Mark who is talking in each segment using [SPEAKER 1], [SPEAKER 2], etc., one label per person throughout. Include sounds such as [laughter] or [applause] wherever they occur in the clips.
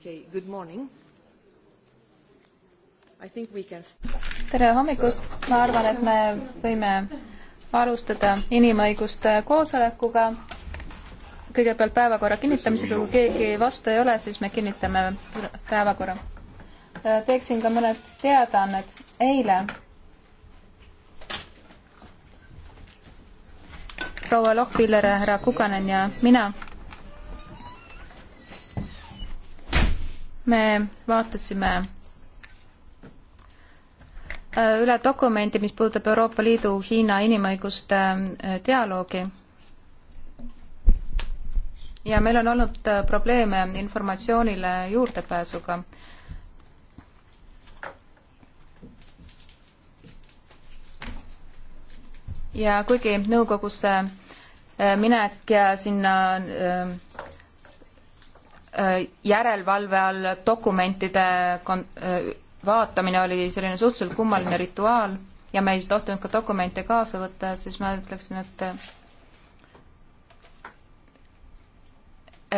[SPEAKER 1] Okay, good morning. I think we can... tere hommikust, ma arvan, et me
[SPEAKER 2] võime alustada inimõiguste koosolekuga. kõigepealt päevakorra kinnitamisega, kui keegi vastu ei ole, siis me kinnitame päevakorra. teeksin ka mõned teadaanned. eile proua Lohviller, härra Kukanen ja mina me vaatasime äh, üle dokumendi, mis puudutab Euroopa Liidu Hiina inimõiguste äh, dialoogi. ja meil on olnud äh, probleeme informatsioonile juurdepääsuga. ja kuigi nõukogusse minek ja sinna Äh, järelevalve all dokumentide kon-, äh, vaatamine oli selline suhteliselt kummaline rituaal ja me ei tohtinud ka dokumente kaasa võtta, siis ma ütleksin, et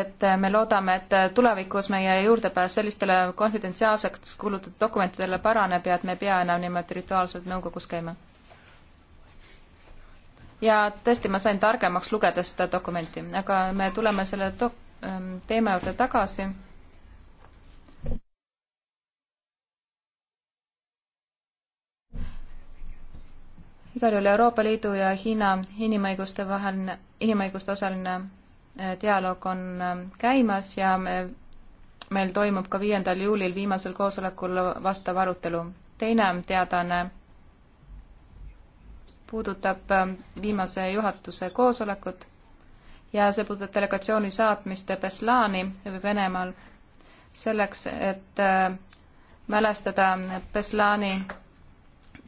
[SPEAKER 2] et me loodame, et tulevikus meie juurdepääs sellistele konfidentsiaalseks kuulutatud dokumentidele paraneb ja et me ei pea enam niimoodi rituaalselt nõukogus käima. ja tõesti, ma sain targemaks lugedes seda dokumenti, aga me tuleme selle dok-, Ehm, teema juurde tagasi. igal juhul Euroopa Liidu ja Hiina inimõiguste vaheline, inimõiguste osaline eh, dialoog on ehm, käimas ja me, eh, meil toimub ka viiendal juulil viimasel koosolekul vastav arutelu. teine teadaanne puudutab ehm, viimase juhatuse koosolekut ja see puudutab delegatsiooni saatmist Beslani Venemaal selleks, et äh, mälestada Beslani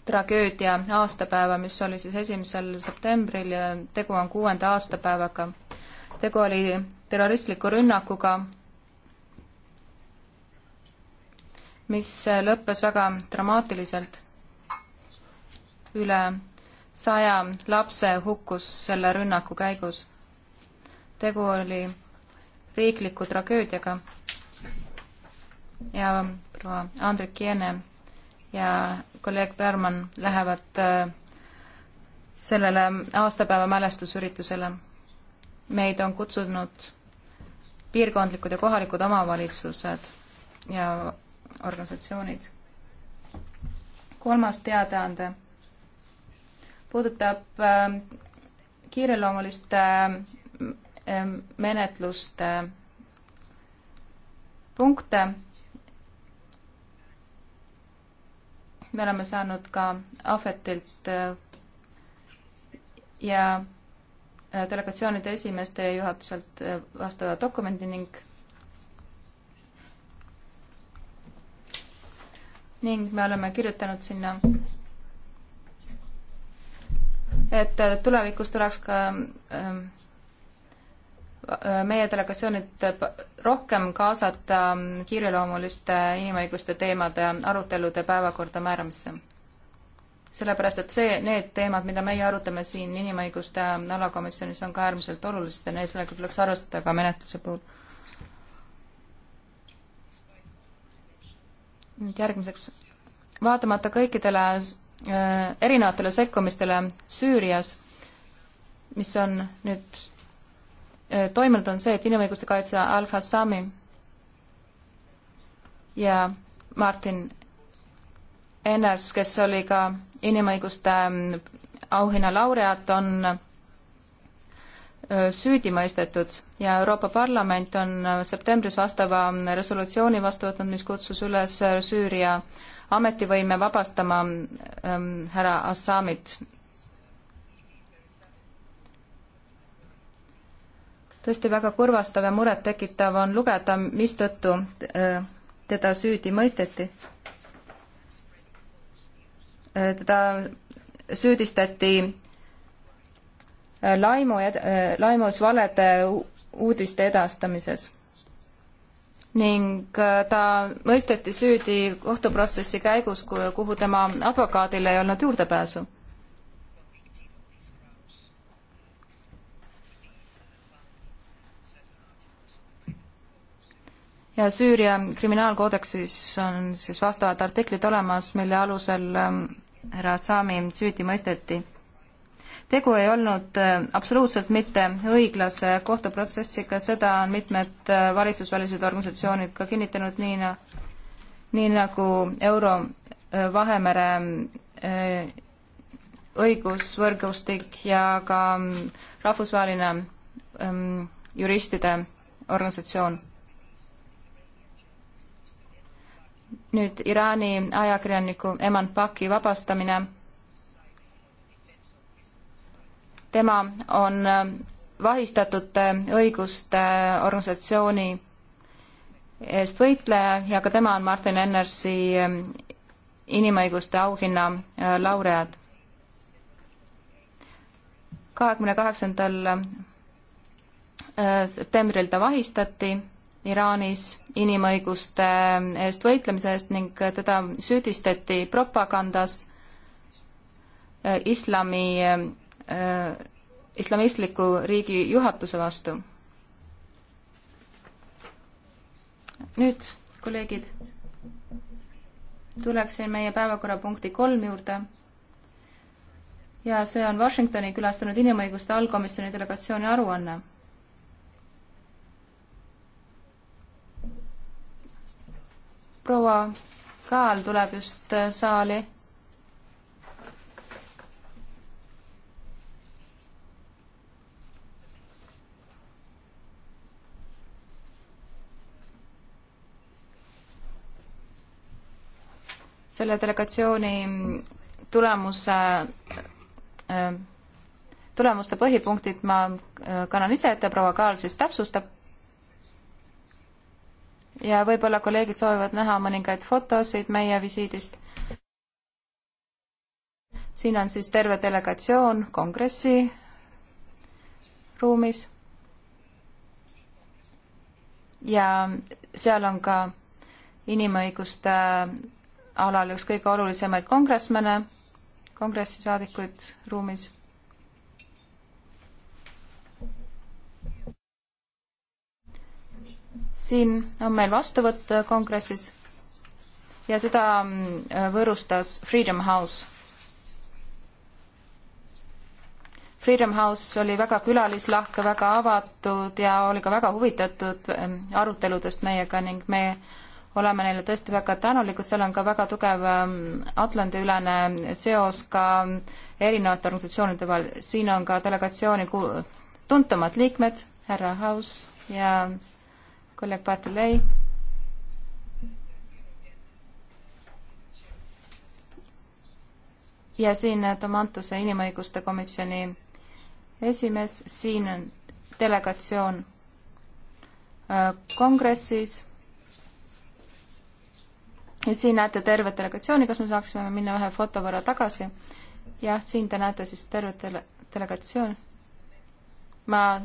[SPEAKER 2] tragöödia aastapäeva, mis oli siis esimesel septembril ja tegu on kuuenda aastapäevaga. tegu oli terroristliku rünnakuga, mis lõppes väga dramaatiliselt. üle saja lapse hukkus selle rünnaku käigus tegu oli riikliku tragöödiaga ja proua Andrek Jene ja kolleeg Berman lähevad äh, sellele aastapäeva mälestusüritusele. meid on kutsunud piirkondlikud ja kohalikud omavalitsused ja organisatsioonid. kolmas teadaande puudutab äh, kiireloomuliste äh, menetluste punkte. me oleme saanud ka Ahvetilt eh, ja eh, delegatsioonide esimeeste juhatuselt eh, vastava dokumendi ning ning me oleme kirjutanud sinna, et tulevikus tuleks ka ähm, meie delegatsioonid rohkem kaasata ähm, kiireloomuliste inimõiguste teemade arutelude päevakorda määramisse. sellepärast, et see, need teemad, mida meie arutame siin inimõiguste ähm, alakomisjonis, on ka äärmiselt olulised ja neid sellega tuleks arvestada ka menetluse puhul. nüüd järgmiseks. vaatamata kõikidele äh, erinevatele sekkumistele Süürias, mis on nüüd toimunud, on see, et inimõiguste kaitsja Al-Hassami ja Martin Enners, kes oli ka inimõiguste ähm, auhinna laureaat, on äh, süüdi mõistetud ja Euroopa Parlament on äh, septembris vastava ähm, resolutsiooni vastu võtnud, mis kutsus üles äh, Süüria ametivõime vabastama ähm, härra Assamit tõesti väga kurvastav ja murettekitav on lugeda, mistõttu äh, teda süüdi mõisteti. Äh, teda süüdistati äh, laimu, laimus valede uudiste edastamises. ning ta mõisteti süüdi kohtuprotsessi käigus, kuhu tema advokaadil ei olnud juurdepääsu ja Süüria kriminaalkoodeksis on siis vastavad artiklid olemas, mille alusel ähm, härra Assami süüdi mõisteti. tegu ei olnud äh, absoluutselt mitte õiglase kohtuprotsessiga, seda on mitmed äh, valitsusvälised organisatsioonid ka kinnitanud, nii na-, nii nagu Euro äh, Vahemere õigusvõrgustik ja ka mm, rahvusvaheline mm, juristide organisatsioon nüüd Iraani ajakirjaniku Eman Paki vabastamine. tema on äh, vahistatute õiguste äh, organisatsiooni äh, eest võitleja ja ka tema on Martin Ennersi ähm, inimõiguste auhinna laureaat. kahekümne kaheksandal septembril ta vahistati Iraanis inimõiguste eest võitlemise eest ning teda süüdistati propagandas eh, islami, eh, islamistliku riigi juhatuse vastu. nüüd, kolleegid, tuleksin meie päevakorrapunkti kolm juurde ja see on Washingtoni külastanud inimõiguste allkomisjoni delegatsiooni aruanne proua Kaal tuleb just äh, saali. selle delegatsiooni tulemuse, äh, äh, tulemuste põhipunktid ma kannan ise ette, proua Kaal siis täpsustab ja võib-olla kolleegid soovivad näha mõningaid fotosid meie visiidist. siin on siis terve delegatsioon kongressi ruumis. ja seal on ka inimõiguste alal üks kõige olulisemaid kongressmene, kongressi saadikuid ruumis siin on meil vastuvõtt kongressis ja seda mm, võõrustas Freedom House. Freedom House oli väga külalislahke, väga avatud ja oli ka väga huvitatud mm, aruteludest meiega ning me oleme neile tõesti väga tänulikud, seal on ka väga tugev mm, Atlandi-ülene seos ka erinevate organisatsioonide vahel, siin on ka delegatsiooni tuntumad liikmed, härra House ja kolleeg Patelei. ja siin Tomantuse inimõiguste komisjoni esimees, siin on delegatsioon äh, kongressis. ja siin näete tervet delegatsiooni, kas me saaksime minna ühe foto võrra tagasi. jah, siin te näete siis tervet dele-, delegatsiooni ma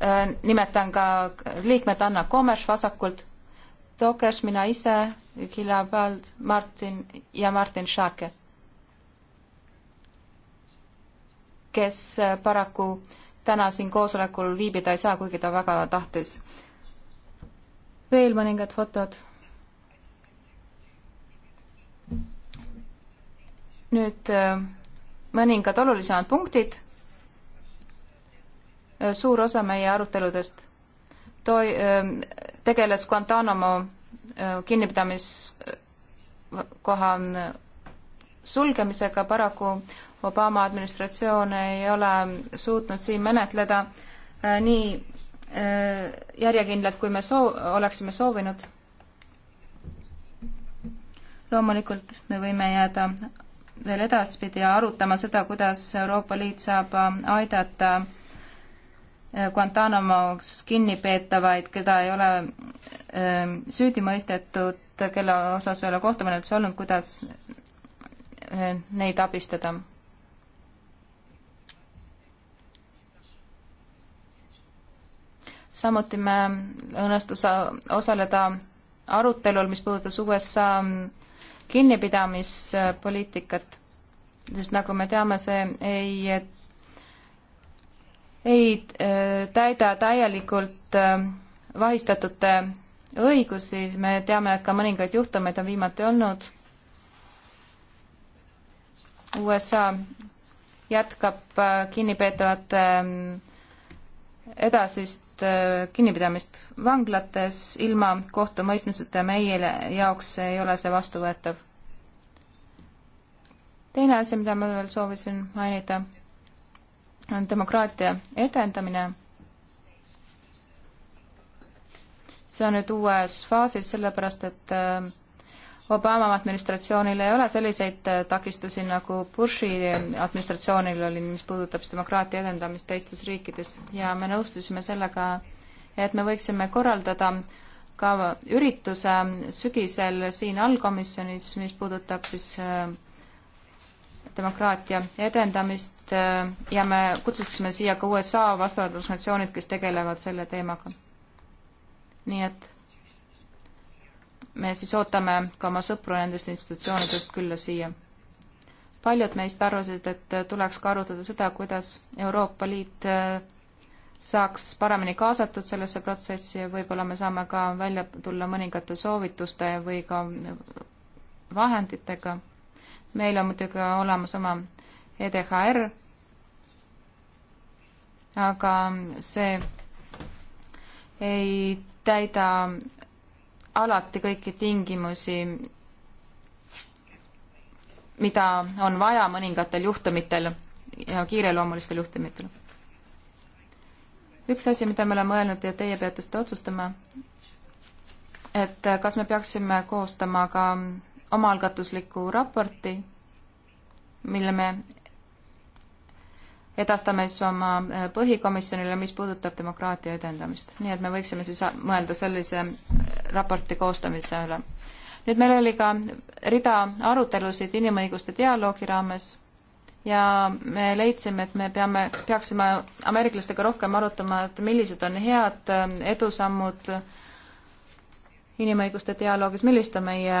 [SPEAKER 2] äh, nimetan ka liikmed Anna Komes vasakult, Tokers, mina ise, Gila Pald, Martin ja Martin Šake, kes äh, paraku täna siin koosolekul viibida ei saa, kuigi ta väga tahtis. veel mõningad fotod. nüüd äh, mõningad olulisemad punktid suur osa meie aruteludest toi-, ähm, tegeles Guantanamo äh, kinnipidamiskoha ähm, sulgemisega, paraku Obama administratsioon ei ole suutnud siin menetleda äh, nii äh, järjekindlalt, kui me soo-, oleksime soovinud. loomulikult me võime jääda veel edaspidi arutama seda, kuidas Euroopa Liit saab aidata Guantanamos kinni peetavaid, keda ei ole ähm, süüdi mõistetud, kelle osas ei ole kohtumenetlusi olnud, kuidas äh, neid abistada? samuti me õnnestus osaleda arutelul, mis puudutas USA ähm, kinnipidamispoliitikat, äh, sest nagu me teame, see ei ei äh, täida täielikult äh, vahistatute õigusi, me teame, et ka mõningaid juhtumeid on viimati olnud. USA jätkab äh, kinnipeetavate ähm, edasist kinnipidamist vanglates ilma kohtumõistmiseta meie jaoks ei ole see vastuvõetav. teine asi, mida ma veel soovisin mainida on demokraatia edendamine. see on nüüd uues faasis, sellepärast et äh, Obama administratsioonil ei ole selliseid äh, takistusi, nagu Bushi administratsioonil oli, mis puudutab siis demokraatia edendamist teistes riikides ja me nõustusime sellega, et me võiksime korraldada ka ürituse sügisel siin allkomisjonis, mis puudutab siis äh, demokraatia edendamist äh, ja me kutsuksime siia ka USA vastavad organisatsioonid, kes tegelevad selle teemaga. nii et me siis ootame ka oma sõpru nendest institutsioonidest külla siia. paljud meist arvasid, et tuleks ka arutada seda, kuidas Euroopa Liit äh, saaks paremini kaasatud sellesse protsessi ja võib-olla me saame ka välja tulla mõningate soovituste või ka vahenditega meil on muidugi olemas oma EDHR, aga see ei täida alati kõiki tingimusi, mida on vaja mõningatel juhtumitel ja kiireloomulistel juhtumitel. üks asi, mida me oleme mõelnud ja teie peate seda otsustama, et kas me peaksime koostama ka omaalgatusliku raporti, mille me edastame siis oma äh, põhikomisjonile, mis puudutab demokraatia edendamist. nii et me võiksime siis mõelda sellise äh, raporti koostamise üle. nüüd meil oli ka rida arutelusid inimõiguste dialoogi raames ja me leidsime, et me peame, peaksime ameeriklastega rohkem arutama, et millised on head äh, edusammud inimõiguste dialoogis, millised on meie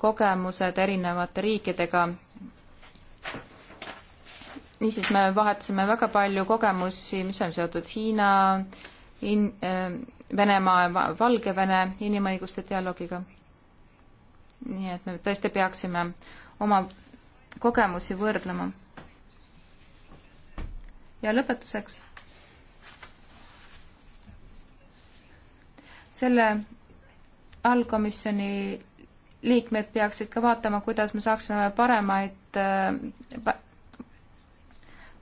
[SPEAKER 2] kogemused erinevate riikidega. niisiis, me vahetasime väga palju kogemusi, mis on seotud Hiina, in-, äh, Venemaa ja Valgevene inimõiguste dialoogiga. nii et me tõesti peaksime oma kogemusi võrdlema. ja lõpetuseks. selle allkomisjoni liikmed peaksid ka vaatama, kuidas me saaksime paremaid, äh,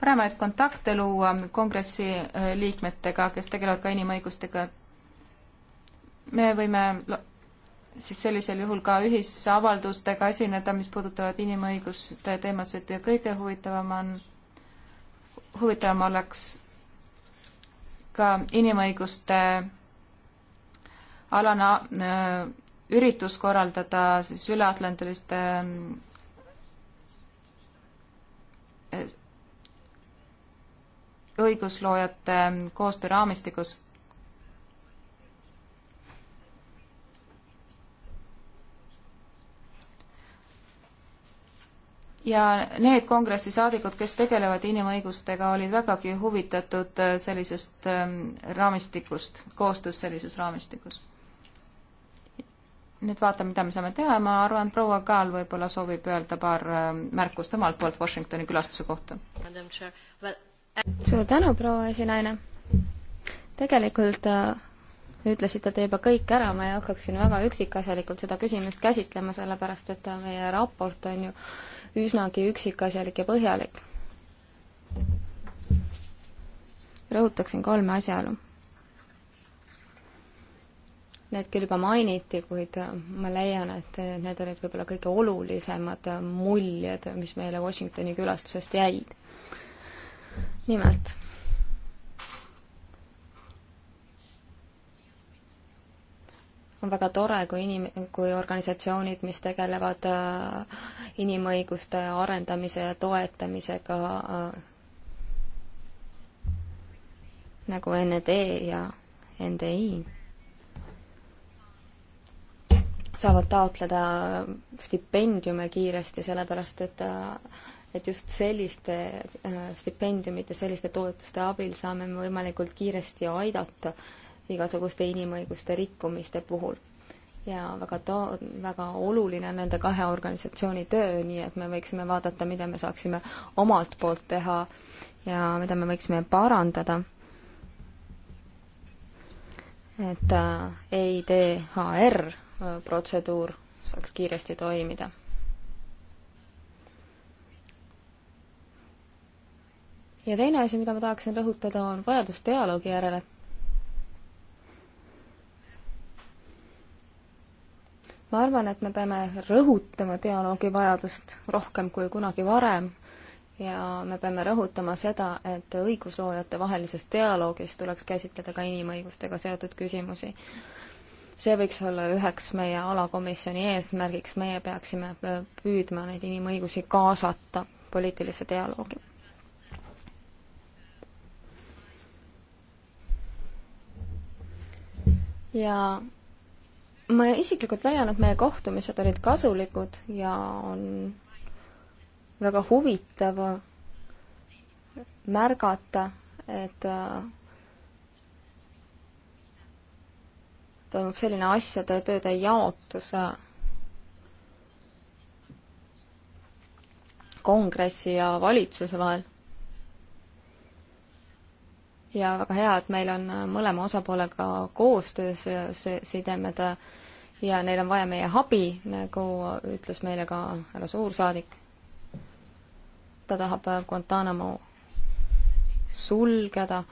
[SPEAKER 2] paremaid kontakte luua kongressi äh, liikmetega, kes tegelevad ka inimõigustega. me võime siis sellisel juhul ka ühisavaldustega esineda, mis puudutavad inimõiguste teemasid ja kõige huvitavam on, huvitavam oleks ka inimõiguste alane äh, üritus korraldada siis üleatlantiliste eh, õigusloojate koostööraamistikus ja need kongressi saadikud, kes tegelevad inimõigustega, olid vägagi huvitatud eh, sellisest eh, raamistikust, koostöös sellises raamistikus nüüd vaatame, mida me saame teha, ma arvan, proua Kaal võib-olla soovib öelda paar äh, märkust omalt poolt Washingtoni külastuse kohta.
[SPEAKER 3] suur tänu, proua esinaine. tegelikult äh, ütlesite te juba kõik ära, ma ei hakkaks siin väga üksikasjalikult seda küsimust käsitlema, sellepärast et meie raport on ju üsnagi üksikasjalik ja põhjalik. rõhutaksin kolme asjaolu Need küll juba mainiti, kuid äh, ma leian, et äh, need olid võib-olla kõige olulisemad äh, muljed, mis meile Washingtoni külastusest jäid. nimelt on väga tore, kui inim-, kui organisatsioonid, mis tegelevad äh, inimõiguste arendamise ja toetamisega äh, nagu NED ja NDI, saavad taotleda stipendiume kiiresti, sellepärast et et just selliste äh, stipendiumite, selliste toetuste abil saame me võimalikult kiiresti aidata igasuguste inimõiguste rikkumiste puhul. ja väga to-, väga oluline on nende kahe organisatsiooni töö, nii et me võiksime vaadata, mida me saaksime omalt poolt teha ja mida me võiksime parandada. et äh, EIDHR protseduur saaks kiiresti toimida. ja teine asi, mida ma tahaksin rõhutada, on vajadus dialoogi järele. ma arvan, et me peame rõhutama dialoogi vajadust rohkem kui kunagi varem ja me peame rõhutama seda, et õigusloojate vahelises dialoogis tuleks käsitleda ka inimõigustega seotud küsimusi see võiks olla üheks meie alakomisjoni eesmärgiks, meie peaksime äh, püüdma neid inimõigusi kaasata poliitilisse dialoogi. ja ma isiklikult leian, et meie kohtumised olid kasulikud ja on väga huvitav märgata, et äh, toimub äh, selline asjade ja tööde jaotus äh, kongressi ja valitsuse vahel. ja väga hea, et meil on äh, mõlema osapoolega koostöös sidemed ja neil on vaja meie abi, nagu ütles meile ka härra suursaadik. ta tahab Guantanamo sulgeda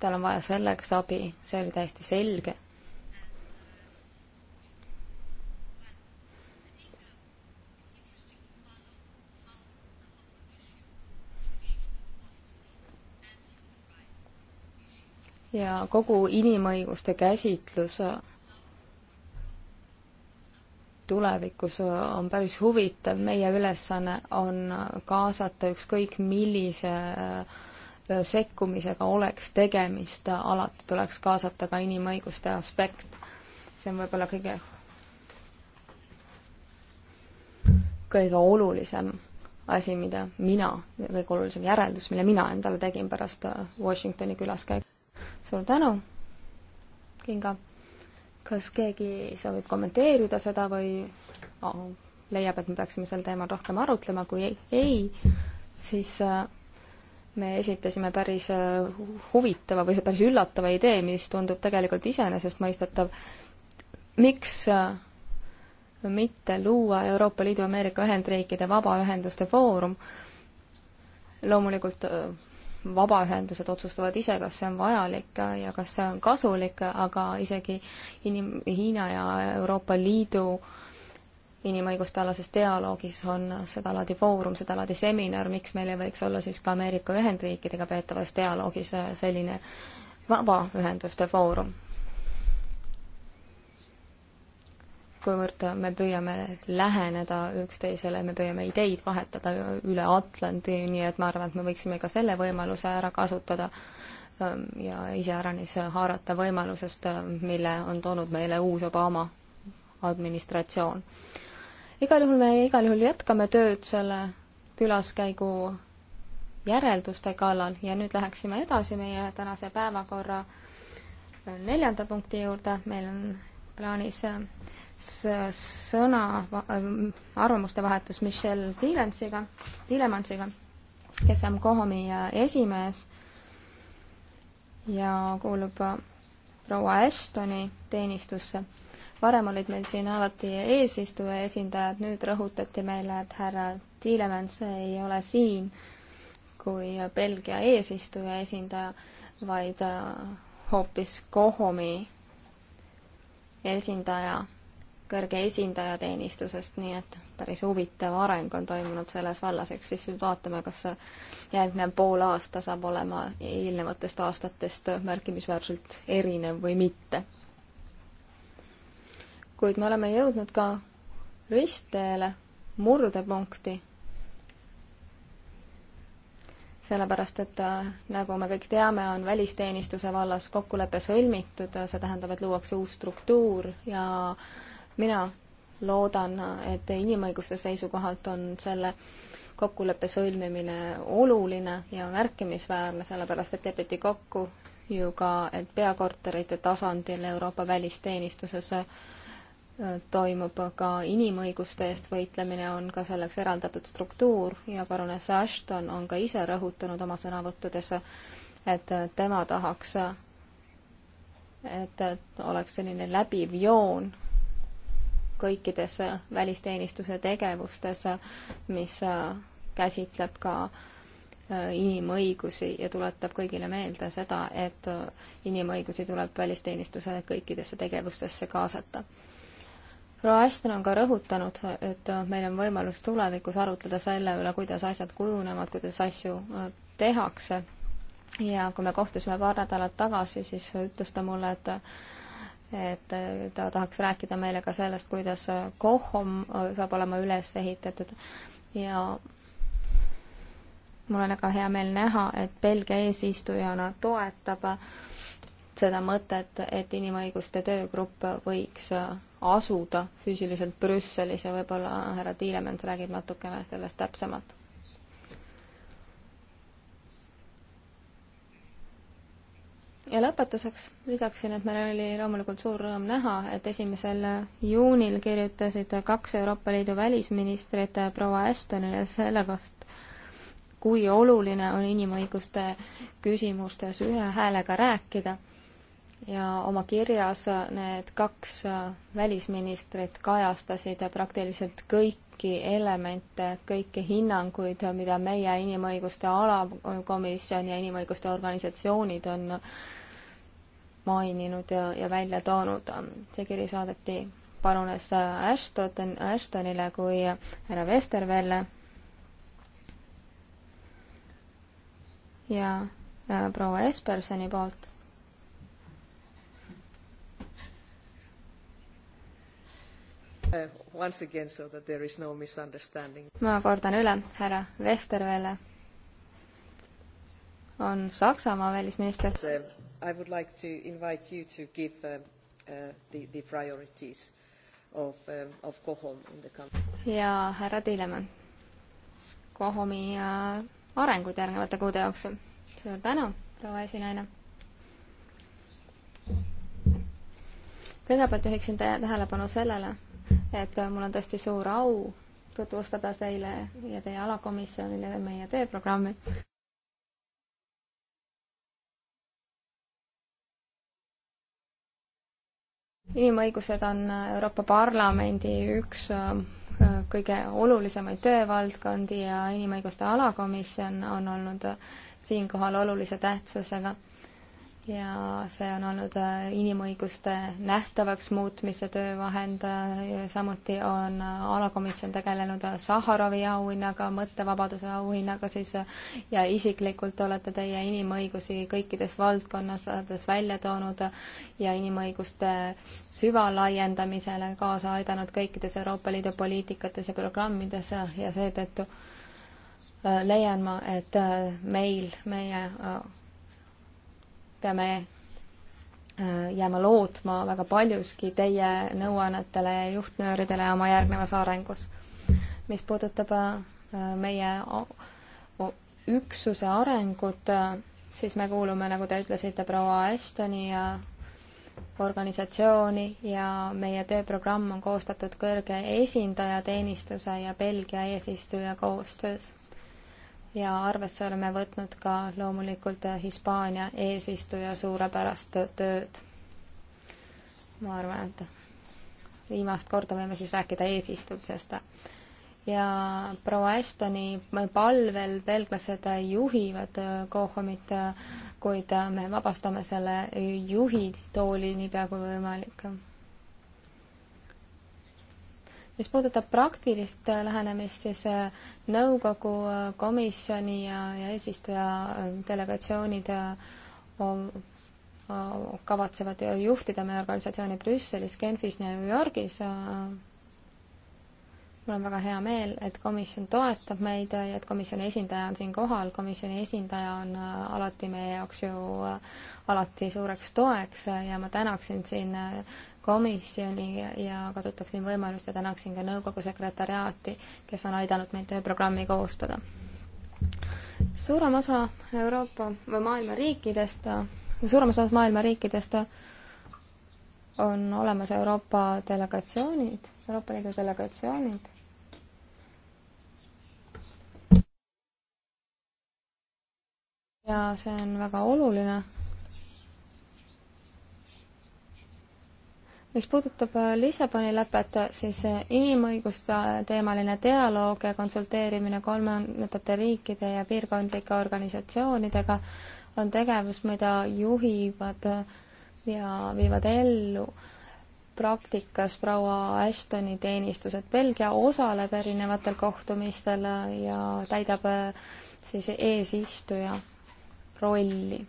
[SPEAKER 3] tal on vaja selleks abi, see oli täiesti selge. ja kogu inimõiguste käsitlus tulevikus on päris huvitav, meie ülesanne on kaasata ükskõik millise äh, sekkumisega oleks tegemist, alati tuleks kaasata ka inimõiguste aspekt. see on võib-olla kõige, kõige olulisem asi, mida mina, kõige olulisem järeldus, mille mina endale tegin pärast äh, Washingtoni külaskäiku. suur tänu, Kinga. kas keegi soovib kommenteerida seda või oh, leiab, et me peaksime sel teemal rohkem arutlema, kui ei, ei, siis äh, me esitasime päris äh, huvitava või päris üllatava idee, mis tundub tegelikult iseenesestmõistetav. miks äh, mitte luua Euroopa Liidu Ameerika Ühendriikide vabaühenduste foorum? loomulikult äh, vabaühendused otsustavad ise, kas see on vajalik ja kas see on kasulik, aga isegi inim-, Hiina ja Euroopa Liidu äh, inimõiguste alases dialoogis on sedalaadi foorum, sedalaadi seminar, miks meil ei võiks olla siis ka Ameerika Ühendriikidega peetavas dialoogis äh, selline vabaühenduste foorum? kuivõrd me püüame läheneda üksteisele, me püüame ideid vahetada üle Atlandi, nii et ma arvan, et me võiksime ka selle võimaluse ära kasutada ähm, ja iseäranis haarata võimalusest, äh, mille on toonud meile uus Obama administratsioon igal juhul me igal juhul jätkame tööd selle külaskäigu järelduste kallal ja nüüd läheksime edasi meie tänase päevakorra neljanda punkti juurde. meil on plaanis äh, sõna, äh, arvamuste vahetus Michelle Tiilensiga, Tiilemansiga, kes on Kohomi äh, esimees ja kuulub proua Ashtoni teenistusse varem olid meil siin alati eesistuja esindajad, nüüd rõhutati meile, et härra Tiilemans ei ole siin kui Belgia eesistuja esindaja, vaid äh, hoopis Kohomi esindaja, kõrge esindaja teenistusest, nii et päris huvitav areng on toimunud selles vallas, eks siis nüüd vaatame, kas järgnev pool aasta saab olema eelnevatest aastatest märkimisväärselt erinev või mitte kuid me oleme jõudnud ka ristteele, murdepunkti. sellepärast, et äh, nagu me kõik teame, on välisteenistuse vallas kokkulepe sõlmitud, see tähendab, et luuakse uus struktuur ja mina loodan, et inimõiguste seisukohalt on selle kokkuleppe sõlmimine oluline ja märkimisväärne, sellepärast et lepiti kokku ju ka, et peakorterite tasandil Euroopa välisteenistuses toimub ka inimõiguste eest võitlemine, on ka selleks eraldatud struktuur ja paruness Ashton on ka ise rõhutanud oma sõnavõttudes, et tema tahaks, et oleks selline läbiv joon kõikides välisteenistuse tegevustes, mis käsitleb ka inimõigusi ja tuletab kõigile meelde seda, et inimõigusi tuleb välisteenistuse kõikidesse tegevustesse kaasata proua Ashton on ka rõhutanud, et äh, meil on võimalus tulevikus arutleda selle üle, kuidas asjad kujunevad, kuidas asju äh, tehakse. ja kui me kohtusime paar nädalat tagasi, siis ütles ta mulle, et et äh, ta tahaks rääkida meile ka sellest, kuidas KOHOM saab olema üles ehitatud ja mul on väga hea meel näha, et Belgia eesistujana toetab seda mõtet, et inimõiguste töögrupp võiks asuda füüsiliselt Brüsselis ja võib-olla härra Tiilemets räägib natukene sellest täpsemalt. ja lõpetuseks lisaksin, et meil oli loomulikult suur rõõm näha, et esimesel juunil kirjutasid kaks Euroopa Liidu välisministrit proua Estonile selle kohta, kui oluline on inimõiguste küsimustes ühe häälega rääkida ja oma kirjas need kaks äh, välisministrit kajastasid praktiliselt kõiki elemente, kõiki hinnanguid, mida meie inimõiguste alakomisjon ja inimõiguste organisatsioonid on maininud ja, ja välja toonud. see kiri saadeti parunes äh, Ashton, Ashtonile kui härra Vestervelle. ja äh, proua Espersoni poolt Uh, no ma kordan üle, härra Westerwelle on Saksamaa välisminister.
[SPEAKER 1] Uh, I would like to invite
[SPEAKER 3] you to give uh, uh, the, the priorities of, um, of COHOM in the country. ja härra Tillemann, COHOM-i uh, arengud järgnevate kuude jooksul. suur tänu, proua esinaine. kõigepealt juhiksin tähelepanu sellele, et äh, mul on tõesti suur au tutvustada teile ja teie alakomisjonile meie tööprogrammi. inimõigused on Euroopa Parlamendi üks äh, kõige olulisemaid töövaldkondi ja inimõiguste alakomisjon on olnud äh, siinkohal olulise tähtsusega ja see on olnud äh, inimõiguste nähtavaks muutmise töövahend, äh, samuti on äh, alakomisjon tegelenud Saharovi auhinnaga, mõttevabaduse auhinnaga siis ja isiklikult olete teie inimõigusi kõikides valdkonnades välja toonud ja inimõiguste süvalaiendamisele kaasa aidanud kõikides Euroopa Liidu poliitikates ja programmides ja seetõttu leian ma, et meil, meie peame äh, jääma lootma väga paljuski teie nõuannetele ja juhtnööridele oma järgnevas arengus. mis puudutab äh, meie üksuse arengut, äh, siis me kuulume, nagu te ütlesite, proua Ashtoni ja organisatsiooni ja meie tööprogramm on koostatud kõrge esindaja teenistuse ja Belgia eesistuja koostöös ja arvesse oleme võtnud ka loomulikult Hispaania eesistuja suurepärast tööd. ma arvan, et viimast korda võime siis rääkida eesistumisest. ja proua Estoni palvel belglased juhivad Kohomit, kuid me vabastame selle juhi tooli niipea kui võimalik mis puudutab praktilist äh, lähenemist, siis äh, nõukogu, äh, komisjoni ja, ja eesistuja delegatsioonid kavatsevad juhtida meie organisatsiooni Brüsselis, Genfis ja New Yorgis. mul on väga hea meel, et komisjon toetab meid ja et komisjoni esindaja on siin kohal. komisjoni esindaja on alati meie jaoks ju alati suureks toeks ja ma tänaksin siin komisjoni ja, ja kasutaksin võimalust ja tänaksin ka nõukogu sekretariaati, kes on aidanud meil tööprogrammi koostada. suurem osa Euroopa või maailma riikidest, suurem osa maailma riikidest on olemas Euroopa delegatsioonid, Euroopa Liidu delegatsioonid ja see on väga oluline mis puudutab äh, Lissaboni lepet, siis äh, inimõiguste äh, teemaline dialoog ja konsulteerimine kolmandate riikide ja piirkondlike organisatsioonidega on tegevus, mida juhivad ja viivad ellu praktikas proua Ashtoni teenistused. Belgia osaleb erinevatel kohtumistel ja täidab siis eesistuja rolli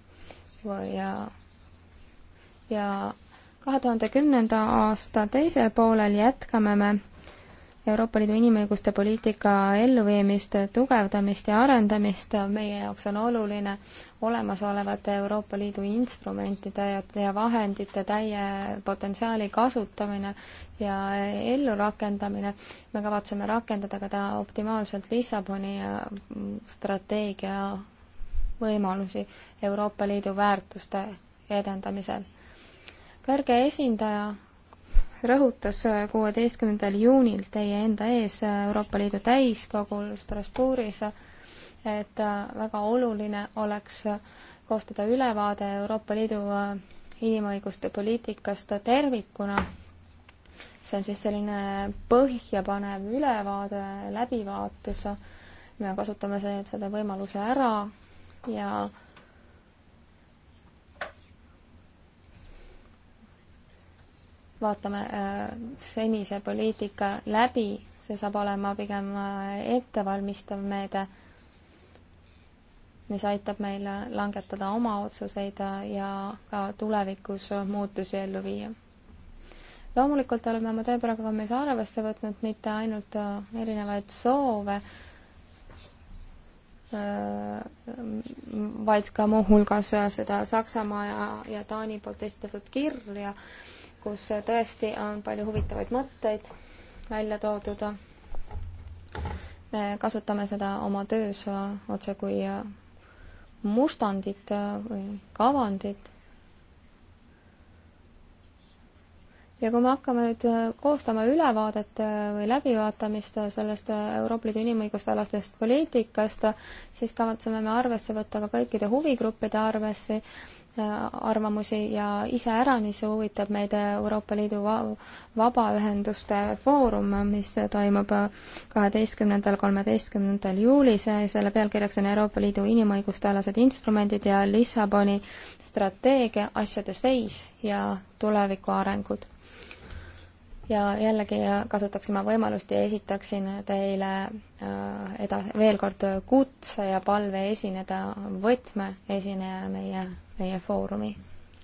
[SPEAKER 3] ja, ja kahe tuhande kümnenda aasta teisel poolel jätkame me Euroopa Liidu inimõiguste poliitika elluviimist, tugevdamist ja arendamist. meie jaoks on oluline olemasolevate Euroopa Liidu instrumentide ja, ja vahendite täie potentsiaali kasutamine ja ellurakendamine. me kavatseme rakendada ka ta optimaalselt Lissaboni strateegia võimalusi Euroopa Liidu väärtuste edendamisel kõrge esindaja rõhutas äh, kuueteistkümnendal juunil teie enda ees äh, Euroopa Liidu täiskogul Strasbourgis, et äh, väga oluline oleks koostada ülevaade Euroopa Liidu inimõiguste poliitikast tervikuna. see on siis selline põhjapanev ülevaade, läbivaatus. me kasutame seda võimaluse ära ja vaatame äh, senise poliitika läbi, see saab olema pigem äh, ettevalmistav meede, mis aitab meil langetada oma otsuseid äh, ja ka tulevikus muutusi ellu viia. loomulikult oleme oma tööprogrammis arvesse võtnud mitte ainult erinevaid soove, vaid ka muuhulgas seda Saksamaa ja, ja Taani poolt esitatud kirja, kus tõesti on palju huvitavaid mõtteid välja toodud. me kasutame seda oma töös otse kui mustandit või kavandit. ja kui me hakkame nüüd koostama ülevaadet või läbivaatamist sellest Euroopa Liidu inimõiguste alastest poliitikast, siis kavatseme me arvesse võtta ka kõikide huvigruppide arvesse arvamusi ja iseäranis huvitab meid Euroopa Liidu Vabaühenduste Foorum, mis toimub kaheteistkümnendal, kolmeteistkümnendal juulis, selle pealkirjaks on Euroopa Liidu inimõigustealased instrumendid ja Lissaboni strateegia, asjade seis ja tuleviku arengud ja jällegi äh, kasutaksin ma võimalust ja esitaksin teile äh, eda-, veel kord äh, kutse ja palve esineda võtmeesineja meie, meie foorumi,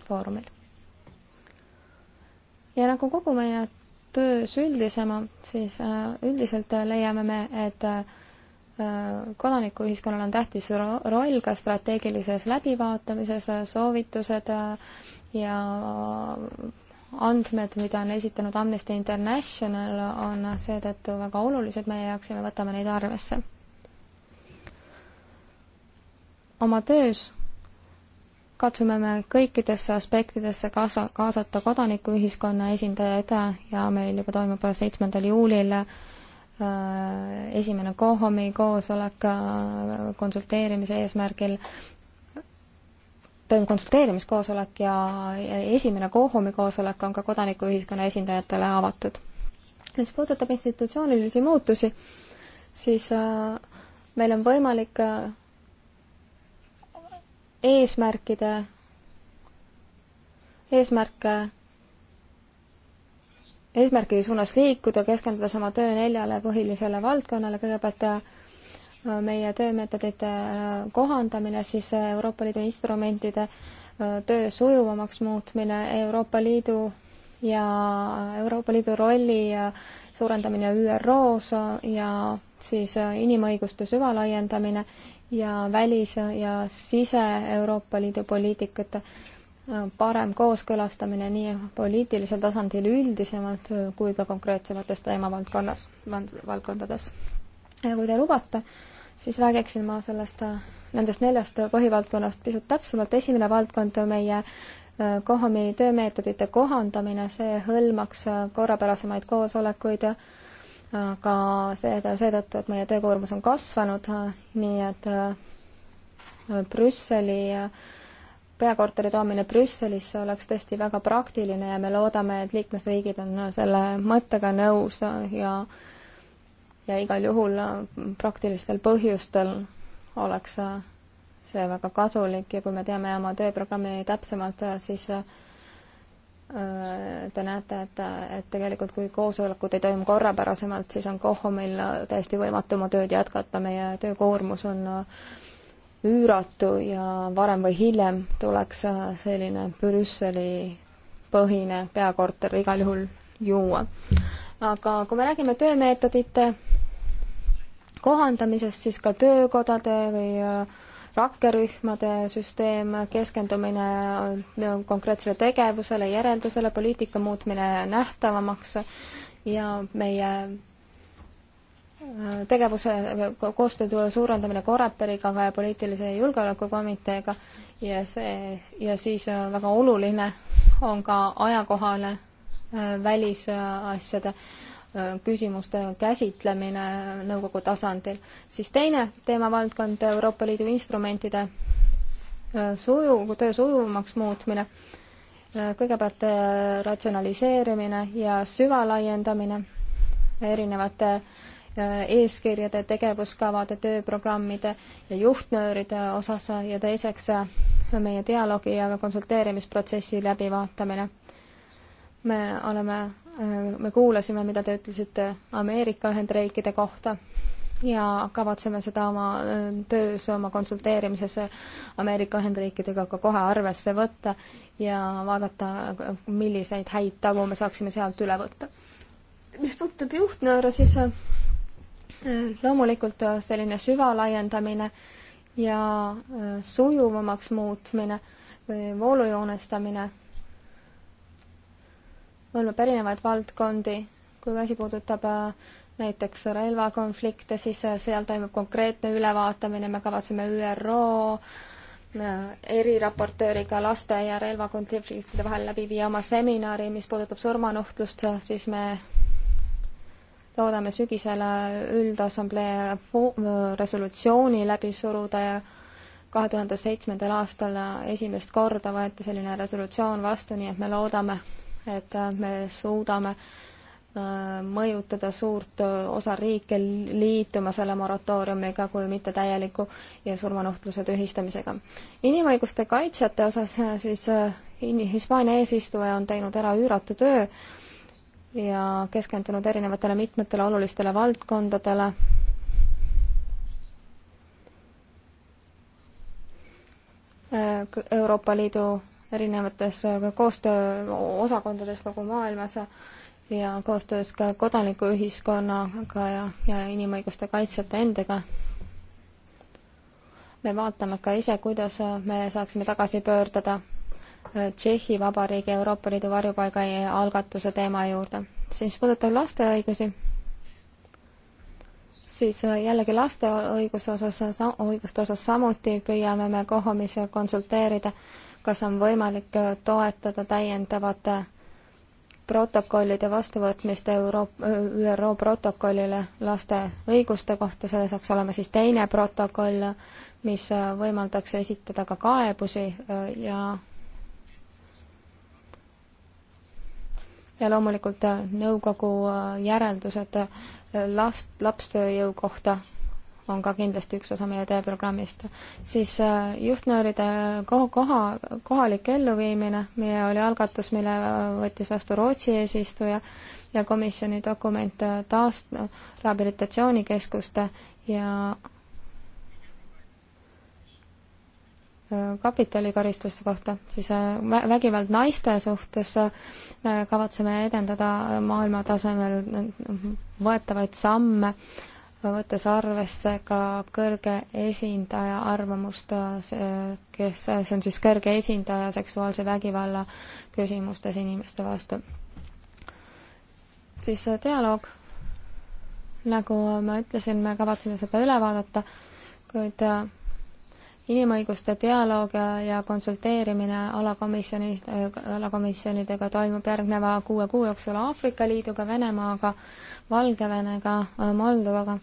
[SPEAKER 3] foorumil. ja nagu kogu meie töös üldisemalt, siis üldiselt leiame me, et kodanikuühiskonnal on tähtis roll ka strateegilises läbivaatamises, soovitused ja andmed, mida on esitanud Amnesty International, on seetõttu väga olulised meie jaoks ja me võtame neid arvesse. oma töös katsume me kõikidesse aspektidesse kaasa, kaasata kodanikuühiskonna esindajaid ja meil juba toimub seitsmendal juulil äh, esimene KOHOM-i koosolek äh, konsulteerimise eesmärgil toimub konsulteerimiskoosolek ja esimene Kohumi koosolek on ka kodanikuühiskonna esindajatele avatud. mis puudutab institutsioonilisi muutusi, siis äh, meil on võimalik äh, eesmärkide, eesmärke eesmärkide suunas liikuda, keskendudes oma töö neljale põhilisele valdkonnale, kõigepealt äh, meie töömeetodite äh, kohandamine, siis äh, Euroopa Liidu instrumentide äh, töö sujuvamaks muutmine, Euroopa Liidu ja Euroopa Liidu rolli suurendamine ÜRO-s ja siis inimõiguste süvalaiendamine ja välis- ja sise-Euroopa Liidu poliitikate parem kooskõlastamine nii poliitilisel tasandil üldisemalt kui ka konkreetsemates teemavaldkonnas, valdkondades ja kui te lubate, siis räägiksin ma sellest, äh, nendest neljast põhivaldkonnast pisut täpsemalt. esimene valdkond on meie äh, Kohomi töömeetodite kohandamine, see hõlmaks äh, korrapärasemaid koosolekuid ka seda, seetõttu, et meie töökoormus on kasvanud, nii et Brüsseli peakorteri toomine Brüsselisse oleks tõesti väga praktiline ja me loodame, et liikmesriigid on selle mõttega nõus ja ja igal juhul äh, praktilistel põhjustel oleks äh, see väga kasulik ja kui me teame oma tööprogrammi täpsemalt, äh, siis te näete, et, et tegelikult kui koosolekud ei toimu korrapärasemalt, siis on KOHO-meil täiesti võimatu oma tööd jätkata, meie töökoormus on üüratu ja varem või hiljem tuleks selline Brüsseli põhine peakorter igal juhul juua. aga kui me räägime töömeetodite kohandamisest siis ka töökodade või äh, rakkerühmade süsteem, keskendumine äh, konkreetsele tegevusele, järeldusele, poliitika muutmine nähtavamaks ja meie äh, tegevuse, koostöö suurendamine Koreperiga ja poliitilise julgeolekukomiteega ja see, ja siis väga oluline on ka ajakohane välisasjade küsimuste käsitlemine nõukogu tasandil. siis teine teemavaldkond, Euroopa Liidu instrumentide äh, suju, töö sujuvamaks muutmine, äh, kõigepealt äh, ratsionaliseerimine ja süvalaiendamine erinevate eeskirjade, tegevuskavade, tööprogrammide ja juhtnööride osas ja teiseks meie dialoogi ja konsulteerimisprotsessi läbivaatamine. me oleme Äh, me kuulasime, mida te ütlesite Ameerika Ühendriikide kohta ja kavatseme seda oma äh, töös, oma konsulteerimises Ameerika Ühendriikidega ka kohe arvesse võtta ja vaadata, milliseid häid tavu me saaksime sealt üle võtta. mis puudutab juhtnööre, siis äh, loomulikult selline süvalaiendamine ja sujuvamaks muutmine või voolujoonestamine hõlmab erinevaid valdkondi, kui asi puudutab äh, näiteks relvakonflikte, siis äh, seal toimub konkreetne ülevaatamine, me kavatseme ÜRO äh, eriraportööriga laste ja relvakonfliktide vahel läbi viia oma seminari, mis puudutab surmanuhtlust, siis me loodame sügisel üldassamblee resolutsiooni läbi suruda ja kahe tuhande seitsmendal aastal esimest korda võeti selline resolutsioon vastu, nii et me loodame et me suudame äh, mõjutada suurt äh, osa riike liituma selle moratooriumiga kui mitte täieliku ja surmanuhtluse tühistamisega. inimõiguste kaitsjate osas äh, siis Hispaania eesistuja on teinud ära üüratu töö ja keskendunud erinevatele mitmetele olulistele valdkondadele. Euroopa Liidu erinevates äh, koostööosakondades kogu maailmas ja koostöös ka kodanikuühiskonnaga ja, ja inimõiguste kaitsjate endaga. me vaatame ka ise, kuidas me saaksime tagasi pöörduda äh, Tšehhi Vabariigi Euroopa Liidu varjupaiga algatuse teema juurde. siis puudutab laste õigusi, siis äh, jällegi laste õiguse osas, õiguste osas samuti püüame me kohumis konsulteerida äh, kas on võimalik äh, toetada täiendavate äh, protokollide vastuvõtmist Euroop-, äh, ÜRO protokollile laste õiguste kohta, see saaks olema siis teine protokoll, mis võimaldaks esitada ka kaebusi ja ja loomulikult nõukogu järeldused last, lapstööjõu kohta on ka kindlasti üks osa meie tööprogrammist. siis äh, juhtnööride koha, koha, kohalik elluviimine, meie oli algatus, mille äh, võttis vastu Rootsi eesistuja ja komisjoni dokument äh, taast-, rehabilitatsioonikeskuste ja kapitalikaristuste kohta, siis vägivald naiste suhtes me kavatseme edendada maailma tasemel võetavaid samme võttes arvesse ka kõrge esindaja arvamust, kes, see on siis kõrge esindaja seksuaalse vägivalla küsimustes inimeste vastu. siis dialoog, nagu ma ütlesin, me kavatseme seda üle vaadata, kuid äh, inimõiguste dialoog ja, ja konsulteerimine alakomisjoni, alakomisjonidega toimub järgneva kuue kuu jooksul Aafrika Liiduga, Venemaaga, Valgevenega, Moldovaga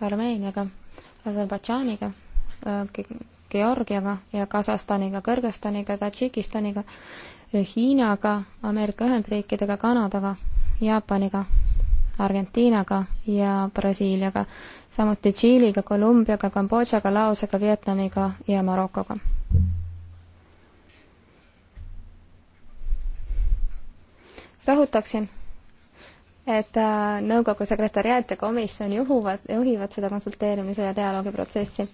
[SPEAKER 3] Armeeniaga, Aserbaidžaaniga, äh, Georgiaga ja Kasahstaniga, Kõrgõzstaniga, Tadžikistaniga, äh, Hiinaga, Ameerika Ühendriikidega, Kanadaga, Jaapaniga, Argentiinaga ja Brasiiliaga, samuti Tšiiliga, Kolumbiaga, Kambodžaga, Laosega, Vietnamiga ja Marokoga. rõhutaksin et äh, nõukogu sekretäriaat ja komisjon juhuvad, juhivad seda konsulteerimise ja dialoogi protsessi.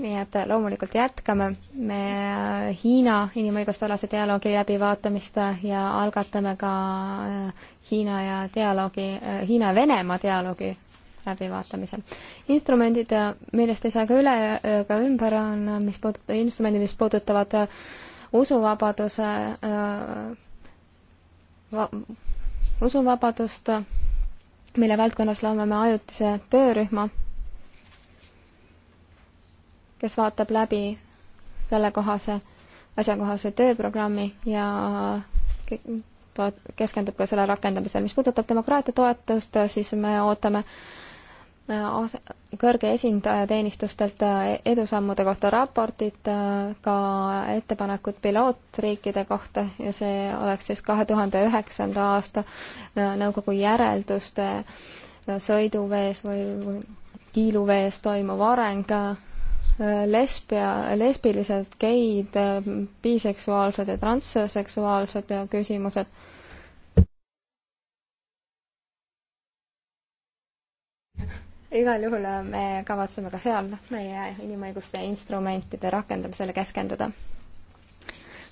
[SPEAKER 3] nii et äh, loomulikult jätkame me äh, Hiina inimõiguste alase dialoogi läbivaatamist ja algatame ka Hiina ja dialoogi, Hiina ja Venemaa dialoogi läbivaatamisel. instrumendid, millest ei saa ka üle ega ümber, on, mis puudutab, instrumendid, mis puudutavad usuvabaduse usuvabadust, mille valdkonnas loome me ajutise töörühma, kes vaatab läbi sellekohase, asjakohase tööprogrammi ja keskendub ka selle rakendamisele. mis puudutab demokraatia toetust, siis me ootame ase-, kõrge esindaja teenistustelt äh, edusammude kohta raportit, äh, ka ettepanekud pilootriikide kohta ja see oleks siis kahe tuhande üheksanda aasta äh, nõukogu järelduste sõiduvees või, või kiiluvees toimuv areng, lesbia, lesbilised, geid, biseksuaalsed ja transseksuaalsed küsimused igal juhul äh, me kavatseme ka seal meie inimõiguste instrumentide rakendamisele keskenduda.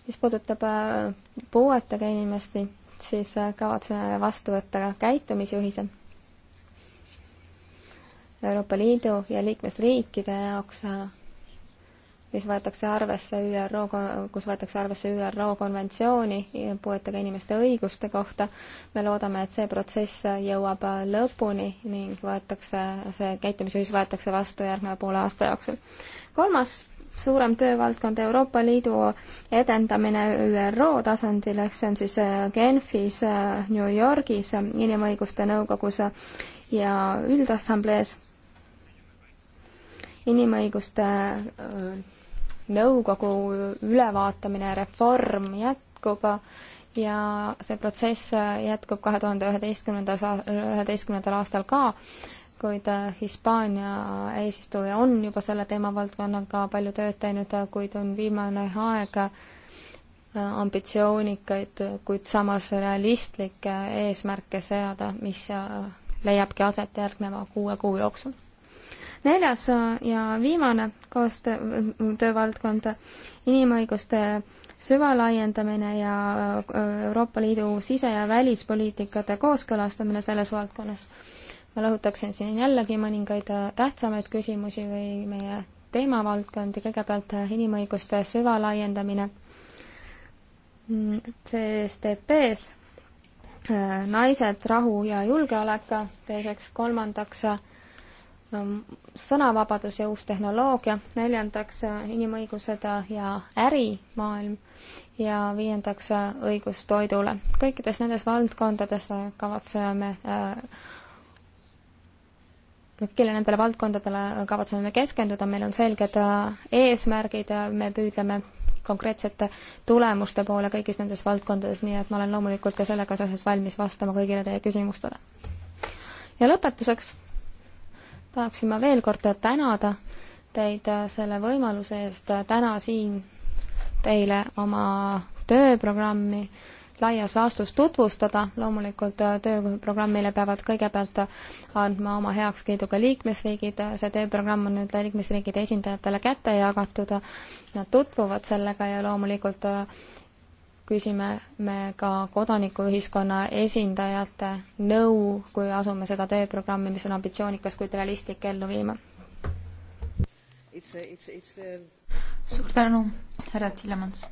[SPEAKER 3] mis puudutab äh, puuetega inimesi, siis äh, kavatseme vastu võtta käitumisjuhise Euroopa Liidu ja liikmesriikide jaoks mis võetakse arvesse ÜRO, kus võetakse arvesse ÜRO konventsiooni puuetega inimeste õiguste kohta. me loodame, et see protsess jõuab lõpuni ning võetakse, see käitumisjuhis võetakse vastu järgneva poole aasta jooksul. kolmas suurem töövaldkond Euroopa Liidu edendamine ÜRO tasandil, ehk see on siis äh, Genfis, äh, New Yorgis, äh, Inimõiguste Nõukogus ja Üldassamblees. inimõiguste nõukogu ülevaatamine, reform jätkub ja see protsess jätkub kahe tuhande üheteistkümnendas, üheteistkümnendal aastal ka, kuid äh, Hispaania eesistuja on juba selle teemavaldkonnaga palju tööd teinud, kuid on viimane aeg äh, ambitsioonikaid, kuid samas realistlikke eesmärke seada, mis äh, leiabki aset järgneva kuue kuu jooksul neljas äh, ja viimane koostöö, äh, töövaldkond, inimõiguste süvalaiendamine ja äh, Euroopa Liidu sise- ja välispoliitikate kooskõlastamine selles valdkonnas. ma rõhutaksin siin jällegi mõningaid tähtsamaid küsimusi või meie teemavaldkondi, kõigepealt inimõiguste süvalaiendamine mm, CSTP-s naised, rahu ja julgeolek, teiseks, kolmandaks Ehm, sõnavabadus ja uus tehnoloogia, neljandaks äh, inimõigused äh, ja ärimaailm ja viiendaks äh, õigus toidule. kõikides nendes valdkondades kavatseme me kõigile nendele valdkondadele kavatseme me keskenduda, meil on selged eesmärgid, me püüdleme konkreetsete tulemuste poole kõigis nendes valdkondades, nii et ma olen loomulikult ka sellega seoses valmis vastama kõigile teie küsimustele. ja lõpetuseks tahaksin ma veel kord tänada teid selle võimaluse eest täna siin teile oma tööprogrammi laias laastus tutvustada, loomulikult tööprogrammile peavad kõigepealt andma oma heakskiidu ka liikmesriigid, see tööprogramm on nüüd liikmesriikide esindajatele kätte jagatud, nad tutvuvad sellega ja loomulikult küsime me ka kodanikuühiskonna esindajate nõu, kui asume seda tööprogrammi, mis on ambitsioonikas, kuid realistlik, ellu viima. A... suur tänu, härra Tillemans.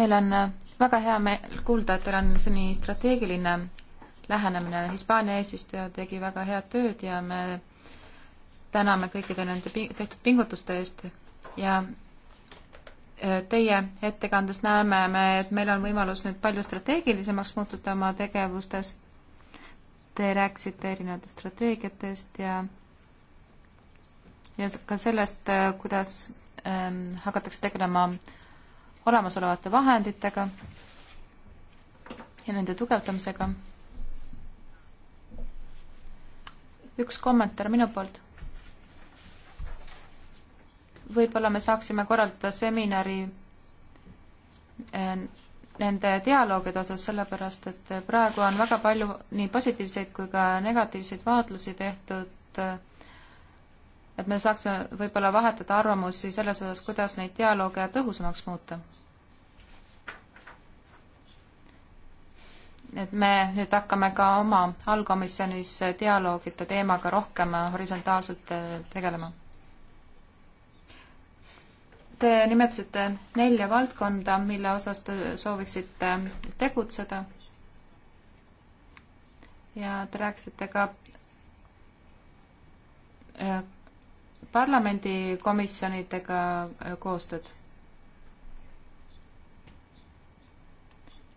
[SPEAKER 2] meil on äh, väga hea meel kuulda, et teil on selline strateegiline lähenemine. Hispaania eesistuja tegi väga head tööd ja me täname kõikide nende tehtud pingutuste eest ja teie ettekandes näeme me, et meil on võimalus nüüd palju strateegilisemaks muutuda oma tegevustes. Te rääkisite erinevatest strateegiatest ja, ja ka sellest, kuidas ähm, hakatakse tegelema olemasolevate vahenditega ja nende tugevdamisega. üks kommentaar minu poolt võib-olla me saaksime korraldada seminari äh, nende dialoogide osas, sellepärast et praegu on väga palju nii positiivseid kui ka negatiivseid vaatlusi tehtud, äh, et me saaksime võib-olla vahetada arvamusi selles osas, kuidas neid dialoogi tõhusamaks muuta. et me nüüd hakkame ka oma allkomisjonis dialoogide teemaga rohkem horisontaalselt äh, tegelema Te nimetasite nelja valdkonda, mille osas te sooviksite tegutseda. ja te rääkisite ka äh, parlamendikomisjonidega äh, koostööd.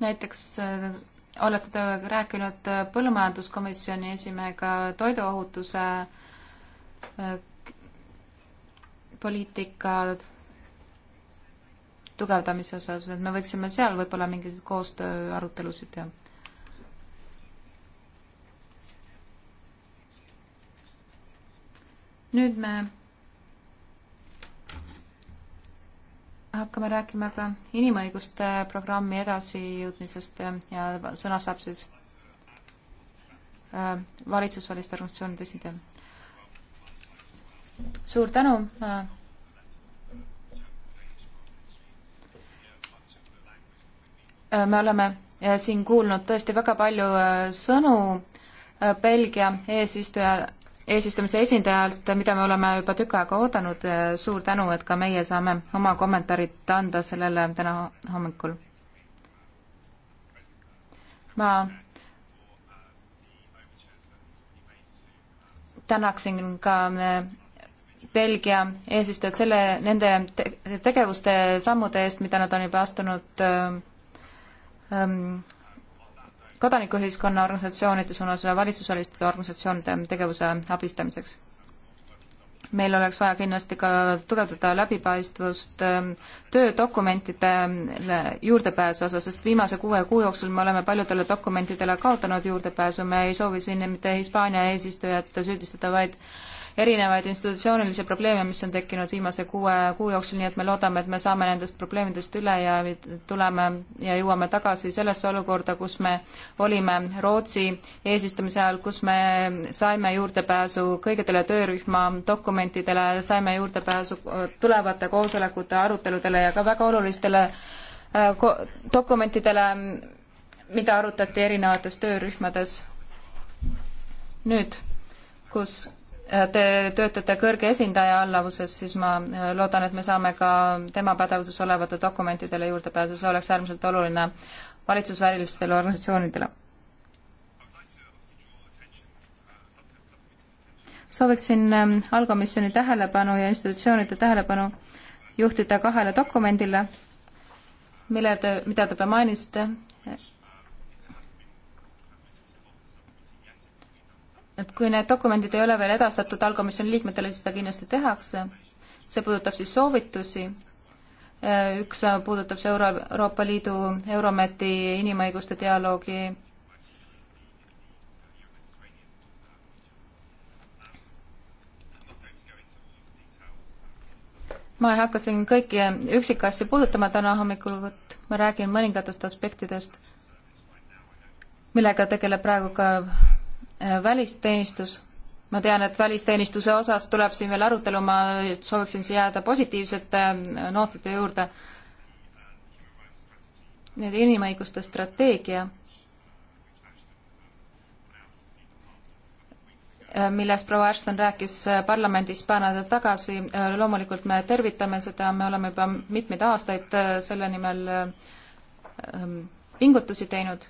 [SPEAKER 2] näiteks äh, olete te rääkinud põllumajanduskomisjoni esimehega toiduohutuse poliitika tugevdamise osas, et me võiksime seal võib-olla mingeid koostöö arutelusid teha. nüüd me hakkame rääkima ka inimõiguste programmi edasijõudmisest ja sõna saab siis äh, valitsusväliste organisatsioonide esindaja. suur tänu äh, me oleme eh, siin kuulnud tõesti väga palju eh, sõnu eh, Belgia eesistuja, eesistumise esindajalt, mida me oleme juba tükk aega oodanud. suur tänu, et ka meie saame oma kommentaarid anda sellele täna hommikul. ma tänaksin ka Belgia eesistujat selle, nende tegevuste sammude eest, mida nad on juba astunud äh, Ähm, kodanikuühiskonna organisatsioonide suunas ja valitsusväliste organisatsioonide tegevuse abistamiseks. meil oleks vaja kindlasti ka tugevdada läbipaistvust ähm, töödokumentidele juurdepääsu osas, sest viimase kuue kuu jooksul me oleme paljudele dokumentidele kaotanud juurdepääsu, me ei soovi siin mitte Hispaania eesistujat süüdistada, vaid erinevaid institutsioonilisi probleeme, mis on tekkinud viimase kuue kuu jooksul, nii et me loodame, et me saame nendest probleemidest üle ja tuleme ja jõuame tagasi sellesse olukorda, kus me olime Rootsi eesistumise ajal, kus me saime juurdepääsu kõigedele töörühma dokumentidele, saime juurdepääsu tulevate koosolekute aruteludele ja ka väga olulistele äh, dokumentidele, mida arutati erinevates töörühmades. nüüd, kus te töötate kõrge esindaja allavuses, siis ma äh, loodan, et me saame ka tema pädevuses olevate dokumentidele juurdepääsu, see oleks äärmiselt oluline valitsusvälistele organisatsioonidele. sooviksin ähm, allkomisjoni tähelepanu ja institutsioonide tähelepanu juhtida kahele dokumendile, mille te, mida te mainisite et kui need dokumendid ei ole veel edastatud allkomisjoni liikmetele, siis seda kindlasti tehakse. see puudutab siis soovitusi, üks puudutab see Euro-, Euroopa Liidu Eurometi inimõiguste dialoogi ma ei hakka siin kõiki üksikasju puudutama täna hommikul, kuid ma räägin mõningatest aspektidest, millega tegeleb praegu ka Äh, välisteenistus. ma tean, et välisteenistuse osas tuleb siin veel arutelu, ma sooviksin siia jääda positiivsete äh, nootide juurde. nüüd inimõiguste strateegia äh, millest proua Ashton rääkis parlamendis paar nädalat tagasi. loomulikult me tervitame seda, me oleme juba mitmeid aastaid selle nimel pingutusi teinud.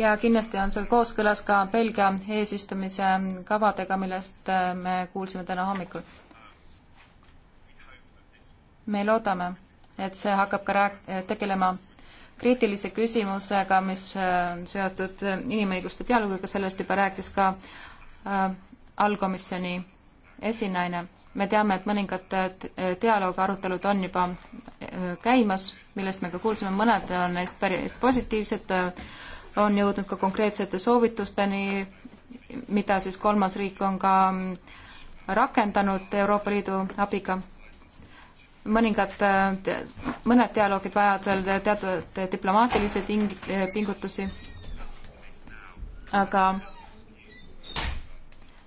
[SPEAKER 2] ja kindlasti on see kooskõlas ka Belgia eesistumise kavadega, millest äh, me kuulsime täna hommikul. me loodame, et see hakkab ka rääk-, tegelema kriitilise küsimusega, mis äh, on seotud inimõiguste dialoogiga, sellest juba rääkis ka äh, allkomisjoni esinaine. me teame, et mõningad äh, dialoog, arutelud on juba äh, käimas, millest me ka kuulsime, mõned on neist päris positiivsed äh,, on jõudnud ka konkreetsete soovitusteni, mida siis kolmas riik on ka rakendanud Euroopa Liidu abiga. mõningad, mõned dialoogid vajavad veel teatud diplomaatilisi ting-, pingutusi, aga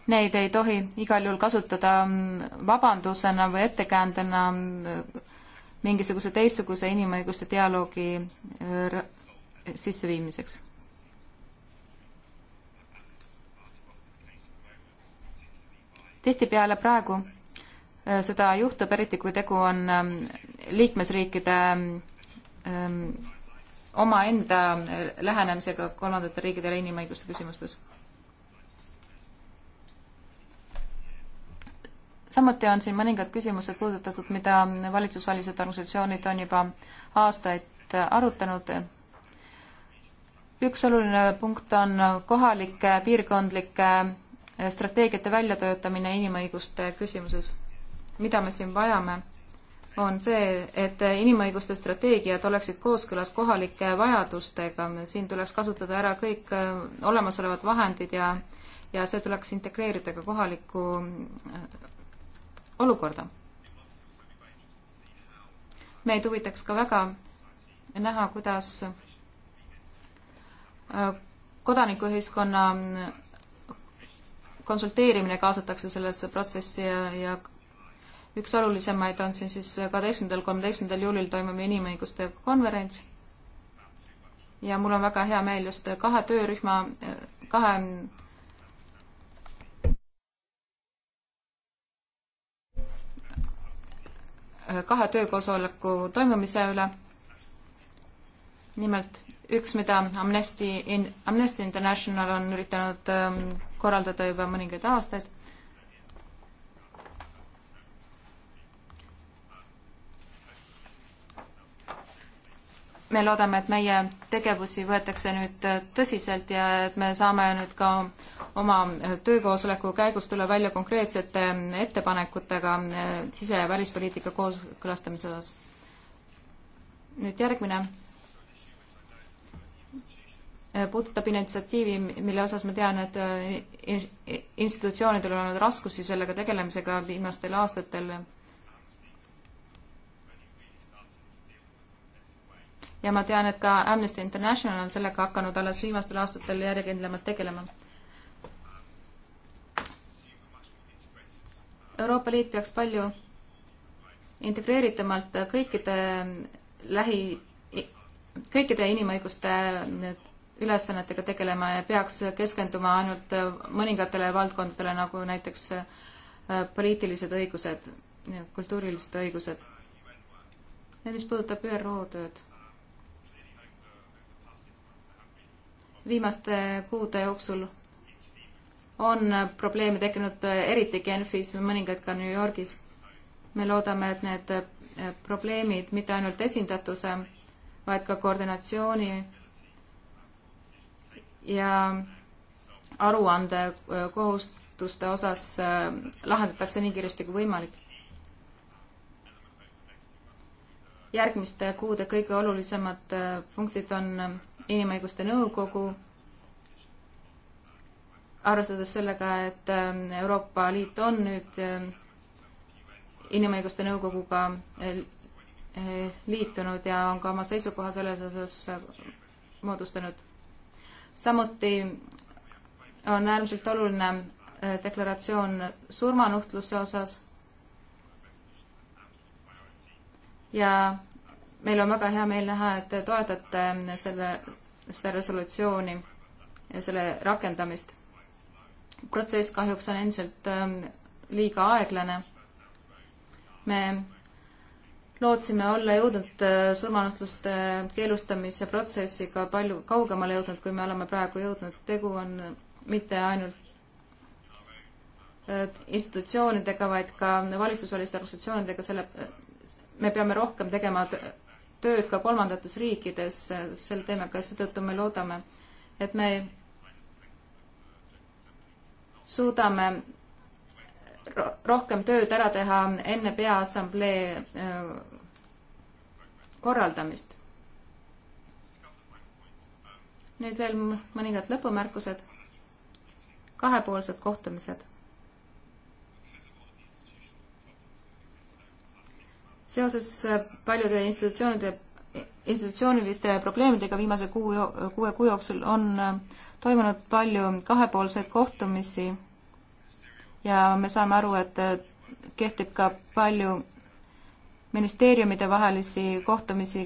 [SPEAKER 2] neid ei tohi igal juhul kasutada vabandusena või ettekäändena mingisuguse teistsuguse inimõiguste dialoogi sisseviimiseks. tihtipeale praegu äh, seda juhtub, eriti kui tegu on ähm, liikmesriikide ähm, omaenda äh, lähenemisega kolmandatele riikidele inimõiguste küsimustes. samuti on siin mõningad küsimused puudutatud, mida valitsusvälised organisatsioonid on juba aastaid äh, arutanud. üks oluline punkt on kohalike piirkondlike strateegiate väljatöötamine inimõiguste küsimuses. mida me siin vajame, on see, et inimõiguste strateegiad oleksid kooskõlas kohalike vajadustega, siin tuleks kasutada ära kõik äh, olemasolevad vahendid ja, ja see tuleks integreerida ka kohalikku äh, olukorda. meid huvitaks ka väga näha, kuidas äh, kodanikuühiskonna konsulteerimine kaasatakse sellesse protsessi ja, ja üks olulisemaid on siin siis kaheteistkümnendal, kolmeteistkümnendal juulil toimub inimõiguste konverents. ja mul on väga hea meel just kahe töörühma, kahe kahe töökoosoleku toimumise üle. nimelt üks, mida Amnesty in,, Amnesty International on üritanud ähm, korraldada juba mõningaid aastaid. me loodame, et meie tegevusi võetakse nüüd äh, tõsiselt ja et me saame nüüd ka oma äh, töökoosoleku käigus tulla välja konkreetsete ähm, ettepanekutega äh, sise- ja välispoliitika kooskõlastamise osas. nüüd järgmine Eh, puudutab initsiatiivi, mille osas ma tean, et eh, institutsioonidel on olnud raskusi sellega tegelemisega viimastel aastatel. ja ma tean, et ka Amnesty International on sellega hakanud alles viimastel aastatel järjekindlamalt tegelema. Euroopa Liit peaks palju integreeritumalt kõikide lähi, kõikide inimõiguste ülesannetega tegelema ja peaks keskenduma ainult mõningatele valdkondadele, nagu näiteks äh, poliitilised õigused, kultuurilised õigused. ja mis puudutab ÜRO tööd. viimaste kuude jooksul on probleeme tekkinud eriti Genfis, mõningaid ka New Yorgis. me loodame, et need äh, probleemid mitte ainult esindatuse, vaid ka koordinatsiooni ja aruandekohustuste äh, osas äh, lahendatakse nii kiiresti kui võimalik. järgmiste kuude kõige olulisemad äh, punktid on Inimõiguste Nõukogu, arvestades sellega, et Euroopa Liit on nüüd Inimõiguste Nõukoguga liitunud ja on ka oma seisukoha selles osas moodustanud samuti on äärmiselt oluline äh, deklaratsioon surmanuhtluse osas. ja meil on väga hea meel näha, et te toetate äh, selle, seda resolutsiooni ja selle rakendamist. protsess kahjuks on endiselt ähm, liiga aeglane. me lootsime olla jõudnud äh, surmanuhtluste keelustamise protsessiga palju kaugemale jõudnud, kui me oleme praegu jõudnud. tegu on äh, mitte ainult äh, institutsioonidega, vaid ka valitsusväliste organisatsioonidega, selle, me peame rohkem tegema tööd ka kolmandates riikides selle teemaga, seetõttu me loodame, et me suudame rohkem tööd ära teha enne Peaassamblee äh, korraldamist. nüüd veel mõningad lõpumärkused. kahepoolsed kohtumised. seoses äh, paljude institutsioonide, institutsiooniliste probleemidega viimase kuu, kuue kuu jooksul on äh, toimunud palju kahepoolseid kohtumisi ja me saame aru, et kehtib ka palju ministeeriumide vahelisi kohtumisi,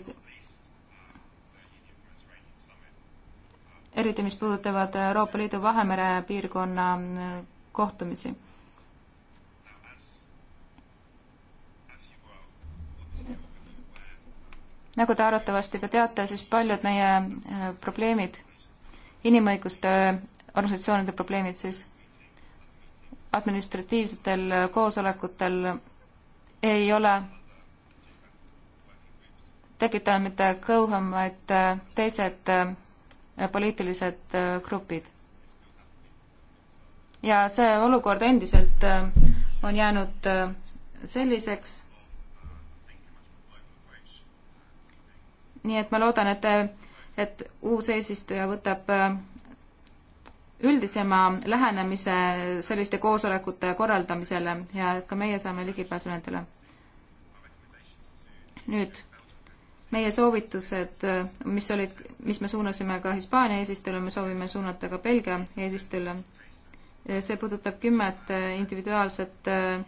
[SPEAKER 2] eriti mis puudutavad Euroopa Liidu Vahemere piirkonna äh, kohtumisi. nagu te arvatavasti ka teate, siis paljud meie äh, probleemid, inimõiguste äh, organisatsioonide probleemid siis administratiivsetel koosolekutel ei ole tekitanud mitte Cohom, vaid äh, teised äh, poliitilised äh, grupid. ja see olukord endiselt on jäänud selliseks. nii et ma loodan, et, et uus eesistuja võtab üldisema lähenemise selliste koosolekute korraldamisele ja et ka meie saame ligipääsu nendele. nüüd meie soovitused, mis olid, mis me suunasime ka Hispaania eesistujale, me soovime suunata ka Belgia eesistujale. see puudutab kümmet individuaalset äh,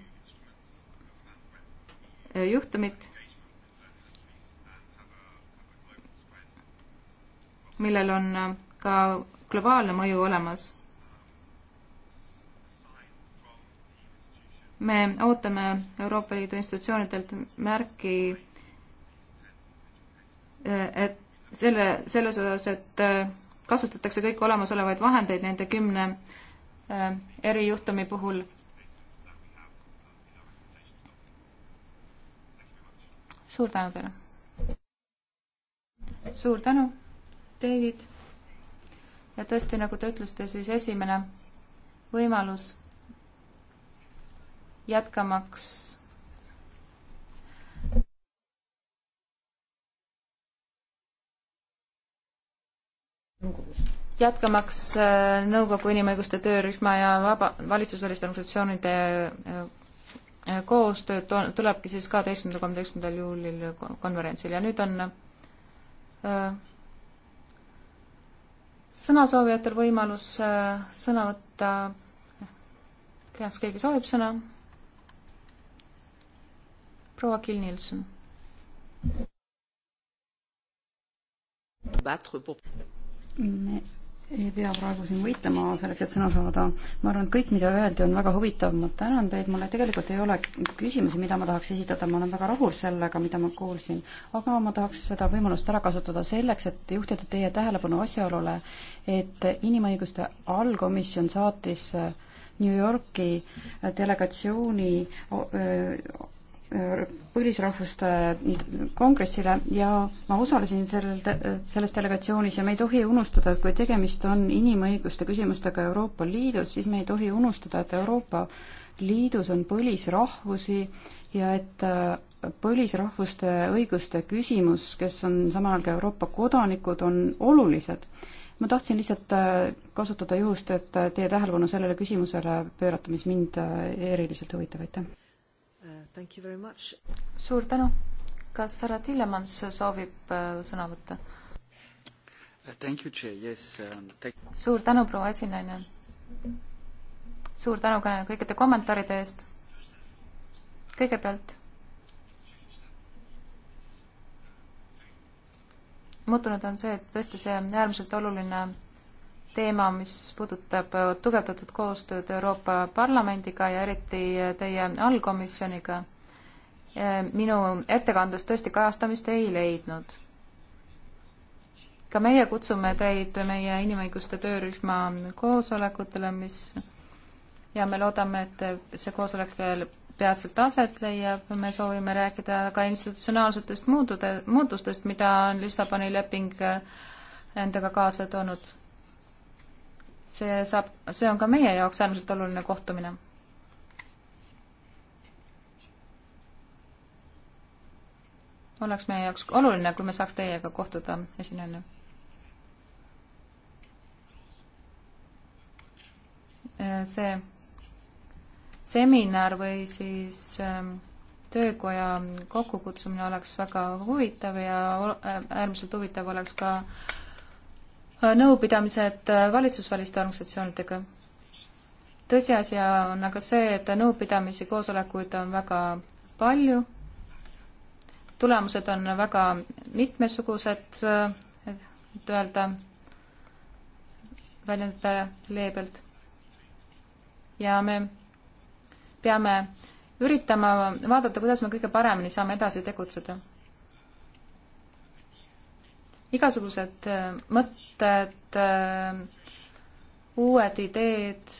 [SPEAKER 2] juhtumit, millel on äh, ka globaalne mõju olemas. me ootame Euroopa Liidu institutsioonidelt märki, eh, et selle, selles osas, et eh, kasutatakse kõiki olemasolevaid vahendeid nende kümne eh, erijuhtumi puhul suur tänu teile. suur tänu, David ja tõesti, nagu te ütlesite, siis esimene võimalus jätkamaks jätkamaks äh, nõukogu inimõiguste töörühma ja vaba, valitsusväliste organisatsioonide äh, äh, koostööd tulebki siis kaheteistkümnendal, kolmeteistkümnendal juulil konverentsil ja nüüd on sõnasoovijatel võimalus äh, sõna võtta, kas keegi soovib sõna?
[SPEAKER 1] proua Kill-Nielsen. me ei pea praegu siin võitlema selleks, et sõna saada. ma arvan, et kõik, mida öeldi, on väga huvitav, ma tänan teid, mul tegelikult ei ole küsimusi, mida ma tahaks esitada, ma olen väga rahul sellega, mida ma kuulsin. aga ma tahaks seda võimalust ära kasutada selleks, et juhtida teie tähelepanu asjaolule, et inimõiguste allkomisjon saatis New Yorki delegatsiooni põlisrahvuste kongressile ja ma osalesin sellel, selles delegatsioonis ja me ei tohi unustada, et kui tegemist on inimõiguste küsimustega Euroopa Liidus, siis me ei tohi unustada, et Euroopa Liidus on põlisrahvusi ja et äh, põlisrahvuste õiguste küsimus, kes on samal ajal ka Euroopa kodanikud, on olulised. ma tahtsin lihtsalt äh, kasutada juhust, et äh, teie tähelepanu sellele küsimusele pöörata, mis mind eriliselt huvitab, aitäh!
[SPEAKER 2] suur tänu. kas härra Tillemans soovib äh, sõna võtta?
[SPEAKER 4] Yes, um,
[SPEAKER 2] suur tänu, proua esinaine. suur tänu ka kõikide kommentaaride eest. kõigepealt muutunud on see, et tõesti see äärmiselt oluline teema, mis puudutab tugevdatud koostööd Euroopa Parlamendiga ja eriti teie allkomisjoniga, minu ettekandes tõesti kajastamist ei leidnud. ka meie kutsume teid meie inimõiguste töörühma koosolekutele, mis ja me loodame, et see koosolek veel peatselt aset leiab, me soovime rääkida ka institutsionaalsetest muutude, muutustest, mida on Lissaboni leping endaga kaasa toonud see saab, see on ka meie jaoks äärmiselt oluline kohtumine. oleks meie jaoks oluline, kui me saaks teiega kohtuda esinejana. see seminar või siis ähm, töökoja kokkukutsumine oleks väga huvitav ja äärmiselt huvitav oleks ka äh, nõupidamised valitsusväliste organisatsioonidega. tõsiasi on aga see, et nõupidamisi, koosolekuid on väga palju, tulemused on väga mitmesugused, et öelda, väljendada leebelt. ja me peame üritama vaadata, kuidas me kõige paremini saame edasi tegutseda igasugused äh, mõtted, äh, uued ideed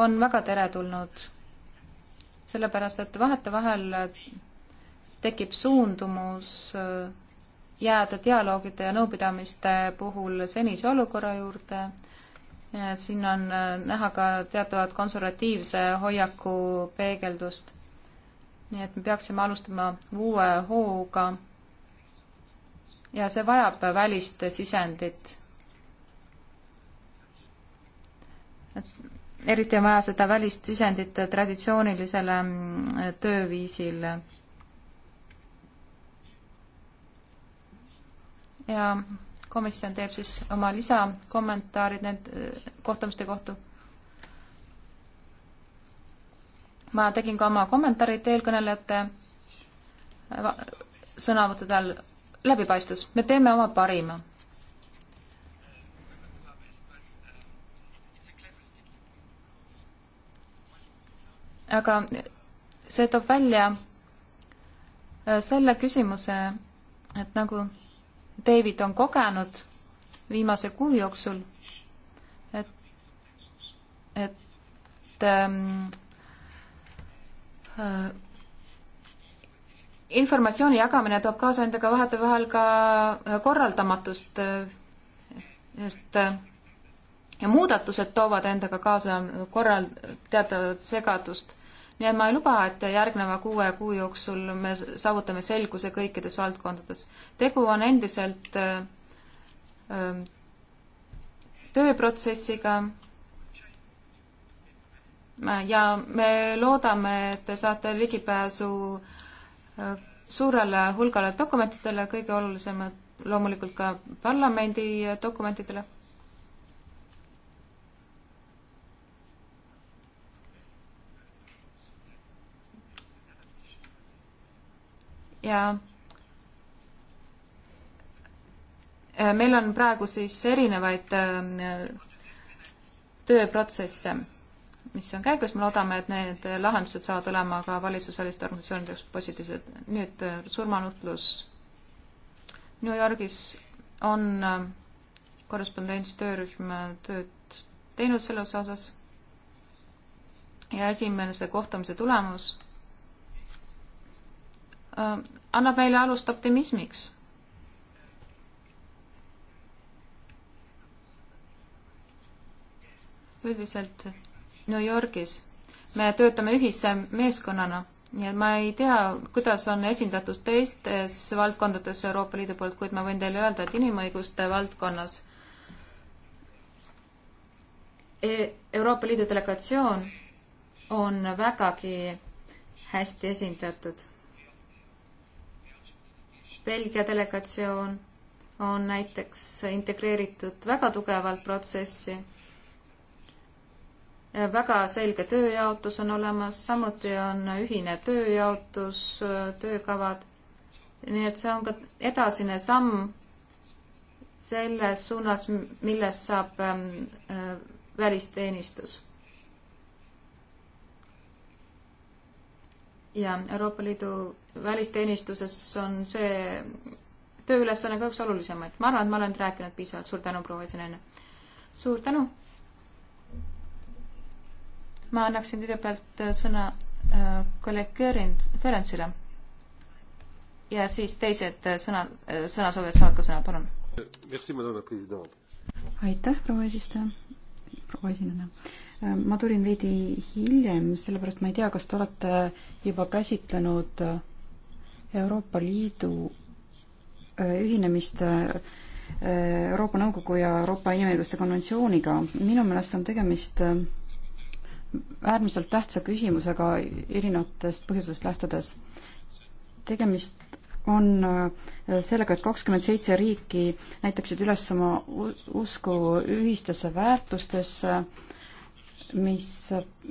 [SPEAKER 2] on väga teretulnud, sellepärast et vahetevahel tekib suundumus äh, jääda dialoogide ja nõupidamiste puhul senise olukorra juurde, siin on näha ka teatavat konservatiivse hoiaku peegeldust. nii et me peaksime alustama uue hooga ja see vajab välist sisendit. et eriti on vaja seda välist sisendit traditsioonilisele mm, tööviisile. ja komisjon teeb siis oma lisakommentaarid nende kohtumiste kohta ma tegin ka oma kommentaarid eelkõnelejate sõnavõttude all, läbipaistvus, me teeme oma parima. aga see toob välja äh, selle küsimuse, et nagu David on kogenud viimase kuu jooksul, et, et ähm, äh, informatsiooni jagamine toob kaasa endaga vahetevahel ka äh, korraldamatust, äh, sest äh, ja muudatused toovad endaga kaasa korral teatavat segadust. nii et ma ei luba, et järgneva kuue kuu jooksul me saavutame selguse kõikides valdkondades. tegu on endiselt öö, ähm, tööprotsessiga ja me loodame, et te saate ligipääsu öö, suurele hulgale dokumentidele, kõige olulisemad loomulikult ka parlamendi dokumentidele ja äh, meil on praegu siis erinevaid äh, tööprotsesse mis on käigus, me loodame, et need lahendused saavad olema ka valitsusväliste organisatsioonide jaoks positiivsed. nüüd äh, surmanutlus. New Yorgis on äh, korrespondents-töörühm äh, tööd teinud selles osas ja esimese kohtumise tulemus annab meile alust optimismiks üldiselt New Yorgis. me töötame ühise meeskonnana, nii et ma ei tea, kuidas on esindatus teistes valdkondades Euroopa Liidu poolt, kuid ma võin teile öelda, et inimõiguste valdkonnas e-, Euroopa Liidu delegatsioon on vägagi hästi esindatud. Belgia delegatsioon on näiteks integreeritud väga tugevalt protsessi väga selge tööjaotus on olemas, samuti on ühine tööjaotus, töökavad. nii et see on ka edasine samm selles suunas, millest saab ähm, äh, välisteenistus. ja Euroopa Liidu välisteenistuses on see tööülesanne ka üks olulisemaid. ma arvan, et ma olen rääkinud piisavalt. suur tänu, proua esineja. suur tänu ma annaksin kõigepealt äh, sõna äh, kolleeg Körentsile ja siis teised äh, sõna, sõnasoovijad saavad ka sõna, palun.
[SPEAKER 1] aitäh, proua eesistuja, proua esineja. ma tulin veidi hiljem, sellepärast ma ei tea, kas te olete juba käsitlenud Euroopa Liidu ühinemist Euroopa Nõukogu ja Euroopa Inimõiguste Konventsiooniga. minu meelest on tegemist äärmiselt tähtsa küsimusega erinevatest põhjusest lähtudes. tegemist on äh, sellega, et kakskümmend seitse riiki näitaksid üles oma usku ühistesse väärtustesse, mis,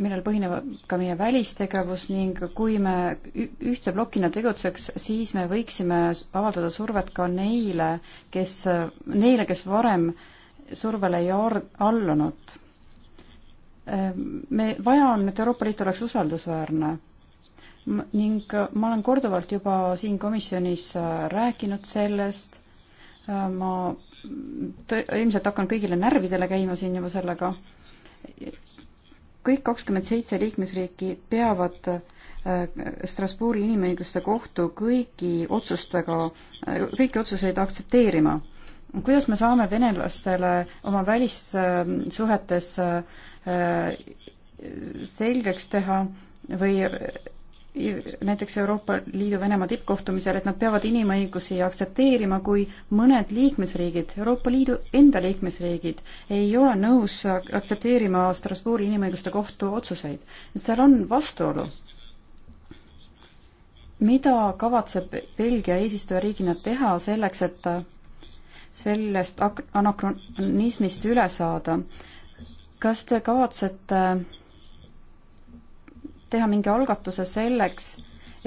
[SPEAKER 1] millel põhineb ka meie välistegevus ning kui me ühtse plokina tegutseks, siis me võiksime avaldada survet ka neile, kes, neile, kes varem survele ei allunud Ehm, me, vaja on, et Euroopa Liit oleks usaldusväärne ning äh, ma olen korduvalt juba siin komisjonis äh, rääkinud sellest, äh, ma ilmselt hakkan kõigile närvidele käima siin juba sellega, kõik kakskümmend seitse liikmesriiki peavad Strasbourgi inimõiguste kohtu kõigi otsustega, kõiki otsuseid aktsepteerima. kuidas me saame venelastele oma välissuhetes äh, Äh, selgeks teha või näiteks Euroopa Liidu Venemaa tippkohtumisel, et nad peavad inimõigusi aktsepteerima, kui mõned liikmesriigid, Euroopa Liidu enda liikmesriigid, ei ole nõus aktsepteerima Strasbourgi inimõiguste kohtu otsuseid. seal on vastuolu. mida kavatseb Belgia eesistujariigina teha selleks, et sellest anakronismist üle saada? kas te kavatsete teha mingi algatuse selleks,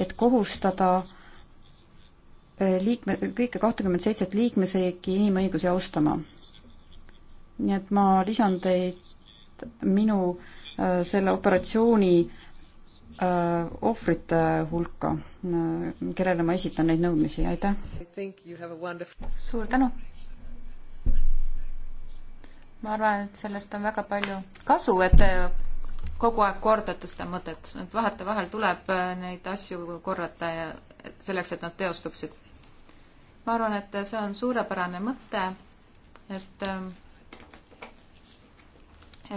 [SPEAKER 1] et kohustada äh, liikme, kõike kahtekümmet seitset liikmesriiki inimõigusi austama? nii et ma lisan teid minu äh, selle operatsiooni äh, ohvrite hulka äh,, kellele ma esitan neid nõudmisi, aitäh!
[SPEAKER 2] Wonderful... suur tänu! ma arvan, et sellest on väga palju kasu, et te kogu aeg kordate seda mõtet, et vahetevahel tuleb äh, neid asju korrata ja et selleks, et nad teostuksid. ma arvan, et see on suurepärane mõte, et äh,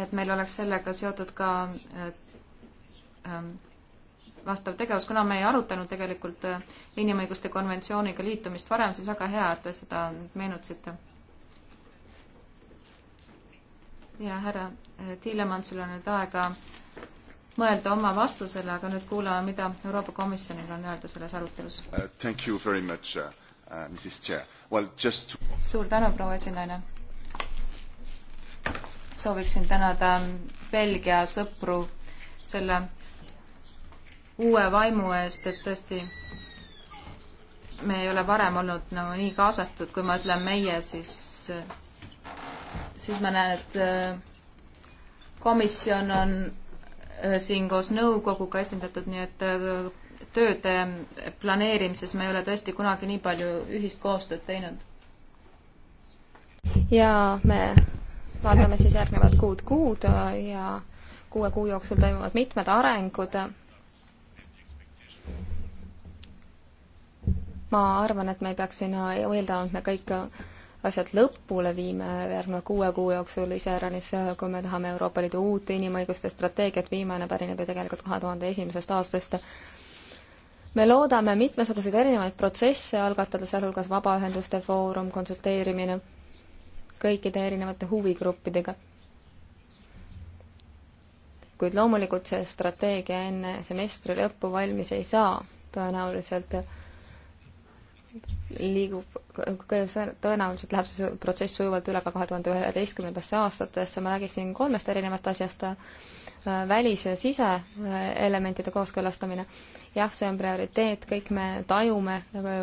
[SPEAKER 2] et meil oleks sellega seotud ka äh, vastav tegevus, kuna me ei arutanud tegelikult inimõiguste konventsiooniga liitumist varem, siis väga hea, et te seda meenutasite ja härra eh, Tiilemansil on nüüd aega mõelda oma vastusele, aga nüüd kuulame, mida Euroopa Komisjonil on öelda selles arutelus
[SPEAKER 4] uh,. Thank you very much uh,, uh, Mrs Chair. Well just to...
[SPEAKER 2] suur tänu, proua esinaine. sooviksin tänada Belgia sõpru selle uue vaimu eest, et tõesti me ei ole varem olnud nagu nii kaasatud, kui ma ütlen meie, siis uh, siis ma näen, et äh, komisjon on äh, siin koos nõukoguga esindatud, nii et äh, tööde planeerimises me ei ole tõesti kunagi nii palju ühist koostööd teinud.
[SPEAKER 3] ja me vaatame siis järgnevad kuud kuud ja kuue kuu jooksul toimuvad mitmed arengud. ma arvan, et me ei peaks siin eeldama, et me kõik asjad lõpule viime järgneva kuue kuu jooksul, iseäranis kui me tahame Euroopa Liidu uut inimõiguste strateegiat, viimane pärineb ju tegelikult kahe tuhande esimesest aastast, me loodame mitmesuguseid erinevaid protsesse algatada, sealhulgas Vabaühenduste Foorum, konsulteerimine kõikide erinevate huvigruppidega. kuid loomulikult see strateegia enne semestri lõppu valmis ei saa, tõenäoliselt liigub, tõenäoliselt läheb see protsess sujuvalt üle ka kahe tuhande üheteistkümnendasse aastatesse, ma räägiksin kolmest erinevast asjast välis- ja siseelementide kooskõlastamine. jah, see on prioriteet, kõik me tajume,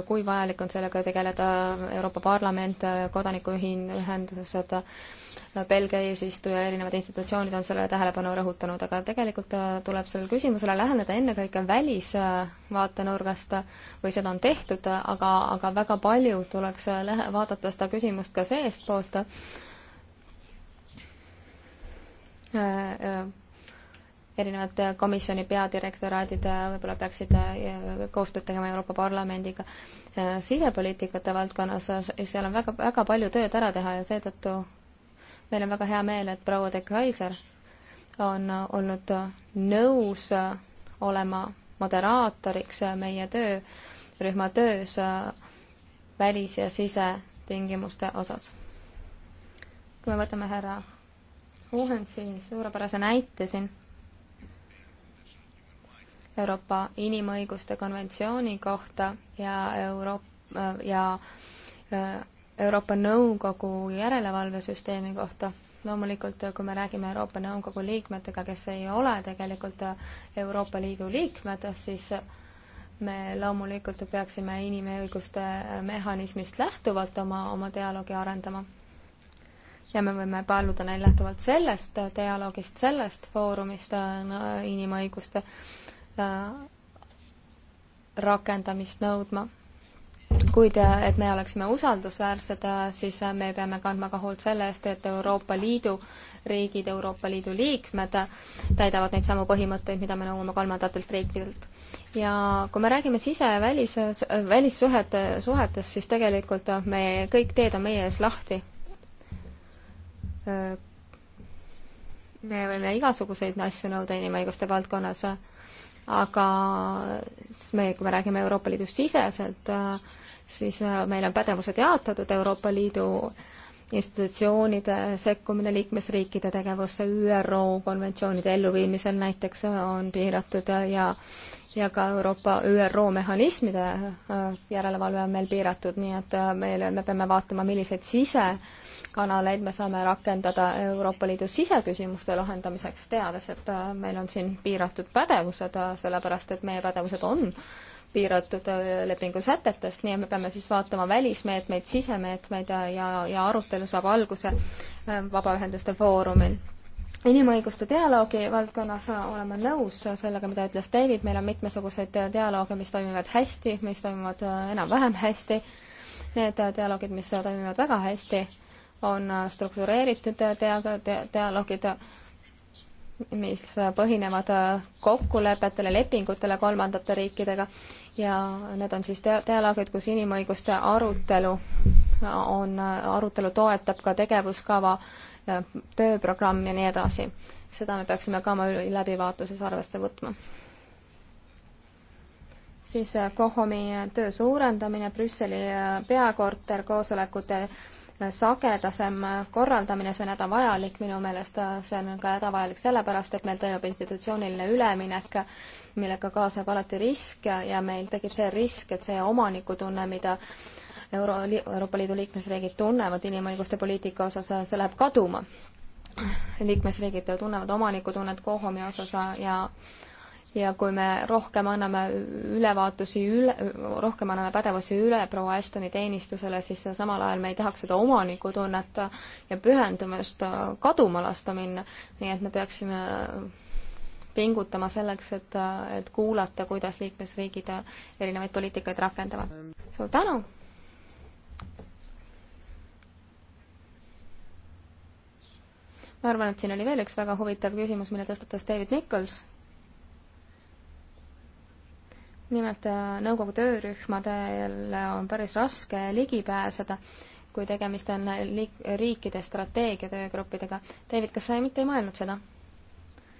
[SPEAKER 3] kui vajalik on sellega tegeleda Euroopa Parlament, kodanikuühendused, Belgia eesistuja, erinevad institutsioonid on sellele tähelepanu rõhutanud, aga tegelikult äh, tuleb sellele küsimusele läheneda ennekõike välisvaatenurgast äh, või seda on tehtud, aga, aga väga palju tuleks äh, lähe-, vaadata seda küsimust ka seestpoolt erinevad komisjoni peadirektoraadid äh, võib-olla peaksid äh, koostööd tegema Euroopa Parlamendiga äh, sisepoliitikate valdkonnas, seal on väga, väga palju tööd ära teha ja seetõttu meil on väga hea meel, et proua de Kaiser on olnud nõus olema moderaatoriks meie töörühma töös välis- ja sisetingimuste osas. kui me võtame härra Uhensi suurepärase näite siin Euroopa Inimõiguste konventsiooni kohta ja Euroop- ja Euroopa Nõukogu järelevalvesüsteemi kohta. loomulikult, kui me räägime Euroopa Nõukogu liikmetega, kes ei ole tegelikult Euroopa Liidu liikmed, siis me loomulikult peaksime inimõiguste mehhanismist lähtuvalt oma, oma dialoogi arendama. ja me võime paluda neil lähtuvalt sellest dialoogist, sellest foorumist inimõiguste Äh, rakendamist nõudma. kuid äh, et me oleksime usaldusväärsed, äh, siis me peame kandma ka hoolt selle eest, et Euroopa Liidu riigid, Euroopa Liidu liikmed täidavad neid samu põhimõtteid, mida me nõuame kolmandatelt riikidelt. ja kui me räägime sise- ja välis, välissuhete, suhetest, siis tegelikult me, kõik teed on meie ees lahti me võime igasuguseid asju nõuda inimõiguste valdkonnas aga me, kui me räägime Euroopa Liidust siseselt, siis meil on pädevused jaotatud Euroopa Liidu institutsioonide sekkumine liikmesriikide tegevusse ÜRO konventsioonide elluviimisel näiteks on piiratud ja ja ka Euroopa ÜRO mehhanismide äh, järelevalve on meil piiratud, nii et äh, meil, me peame vaatama, milliseid sise kanaleid me saame rakendada Euroopa Liidu siseküsimuste lahendamiseks, teades, et äh, meil on siin piiratud pädevused, äh, sellepärast et meie pädevused on piiratud äh, lepingu sätetest, nii et me peame siis vaatama välismeetmeid, sisemeetmeid ja, ja, ja arutelu saab alguse Vabaühenduste Foorumil inimõiguste dialoogi valdkonnas oleme nõus sellega, mida ütles David, meil on mitmesuguseid dialoogi, mis toimivad hästi, mis toimivad enam-vähem hästi, need dialoogid, mis toimivad väga hästi, on äh, struktureeritud äh, dia-, dia-, dialoogid, mis põhinevad äh, kokkulepetele, lepingutele kolmandate riikidega ja need on siis dia-, dialoogid, kus inimõiguste arutelu on, arutelu toetab ka tegevuskava, tööprogramm ja nii edasi. seda me peaksime ka oma läbivaatuses arvesse võtma. siis KOHOM-i töö suurendamine, Brüsseli peakorter, koosolekute sagedasem korraldamine, see on hädavajalik minu meelest, see on ka hädavajalik sellepärast, et meil toimub institutsiooniline üleminek, millega kaasneb alati risk ja, ja meil tekib see risk, et see omanikutunne, mida Euro-, Euroopa Liidu liikmesriigid tunnevad inimõiguste poliitika osas, see läheb kaduma. liikmesriigid tunnevad omanikutunnet Kohomi osas ja ja kui me rohkem anname ülevaatusi üle, rohkem anname pädevusi üle proua Ashtoni teenistusele, siis samal ajal me ei tahaks seda omanikutunnet ja pühendumist kaduma lasta minna, nii et me peaksime pingutama selleks, et, et kuulata, kuidas liikmesriigid erinevaid poliitikaid rakendavad. suur tänu! ma arvan, et siin oli veel üks väga huvitav küsimus, mille tõstatas David Nichols nimelt äh, nõukogu töörühmadele on päris raske ligi pääseda, kui tegemist on liik-, riikide strateegia töögruppidega. David, kas sa ei, mitte ei mõelnud seda?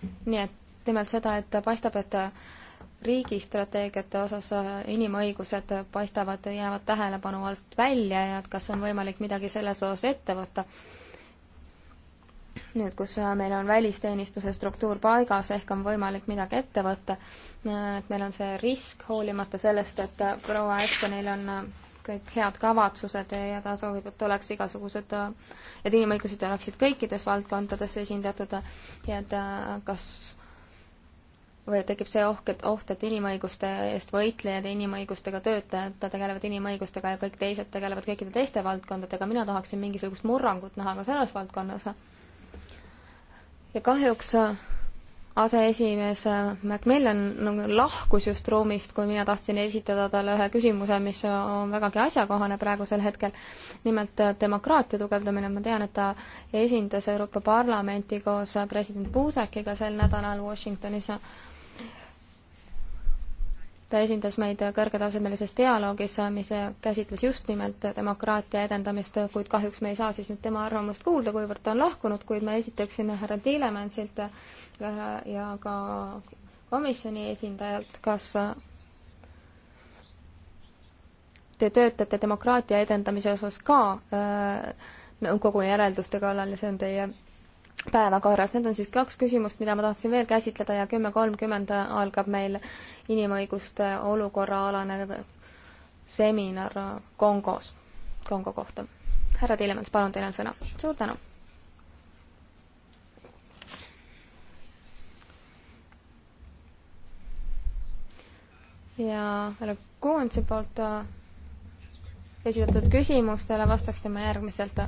[SPEAKER 3] nii et nimelt seda, et paistab, et riigi strateegiate osas äh, inimõigused paistavad, jäävad tähelepanu alt välja ja et kas on võimalik midagi selles osas ette võtta nüüd, kus äh, meil on välisteenistuse struktuur paigas, ehk on võimalik midagi ette võtta, äh, et meil on see risk, hoolimata sellest, et äh, proua Estonil on kõik head kavatsused ja ta soovib, et oleks igasugused, et inimõigused oleksid kõikides valdkondades esindatud ja et kas või tekib see ohk, et oht, et inimõiguste eest võitlejad ja inimõigustega töötajad tegelevad inimõigustega ja kõik teised tegelevad kõikide teiste valdkondadega, mina tahaksin mingisugust murrangut näha ka selles valdkonnas ja kahjuks äh, aseesimees äh, Macmillan lahkus just ruumist, kui mina tahtsin esitada talle ühe küsimuse, mis äh, on vägagi asjakohane praegusel hetkel. nimelt demokraatia tugevdamine, ma tean, et ta esindas Euroopa Parlamenti koos president Buusekiga sel nädalal Washingtonis ta esindas meid kõrgetasemelises dialoogis, mis käsitles just nimelt demokraatia edendamist, kuid kahjuks me ei saa siis nüüd tema arvamust kuulda, kuivõrd ta on lahkunud, kuid ma esitaksin härra Tiilemantsilt ja ka komisjoni esindajalt, kas te töötate demokraatia edendamise osas ka äh, nõukogu järelduste kallal ja see on teie päevakorras. Need on siis kaks küsimust, mida ma tahtsin veel käsitleda ja kümme kolmkümmend algab meil inimõiguste olukorraalane seminar Kongos, Kongo kohta. härra Tillemans, palun, teil on sõna. suur tänu. ja härra Kuuntsi poolt esitatud küsimustele vastaksime järgmiselt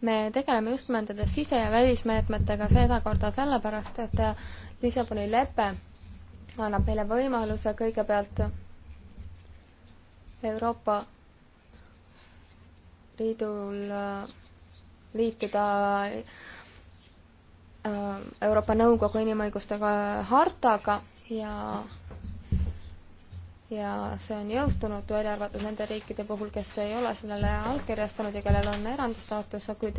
[SPEAKER 3] me tegeleme just nimelt nende sise- ja välismeetmetega sedakorda sellepärast, et Lissaboni lepe annab meile võimaluse kõigepealt Euroopa Liidul äh, liituda äh, Euroopa Nõukogu inimõiguste hartaga ja ja see on jõustunud, välja arvatud nende riikide puhul, kes ei ole sellele allkirjastanud ja kellel on erandstaatus, kuid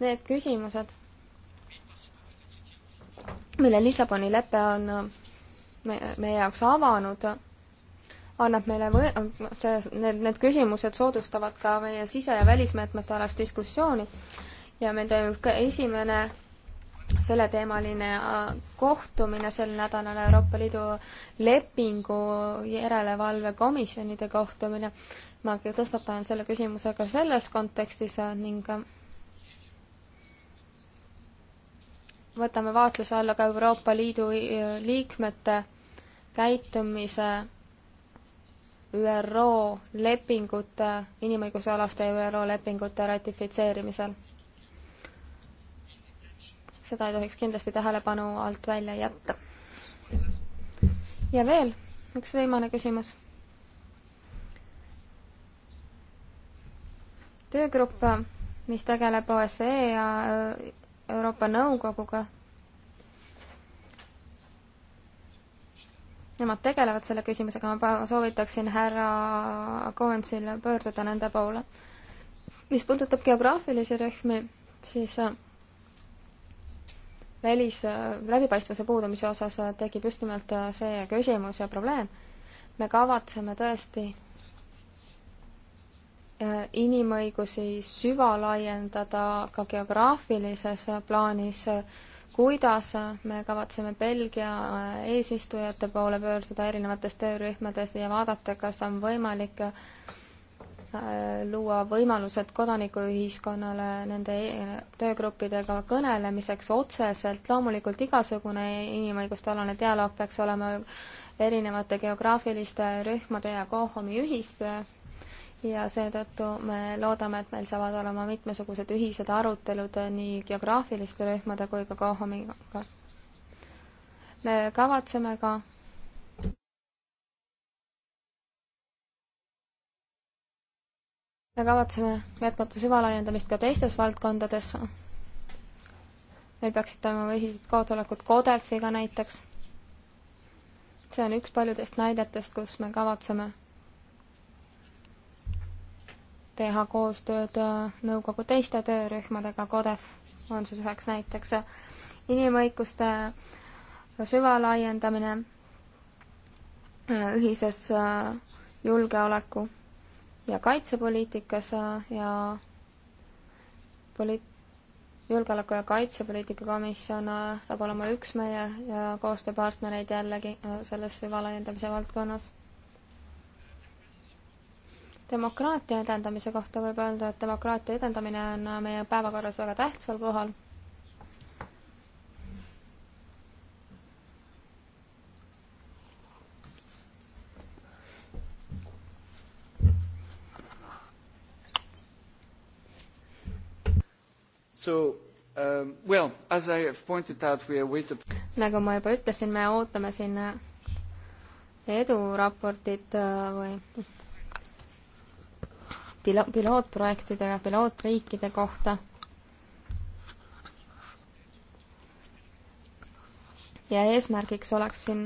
[SPEAKER 3] need küsimused, mille Lissaboni lepe on meie jaoks avanud, annab meile või-, need, need küsimused soodustavad ka meie sise- ja välismeetmete alast diskussiooni ja meil toimub ka esimene selleteemaline äh, kohtumine sel nädalal Euroopa Liidu lepingu järelevalve komisjonide kohtumine. ma tõstatan selle küsimuse ka selles kontekstis äh, ning äh, võtame vaatluse alla ka Euroopa Liidu liikmete käitumise ÜRO lepingute, inimõigusalaste ÜRO lepingute ratifitseerimisel seda ei tohiks kindlasti tähelepanu alt välja jätta. ja veel üks viimane küsimus. töögrupp, mis tegeleb OSCE ja äh, Euroopa Nõukoguga, nemad tegelevad selle küsimusega, ma soovitaksin härra Covensil pöörduda nende poole. mis puudutab geograafilisi rühmi, siis äh, välis, läbipaistvuse puudumise osas tekib just nimelt äh, see küsimus ja probleem. me kavatseme tõesti äh, inimõigusi süvalaiendada ka geograafilises plaanis, kuidas me kavatseme Belgia äh, eesistujate poole pöörduda erinevates töörühmades ja vaadata, kas on võimalik Äh, luua võimalused kodanikuühiskonnale nende e-, töögruppidega kõnelemiseks otseselt. loomulikult igasugune inimõiguste alane dialoog peaks olema erinevate geograafiliste rühmade ja KOHOM-i ühistöö ja seetõttu me loodame, et meil saavad olema mitmesugused ühised arutelud nii geograafiliste rühmade kui ka KOHOM-iga. me kavatseme ka me kavatseme jätkata süvalaiendamist ka teistes valdkondades. meil peaksid toimuma ühised koosolekud Codefiga näiteks. see on üks paljudest näidetest, kus me kavatseme teha koostööd nõukogu teiste töörühmadega, Codef on siis üheks näiteks. inimõiguste süvalaiendamine ühises julgeoleku ja kaitsepoliitikas ja poliit-, julgeoleku- ja kaitsepoliitika komisjon äh, saab olema üks meie koostööpartnereid jällegi äh, selles süvalaiendamise valdkonnas. demokraatia edendamise kohta võib öelda, et demokraatia edendamine on äh, meie päevakorras väga tähtsal kohal
[SPEAKER 4] So um, well, as I have pointed out, we are with the
[SPEAKER 3] nagu ma juba ütlesin, me ootame siin uh, eduraportit uh, või pilo-, pilootprojektide ja pilootriikide kohta. ja eesmärgiks oleks siin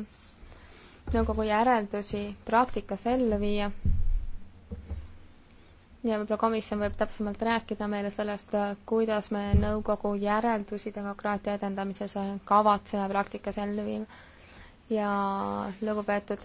[SPEAKER 3] nõukogu järeldusi praktikas ellu viia ja võib-olla komisjon võib täpsemalt rääkida meile sellest, kuidas me nõukogu järeldusi demokraatia edendamises kavatseme praktikas ellu viima. ja lugupeetud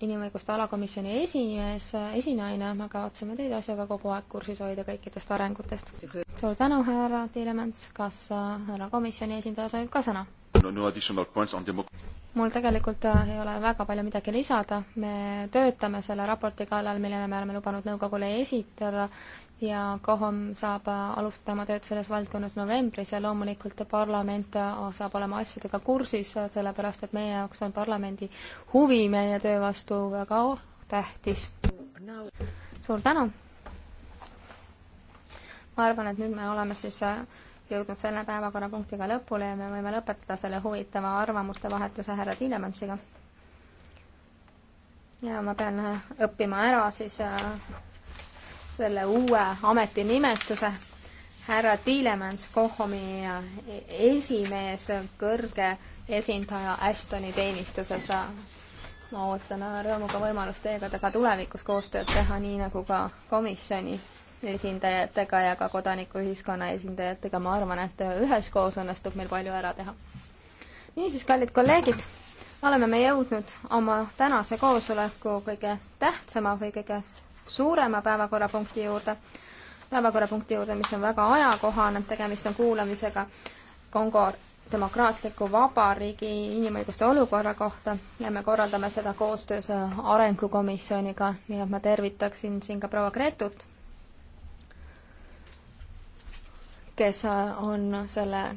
[SPEAKER 3] inimõiguste alakomisjoni esimees, esinaine, me kavatseme teid asjaga kogu aeg kursis hoida kõikidest arengutest. suur tänu, härra Tiilemets, kas äh, härra komisjoni esindaja soovib ka sõna
[SPEAKER 4] no,? No
[SPEAKER 3] mul tegelikult äh, ei ole väga palju midagi lisada, me töötame selle raporti kallal, mille me oleme lubanud nõukogule esitada ja KOHOM saab äh, alustada oma tööd selles valdkonnas novembris ja loomulikult parlament äh, saab olema asjadega kursis, sellepärast et meie jaoks on parlamendi huvi meie töö vastu väga tähtis. suur tänu! ma arvan, et nüüd me oleme siis jõudnud selle päevakorrapunktiga lõpule ja me võime lõpetada selle huvitava arvamuste vahetuse härra Tiilemantsiga. ja ma pean äh, õppima ära siis äh, selle uue ametinimetuse. härra Tiilemans, Kohomi äh, esimees, kõrge esindaja Ashtoni teenistuses. ma ootan rõõmuga võimalust teiega ka tulevikus koostööd teha, nii nagu ka komisjoni esindajatega ja ka kodanikuühiskonna esindajatega, ma arvan, et üheskoos õnnestub meil palju ära teha. niisiis, kallid kolleegid, oleme me jõudnud oma tänase koosoleku kõige tähtsama või kõige suurema päevakorrapunkti juurde, päevakorrapunkti juurde, mis on väga ajakohane, tegemist on kuulamisega Kongo demokraatliku vabariigi inimõiguste olukorra kohta ja me korraldame seda koostöös Arengukomisjoniga, nii et ma tervitaksin siin ka proua Gretut, kes äh, on selle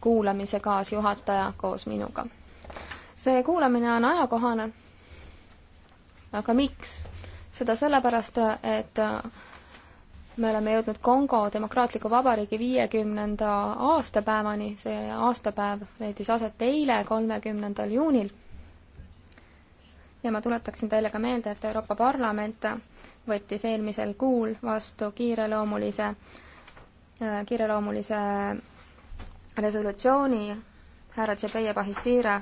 [SPEAKER 3] kuulamise kaasjuhataja koos minuga. see kuulamine on ajakohane. aga miks? seda sellepärast, et äh, me oleme jõudnud Kongo Demokraatliku Vabariigi viiekümnenda aastapäevani, see aastapäev leidis aset eile, kolmekümnendal juunil. ja ma tuletaksin teile ka meelde, et Euroopa Parlament võttis eelmisel kuul vastu kiireloomulise Äh, kiireloomulise resolutsiooni härra Tšebeje Bahisire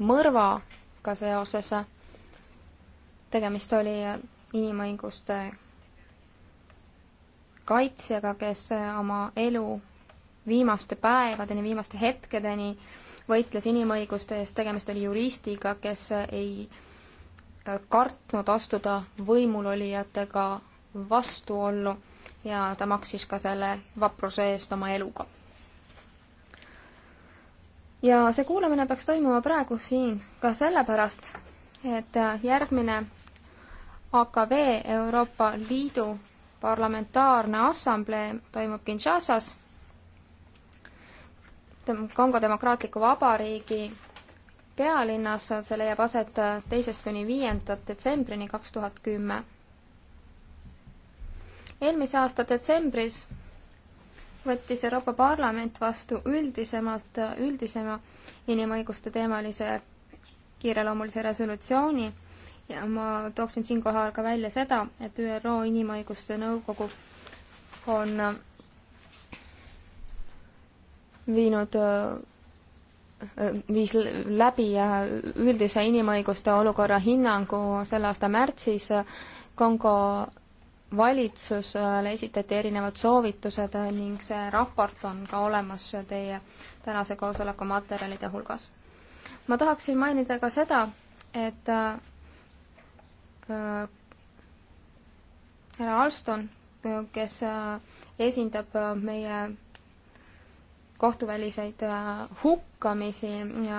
[SPEAKER 3] mõrvaga seoses. tegemist oli inimõiguste kaitsjaga, kes oma elu viimaste päevadeni, viimaste hetkedeni võitles inimõiguste eest, tegemist oli juristiga, kes ei äh, kartnud astuda võimulolijatega vastuollu ja ta maksis ka selle vapruse eest oma eluga. ja see kuulamine peaks toimuma praegu siin ka sellepärast, et järgmine AKV Euroopa Liidu Parlamentaarne Assamblee toimub Kinshasas Kongo Demokraatliku Vabariigi pealinnas, see leiab aset teisest kuni viiendat detsembrini kaks tuhat kümme eelmise aasta detsembris võttis Euroopa Parlament vastu üldisemalt, üldisema inimõiguste teemalise kiireloomulise resolutsiooni ja ma tooksin siinkohal ka välja seda, et ÜRO Inimõiguste Nõukogu on äh, viinud, äh, äh, viis läbi üldise inimõiguste olukorra hinnangu selle aasta märtsis Kongo valitsusele esitati erinevad soovitused ning see raport on ka olemas teie tänase koosoleku materjalide hulgas. ma tahaksin mainida ka seda, et äh, härra Alston, kes äh, esindab meie kohtuväliseid äh, hukkamisi,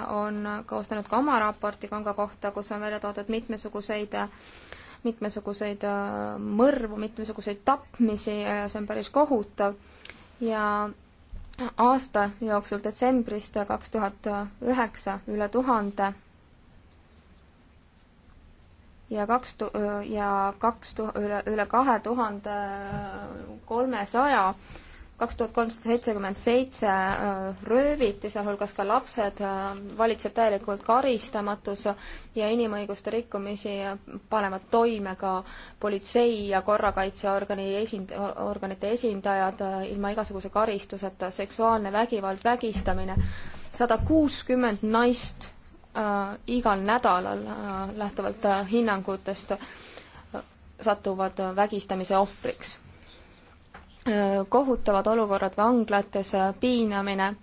[SPEAKER 3] on koostanud ka oma raporti kanga kohta, kus on välja toodud mitmesuguseid äh, mitmesuguseid äh, mõrvu, mitmesuguseid tapmisi ja see on päris kohutav. ja aasta jooksul detsembrist kaks tuhat üheksa üle tuhande ja kaks tu-, ja kaks tu-, üle, üle kahe tuhande kolmesaja kaks tuhat kolmsada seitsekümmend seitse äh, rööviti, sealhulgas ka lapsed, äh, valitseb täielikult karistamatus ja inimõiguste rikkumisi panevad toime ka politsei ja korrakaitseorgani esind-, organite esindajad äh, ilma igasuguse karistuseta, seksuaalne vägivald, vägistamine, sada kuuskümmend naist äh, igal nädalal äh, lähtuvalt äh, hinnangutest äh, satuvad äh, vägistamise ohvriks kohutavad olukorrad vanglates, piinamine.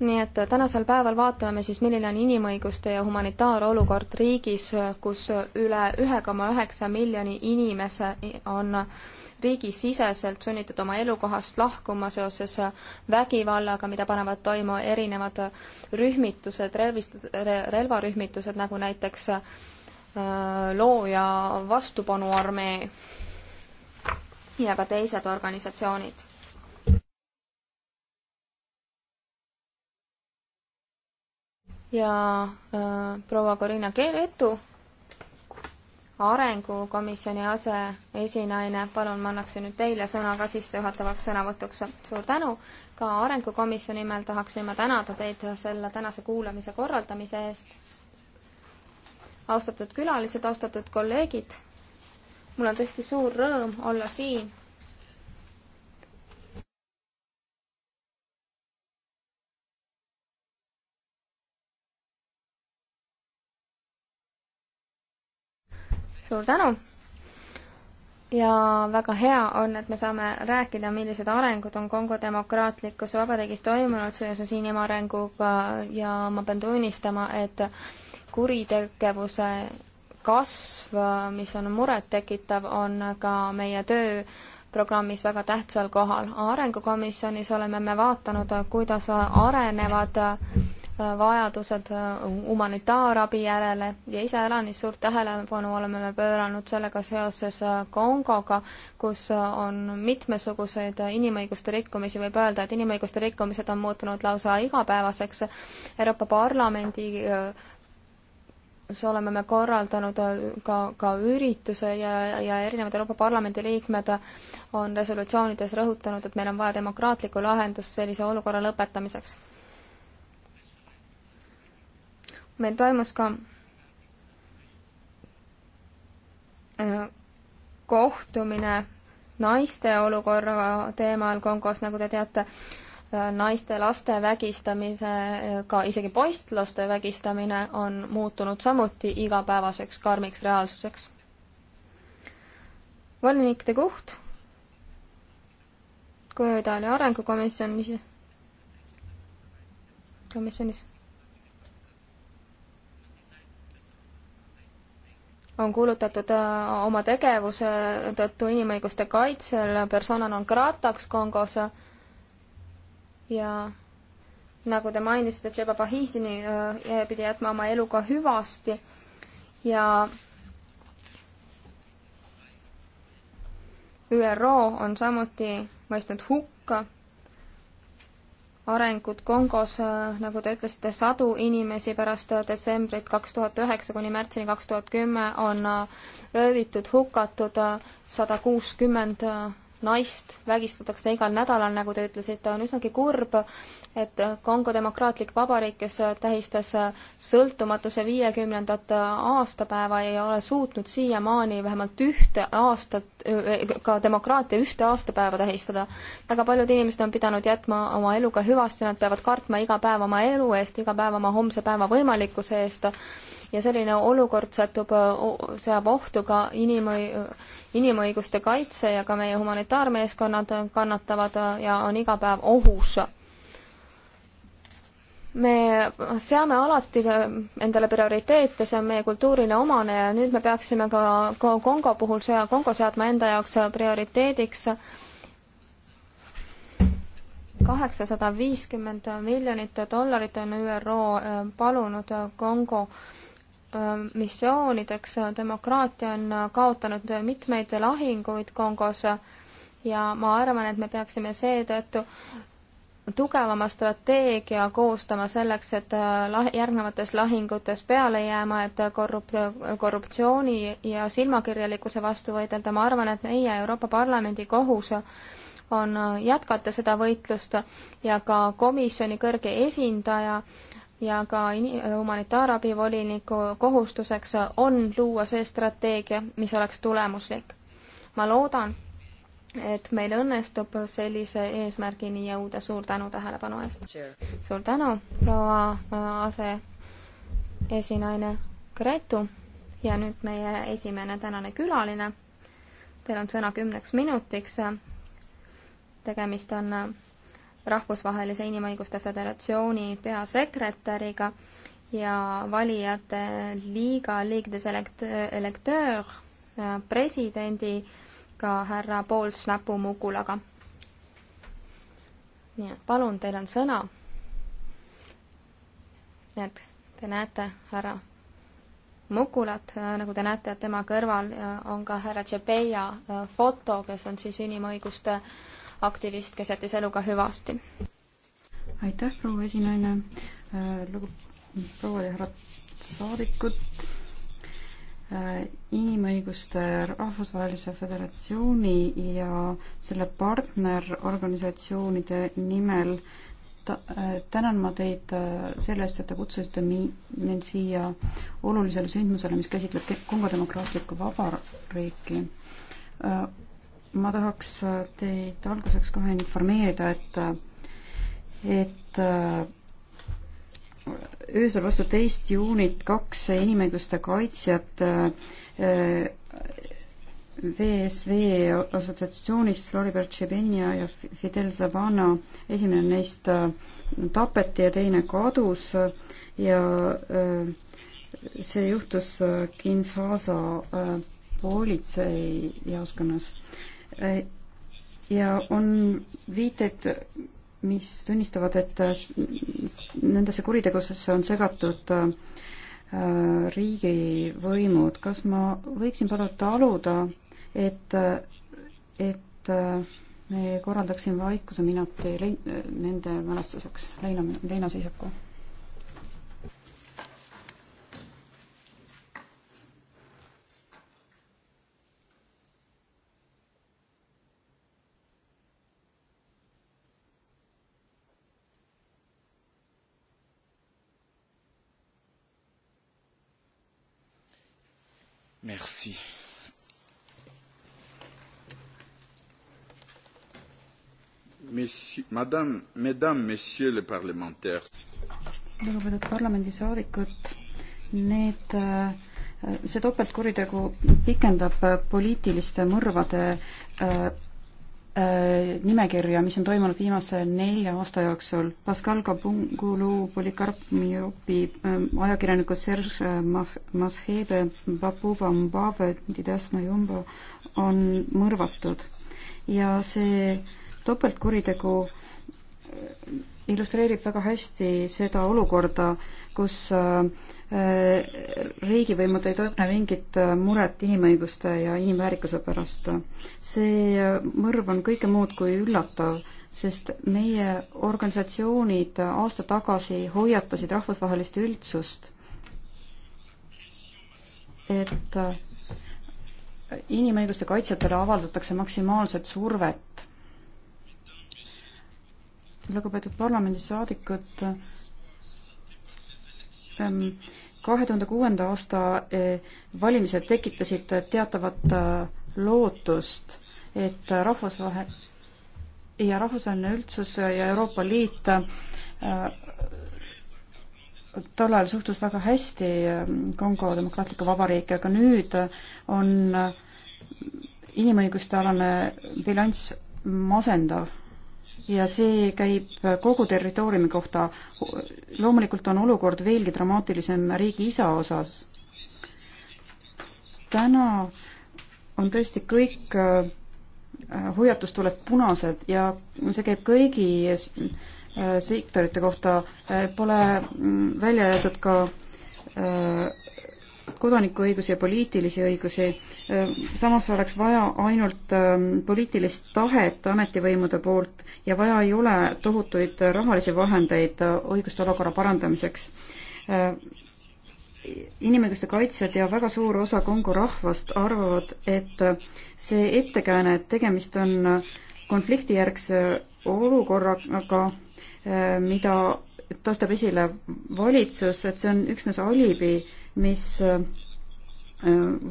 [SPEAKER 3] nii et tänasel päeval vaatame siis, milline on inimõiguste ja humanitaarolukord riigis, kus üle ühe koma üheksa miljoni inimese on riigisiseselt sunnitud oma elukohast lahkuma seoses vägivallaga, mida panevad toimu erinevad rühmitused, relvist-, relvarühmitused, nagu näiteks looja vastupanuarmee ja ka teised organisatsioonid. ja äh, proua Corina Keeretu, arengukomisjoni aseesinaine, palun, ma annaksin nüüd teile sõna ka sissejuhatavaks sõnavõtuks. suur tänu, ka arengukomisjoni nimel tahaksin ma tänada teid selle tänase kuulamise korraldamise eest. austatud külalised, austatud kolleegid mul on tõesti suur rõõm olla siin. suur tänu! ja väga hea on, et me saame rääkida, millised arengud on Kongo demokraatlikus vabariigis toimunud seoses inimarenguga ja ma pean tunnistama, et kuritegevuse kasv, mis on murettekitav, on ka meie tööprogrammis väga tähtsal kohal. arengukomisjonis oleme me vaatanud, kuidas arenevad vajadused humanitaarabi järele ja iseäranis suurt tähelepanu oleme me pööranud sellega seoses Kongoga, kus on mitmesuguseid inimõiguste rikkumisi, võib öelda, et inimõiguste rikkumised on muutunud lausa igapäevaseks. Euroopa Parlamendi siis oleme me korraldanud äh, ka, ka ürituse ja, ja erinevad Euroopa Parlamendi liikmed on resolutsioonides rõhutanud, et meil on vaja demokraatlikku lahendust sellise olukorra lõpetamiseks. meil toimus ka äh, kohtumine naiste olukorra teemal Kongos, nagu te teate, naiste, laste vägistamise, ka isegi poistlaste vägistamine on muutunud samuti igapäevaseks karmiks reaalsuseks. volinike koht, kui ta oli arengukomisjonis, komisjonis, on kuulutatud äh, oma tegevuse tõttu inimõiguste kaitsel persona non grata'ks Kongos ja nagu te mainisite, Tšeba Bahizini äh, pidi jätma oma elu ka hüvasti ja ÜRO on samuti mõistnud hukka arengud Kongos, äh, nagu te ütlesite, sadu inimesi pärast äh, detsembrit kaks tuhat üheksa kuni märtsini kaks tuhat kümme on röövitud, hukatud sada kuuskümmend naist vägistatakse igal nädalal, nagu te ütlesite, on üsnagi kurb, et Kongo Demokraatlik Vabariik, kes tähistas sõltumatuse viiekümnendat aastapäeva, ei ole suutnud siiamaani vähemalt ühte aastat, ka demokraatia ühte aastapäeva tähistada. väga paljud inimesed on pidanud jätma oma eluga hüvasti, nad peavad kartma iga päev oma elu eest, iga päev oma homse päeva võimalikkuse eest ja selline olukord satub, seab ohtu ka inimõi-, inimõiguste kaitse ja ka meie humanitaarmeeskonnad kannatavad ja on iga päev ohus. me seame alati endale prioriteete, see on meie kultuurile omane ja nüüd me peaksime ka, ka Kongo puhul, Kongo seadma enda jaoks prioriteediks kaheksasada viiskümmend miljonit dollarit on ÜRO äh, palunud Kongo Ähm, missioonideks. demokraatia on kaotanud mitmeid lahinguid Kongos ja ma arvan, et me peaksime seetõttu tugevama strateegia koostama selleks, et äh, lah-, järgnevates lahingutes peale jääma, et korrup-, korruptsiooni ja silmakirjalikkuse vastu võidelda, ma arvan, et meie Euroopa Parlamendi kohus on äh, jätkata seda võitlust ja ka komisjoni kõrge esindaja äh, ja ka humanitaarabi voliniku kohustuseks on luua see strateegia, mis oleks tulemuslik. ma loodan, et meil õnnestub sellise eesmärgini jõuda. suur tänu tähelepanu eest. suur tänu, proua äh, aseesinaine Gretu ja nüüd meie esimene tänane külaline. Teil on sõna kümneks minutiks. tegemist on äh, Rahvusvahelise Inimõiguste Föderatsiooni peasekretäriga ja valijate liiga liigdes elekt-, elektöör äh, presidendiga härra Paul Snapu Mukulaga. nii et palun, teil on sõna. nii et te näete härra Mukulat, äh, nagu te näete, et tema kõrval äh, on ka härra Tšepeia foto, kes on siis inimõiguste äh, aktivist, kes jättis eluga hüvasti.
[SPEAKER 1] aitäh, proua esinaine, äh, lugu-, proua ja härrad saadikud, äh, Inimõiguste Rahvusvahelise Föderatsiooni ja selle partnerorganisatsioonide nimel ta-, äh, tänan ma teid selle eest, et te kutsusite mi-, mind siia olulisele sündmusele, mis käsitleb Kongo Demokraatlikku Vabariiki ma tahaks teid alguseks kohe informeerida, et, et öösel vastu teist juunit kaks inimõiguste kaitsjat VSV assotsiatsioonist Floribert Šebenia ja Fidel Zavana, esimene neist tapeti ja teine kadus ja see juhtus Kinshasa politseijaoskonnas Äh, ja on viited, mis tunnistavad, et äh, nendesse kuritegudesse on segatud äh, riigivõimud. kas ma võiksin paluda aluda, et, et me korraldaksin vaikuse minuti nende mälestuseks, Leina, Leina Seisaku?
[SPEAKER 4] Merci. Messi, madame, mesdames, messieurs les parlementaires.
[SPEAKER 1] lugupeetud parlamendisaadikud, need, äh, see topeltkuritegu pikendab poliitiliste mõrvade äh, Äh, nimekirja, mis on toimunud viimase nelja aasta jooksul. Pascal Kabungulu, Polikarp Miopi, ähm, ajakirjanikud Serge äh, Mashebe, Babuba Mbabe, Didasna Jumba on mõrvatud ja see topeltkuritegu illustreerib väga hästi seda olukorda, kus äh, riigivõimud ei tunne mingit äh, muret inimõiguste ja inimväärikuse pärast. see äh, mõrv on kõike muud kui üllatav, sest meie organisatsioonid aasta tagasi hoiatasid rahvusvahelist üldsust, et inimõiguste kaitsjatele avaldatakse maksimaalset survet lugupeetud parlamendisaadikud, ähm, kahe tuhande kuuenda aasta äh, valimised tekitasid teatavat äh, lootust, et rahvusvahe- ja rahvusvaheline üldsus ja Euroopa Liit äh, tol ajal suhtus väga hästi ähm, Kongo Demokraatliku Vabariiki, aga nüüd on inimõiguste alane bilanss masendav ja see käib kogu territooriumi kohta. loomulikult on olukord veelgi dramaatilisem riigi isa osas. täna on tõesti kõik äh, hoiatustuled punased ja see käib kõigi äh, sektorite kohta, äh, pole mm, välja jäetud ka kodanikuõigusi ja poliitilisi õigusi. Äh, samas oleks vaja ainult ähm, poliitilist tahet ametivõimude poolt ja vaja ei ole tohutuid rahalisi vahendeid äh, õiguste olukorra parandamiseks äh, inimõiguste kaitsjad ja väga suur osa Kongo rahvast arvavad, et see ettekääne, et tegemist on konfliktijärgse olukorraga, mida tõstab esile valitsus, et see on üksnes alibi mis äh,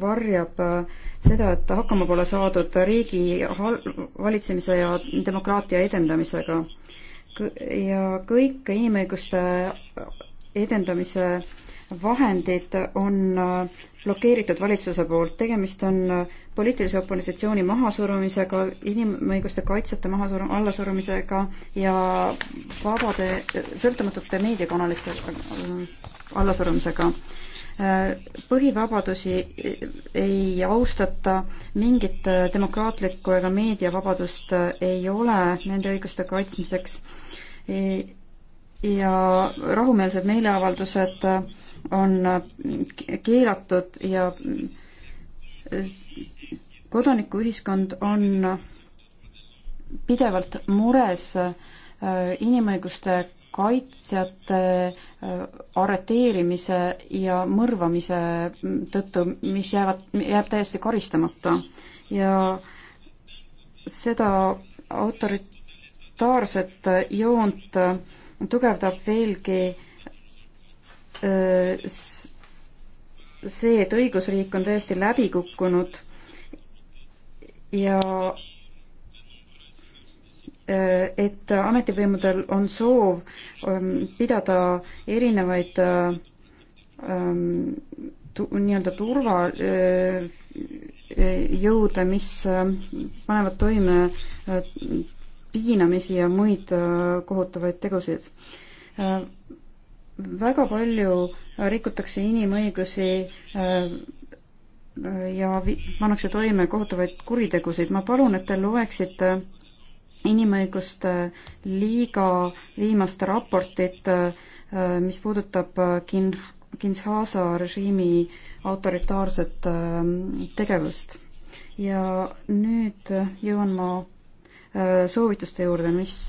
[SPEAKER 1] varjab äh, seda, et hakkama pole saadud riigi hal-, valitsemise ja demokraatia edendamisega. ja kõik inimõiguste edendamise vahendid on äh, blokeeritud valitsuse poolt, tegemist on poliitilise opositsiooni mahasurumisega, inimõiguste kaitsjate mahasuru-, allasurumisega ja vabade, sõltumatute meediakanalite allasurumisega põhivabadusi ei austata, mingit demokraatlikku ega meediavabadust ei ole nende õiguste kaitsmiseks. ja rahumeelsed meeleavaldused on keelatud ja kodanikuühiskond on pidevalt mures inimõiguste kaitsjate äh, arreteerimise ja mõrvamise tõttu, mis jäävad, jääb täiesti karistamata. ja seda autoritaarset joont tugevdab veelgi äh, see, et õigusriik on täiesti läbi kukkunud ja Äh, et ametivõimudel on soov ähm, pidada erinevaid äh, ähm, nii-öelda turvajõude, äh, mis panevad toime piinamisi ja muid kohutavaid tegusid. väga palju rikutakse inimõigusi ja pannakse toime kohutavaid kuritegusid. ma palun, et te loeksite inimõiguste liiga viimast raportit, äh, mis puudutab äh, kin-, Kinshasa režiimi autoritaarset ähm, tegevust. ja nüüd jõuan ma äh, soovituste juurde, mis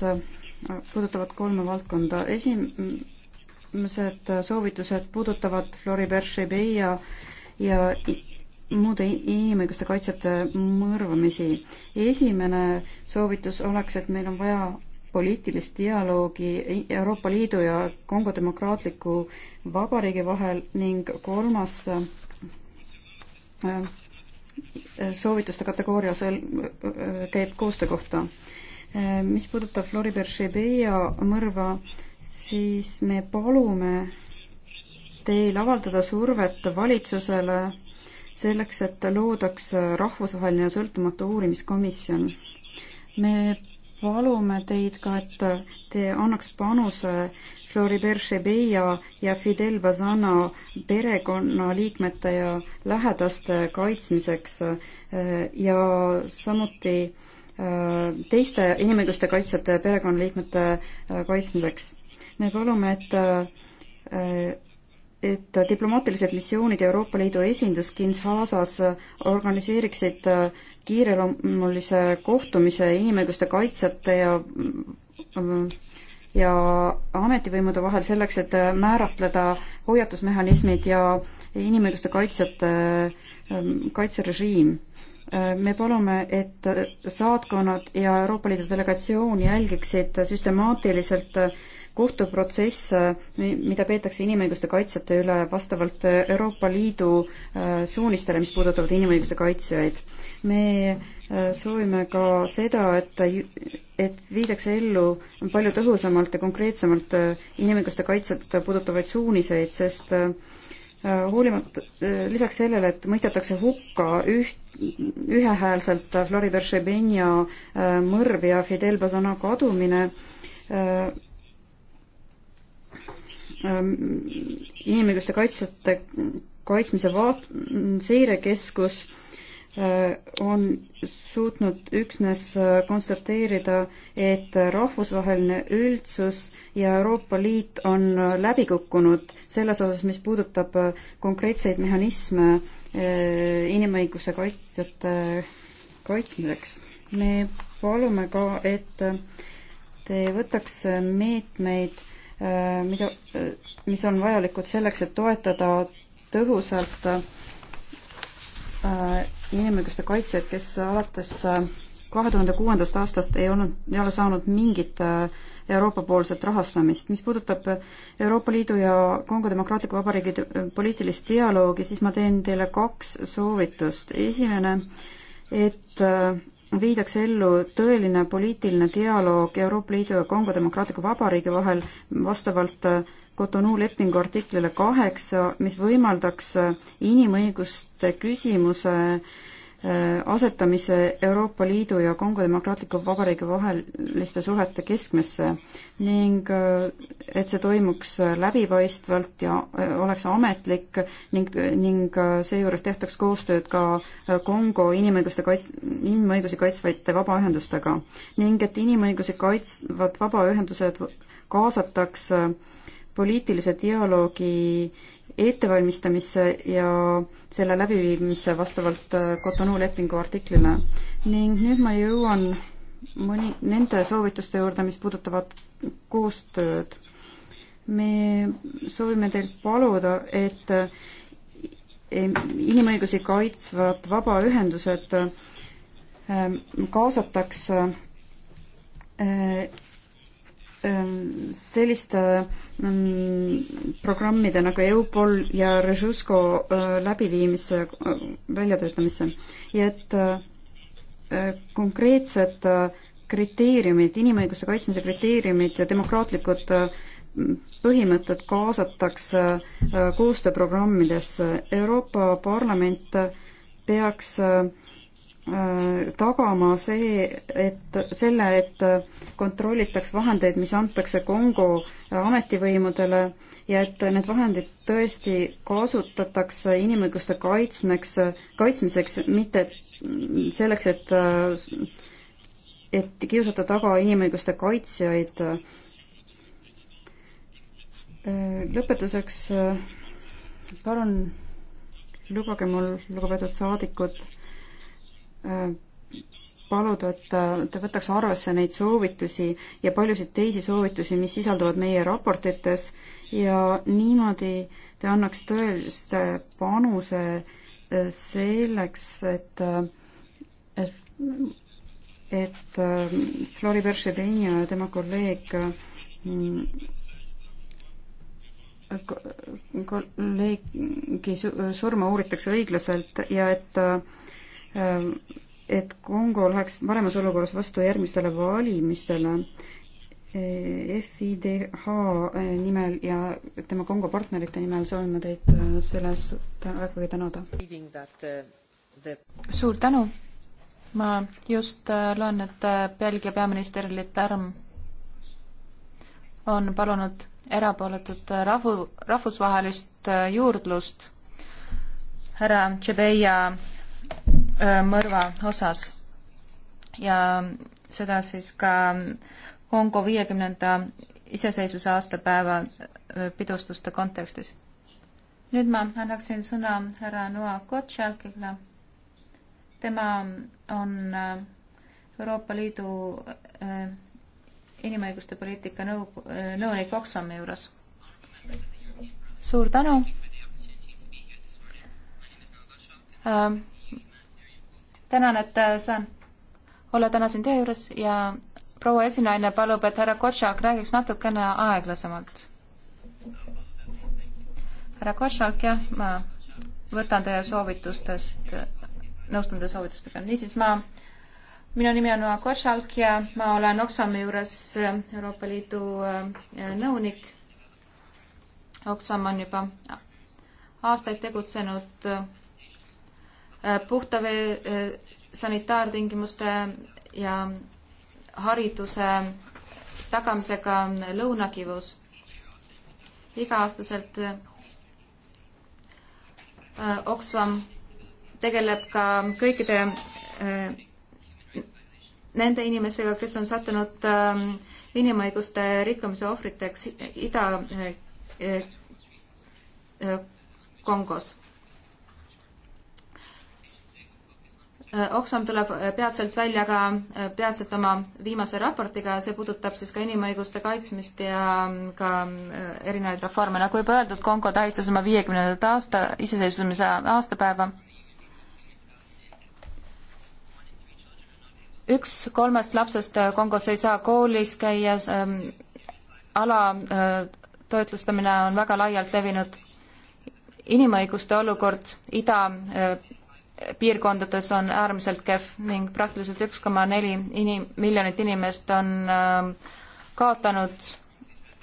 [SPEAKER 1] puudutavad kolme valdkonda. esimesed soovitused puudutavad Flori Berchebeia ja, ja muude inimõiguste kaitsjate mõrvamisi. esimene soovitus oleks, et meil on vaja poliitilist dialoogi Euroopa Liidu ja Kongo Demokraatliku Vabariigi vahel ning kolmas äh, soovituste kategooria käib äh, koostöö kohta. Äh, mis puudutab Floribert Chebeia mõrva, siis me palume teil avaldada survet valitsusele selleks, et loodaks rahvusvaheline sõltumatu uurimiskomisjon. me palume teid ka, et te annaks panuse Floribert Chebeia ja Fidel Bazana perekonnaliikmete ja lähedaste kaitsmiseks eh, ja samuti eh, teiste inimõiguste kaitsjate perekonnaliikmete eh, kaitsmiseks. me palume, et et diplomaatilised missioonid Euroopa Liidu esindus Kinshasas organiseeriksid kiireloomulise kohtumise inimõiguste kaitsjate ja ja ametivõimude vahel selleks, et määratleda hoiatusmehhanismid ja inimõiguste kaitsjate, kaitserežiim. me palume, et saatkonnad ja Euroopa Liidu delegatsioon jälgiksid süstemaatiliselt kohtuprotsess, mida peetakse inimõiguste kaitsjate üle vastavalt Euroopa Liidu äh, suunistele, mis puudutavad inimõiguste kaitsjaid. me äh, soovime ka seda, et, et viidakse ellu palju tõhusamalt ja konkreetsemalt äh, inimõiguste kaitset puudutavaid suuniseid, sest hoolimata, lisaks sellele, et mõistetakse hukka üht, ühehäälselt Florida Šebenja mõrv ja Fidel Bazana kadumine, Ähm, inimõiguste kaitsjate kaitsmise vaat-, seirekeskus äh, on suutnud üksnes äh, konstateerida, et rahvusvaheline üldsus ja Euroopa Liit on äh, läbi kukkunud selles osas, mis puudutab konkreetseid mehhanisme inimõiguse kaitsjate kaitsmiseks. me palume ka, et te võtaks meetmeid Äh, mida, äh, mis on vajalikud selleks, et toetada tõhusalt äh, inimõiguste kaitsjaid, kes alates kahe tuhande kuuendast aastast ei olnud, ei ole saanud mingit Euroopa-poolset rahastamist. mis puudutab Euroopa Liidu ja Kongo Demokraatliku Vabariigi poliitilist dialoogi, siis ma teen teile kaks soovitust. esimene, et viidakse ellu tõeline poliitiline dialoog Euroopa Liidu ja Kongo Demokraatliku Vabariigi vahel vastavalt äh, Cotonou lepingu artiklile kaheksa, mis võimaldaks äh, inimõiguste küsimuse Äh, asetamise Euroopa Liidu ja Kongo Demokraatliku Vabariigi vaheliste suhete keskmesse ning äh, et see toimuks äh, läbipaistvalt ja oleks ametlik ning, ning seejuures tehtaks koostööd ka Kongo inimõiguste kaits-, inimõigusi kaitsvate vabaühendustega. ning et inimõigusi kaitsvad vabaühendused kaasataks poliitilise dialoogi ettevalmistamisse ja selle läbiviimisse vastavalt äh, Cotonou lepingu artiklile. ning nüüd ma jõuan mõni, nende soovituste juurde, mis puudutavad koostööd. me soovime teilt paluda, et äh, inimõigusi kaitsvad vabaühendused äh, kaasataks Ähm, selliste ähm, programmide nagu EUPOL ja Režusko äh, läbiviimisse, äh, väljatöötamisse ja et äh, konkreetsed kriteeriumid, inimõiguste kaitsmise kriteeriumid ja demokraatlikud põhimõtted kaasatakse koostööprogrammidesse. Euroopa Parlament peaks äh, Äh, tagama see, et selle, et kontrollitaks vahendeid, mis antakse Kongo ametivõimudele ja et need vahendid tõesti kasutatakse inimõiguste kaitsmeks, kaitsmiseks, mitte selleks, et, et kiusata taga inimõiguste kaitsjaid. Äh, lõpetuseks äh, palun lubage mul, lugupeetud saadikud paluda, et äh, ta võtaks arvesse neid soovitusi ja paljusid teisi soovitusi, mis sisalduvad meie raportites ja niimoodi te annaks tõelise panuse äh, selleks, et, äh, et, et Flori Beršebenja ja tema kolleeg kolleegi surma uuritakse õiglaselt ja et äh, Ähm, et Kongo läheks paremas olukorras vastu järgmistele valimistele FIDH eh, eh, nimel ja tema Kongo partnerite nimel soovin ma teid eh, selles vägagi tänada. suur tänu. ma just
[SPEAKER 2] loen, et Belgia peaminister Leterme on palunud erapooletut rahvu, rahvusvahelist juurdlust härra Tšebeia Äh, mõrva osas ja seda siis ka Kongo viiekümnenda iseseisvuse aastapäeva äh, pidustuste kontekstis. nüüd ma annaksin sõna härra Noa Kotšalkile. tema on äh, Euroopa Liidu inimõiguste poliitika nõu-, nõunik Oxfami juures. suur tänu ähm tänan, et äh, saan olla täna siin teie juures ja proua esinaine palub, et härra Kotšak räägiks natukene aeglasemalt. härra Kotšak, jah, ma võtan teie soovitustest, nõustun teie soovitustega. niisiis, ma, minu nimi on Noa Kotšak ja ma olen Oxfami juures äh, Euroopa Liidu äh, nõunik. Oxfam on juba aastaid tegutsenud Äh, puhta vee, äh, sanitaartingimuste ja hariduse tagamisega Lõunakivus. iga-aastaselt äh, Oxfam tegeleb ka kõikide nende inimestega, kes on sattunud inimõiguste rikkumise ohvriteks Ida-Kongos Äh, Oxfam tuleb äh, peatselt välja ka äh, peatselt oma viimase raportiga, see puudutab siis ka inimõiguste kaitsmist ja mm, ka erinevaid reforme. nagu juba öeldud, Kongo tähistas oma viiekümnendat aasta, iseseisvumise aastapäeva. üks kolmest lapsest Kongos ei saa koolis käia, ähm, ala toitlustamine on väga laialt levinud. inimõiguste olukord Ida piirkondades on äärmiselt kehv ning praktiliselt üks koma neli inim-, miljonit inimest on äh, kaotanud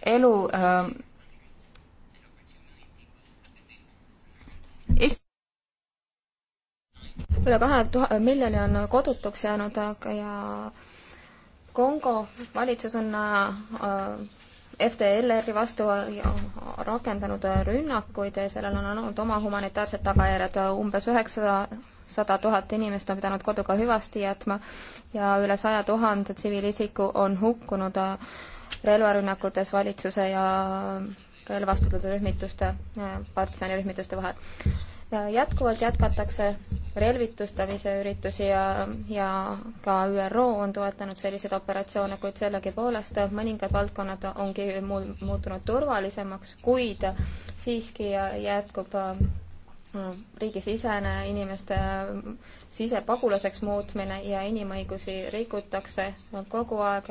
[SPEAKER 2] elu
[SPEAKER 3] äh, Eest... üle kahe tuhande miljoni on kodutuks jäänud ja Kongo valitsus on äh, FDLR-i vastu rakendanud rünnakuid ja sellel on olnud oma humanitaarsed tagajärjed. umbes üheksasada tuhat inimest on pidanud koduga hüvasti jätma ja üle saja tuhande tsiviilisiku on hukkunud relvarünnakutes valitsuse ja relvastatud rühmituste, partisanirühmituste vahel jätkuvalt jätkatakse relvitustamise üritusi ja, ja ka ÜRO on toetanud selliseid operatsioone, kuid sellegipoolest mõningad valdkonnad ongi muutunud turvalisemaks, kuid siiski jätkub äh, riigisisene inimeste sisepagulaseks muutmine ja inimõigusi rikutakse kogu aeg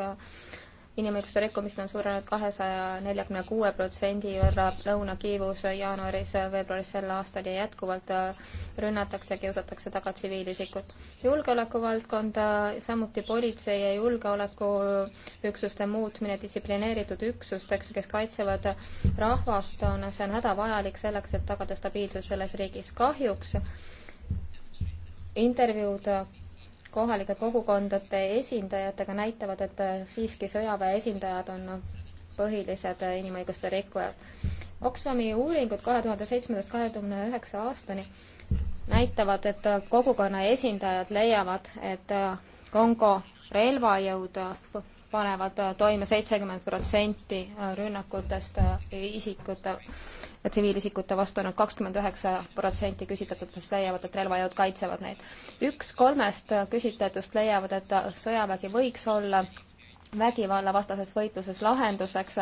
[SPEAKER 3] inimõiguste rikkumised on suurenenud kahesaja neljakümne kuue protsendi võrra Lõuna-Kiivus jaanuaris, veebruaris sel aastal ja jätkuvalt äh, rünnatakse, kiusatakse taga tsiviilisikut. julgeolekuvaldkond, samuti politsei ja julgeolekuüksuste muutmine distsiplineeritud üksusteks, kes kaitsevad rahvast, on, see on hädavajalik selleks, et tagada stabiilsus selles riigis. kahjuks intervjuud kohalike kogukondade esindajatega näitavad, et äh, siiski sõjaväe esindajad on noh, põhilised äh, inimõiguste rikkujad. Oxfami uuringud kahe tuhande seitsmendast kahekümne üheksa aastani näitavad, et äh, kogukonna esindajad leiavad, et Kongo relvajõud panevad toime seitsekümmend protsenti rünnakutest isikute tsiviilisikute vastu ainult kakskümmend üheksa protsenti küsitletutest leiavad, et relvajõud kaitsevad neid. üks kolmest küsitletust leiavad, et sõjavägi võiks olla vägivallavastases võitluses lahenduseks,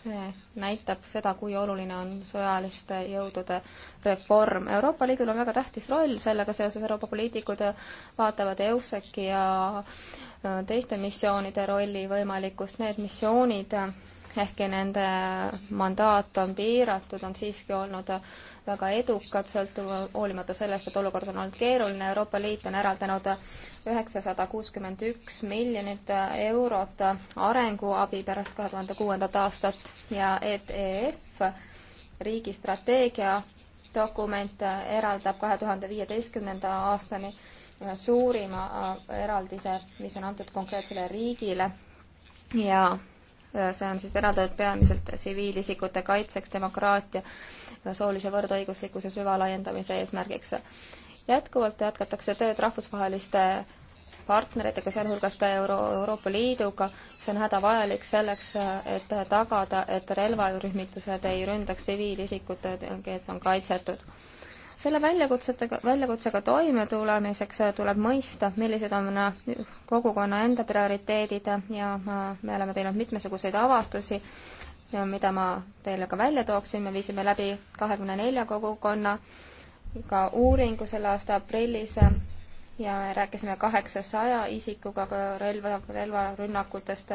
[SPEAKER 3] see näitab seda, kui oluline on sõjaliste jõudude reform. Euroopa Liidul on väga tähtis roll sellega seoses, Euroopa poliitikud vaatavad EUSEC-i ja teiste missioonide rolli võimalikkust, need missioonid ehkki nende mandaat on piiratud, on siiski olnud väga edukad, sõltuv, hoolimata sellest, et olukord on olnud keeruline, Euroopa Liit on eraldanud üheksasada kuuskümmend üks miljonit eurot arenguabi pärast kahe tuhande kuuendat aastat ja EDF, riigi strateegia dokument eraldab kahe tuhande viieteistkümnenda aastani suurima eraldise, mis on antud konkreetsele riigile ja Äh, see on siis eraldatud peamiselt tsiviilisikute kaitseks, demokraatia, soolise võrdõiguslikkuse süvalaiendamise eesmärgiks. jätkuvalt jätkatakse tööd rahvusvaheliste partneritega, sealhulgas ka Euro Euroopa Liiduga, see on hädavajalik selleks, et tagada, et relvarühmitused ei ründaks tsiviilisikut, kes on kaitsetud selle väljakutsetega, väljakutsega toimetulemiseks tuleb mõista, millised on äh, kogukonna enda prioriteedid ja ma, äh, me oleme teinud mitmesuguseid avastusi, mida ma teile ka välja tooksin, me viisime läbi kahekümne nelja kogukonna ka uuringu selle aasta aprillis ja me rääkisime kaheksasaja isikuga ka relva, relvarünnakutest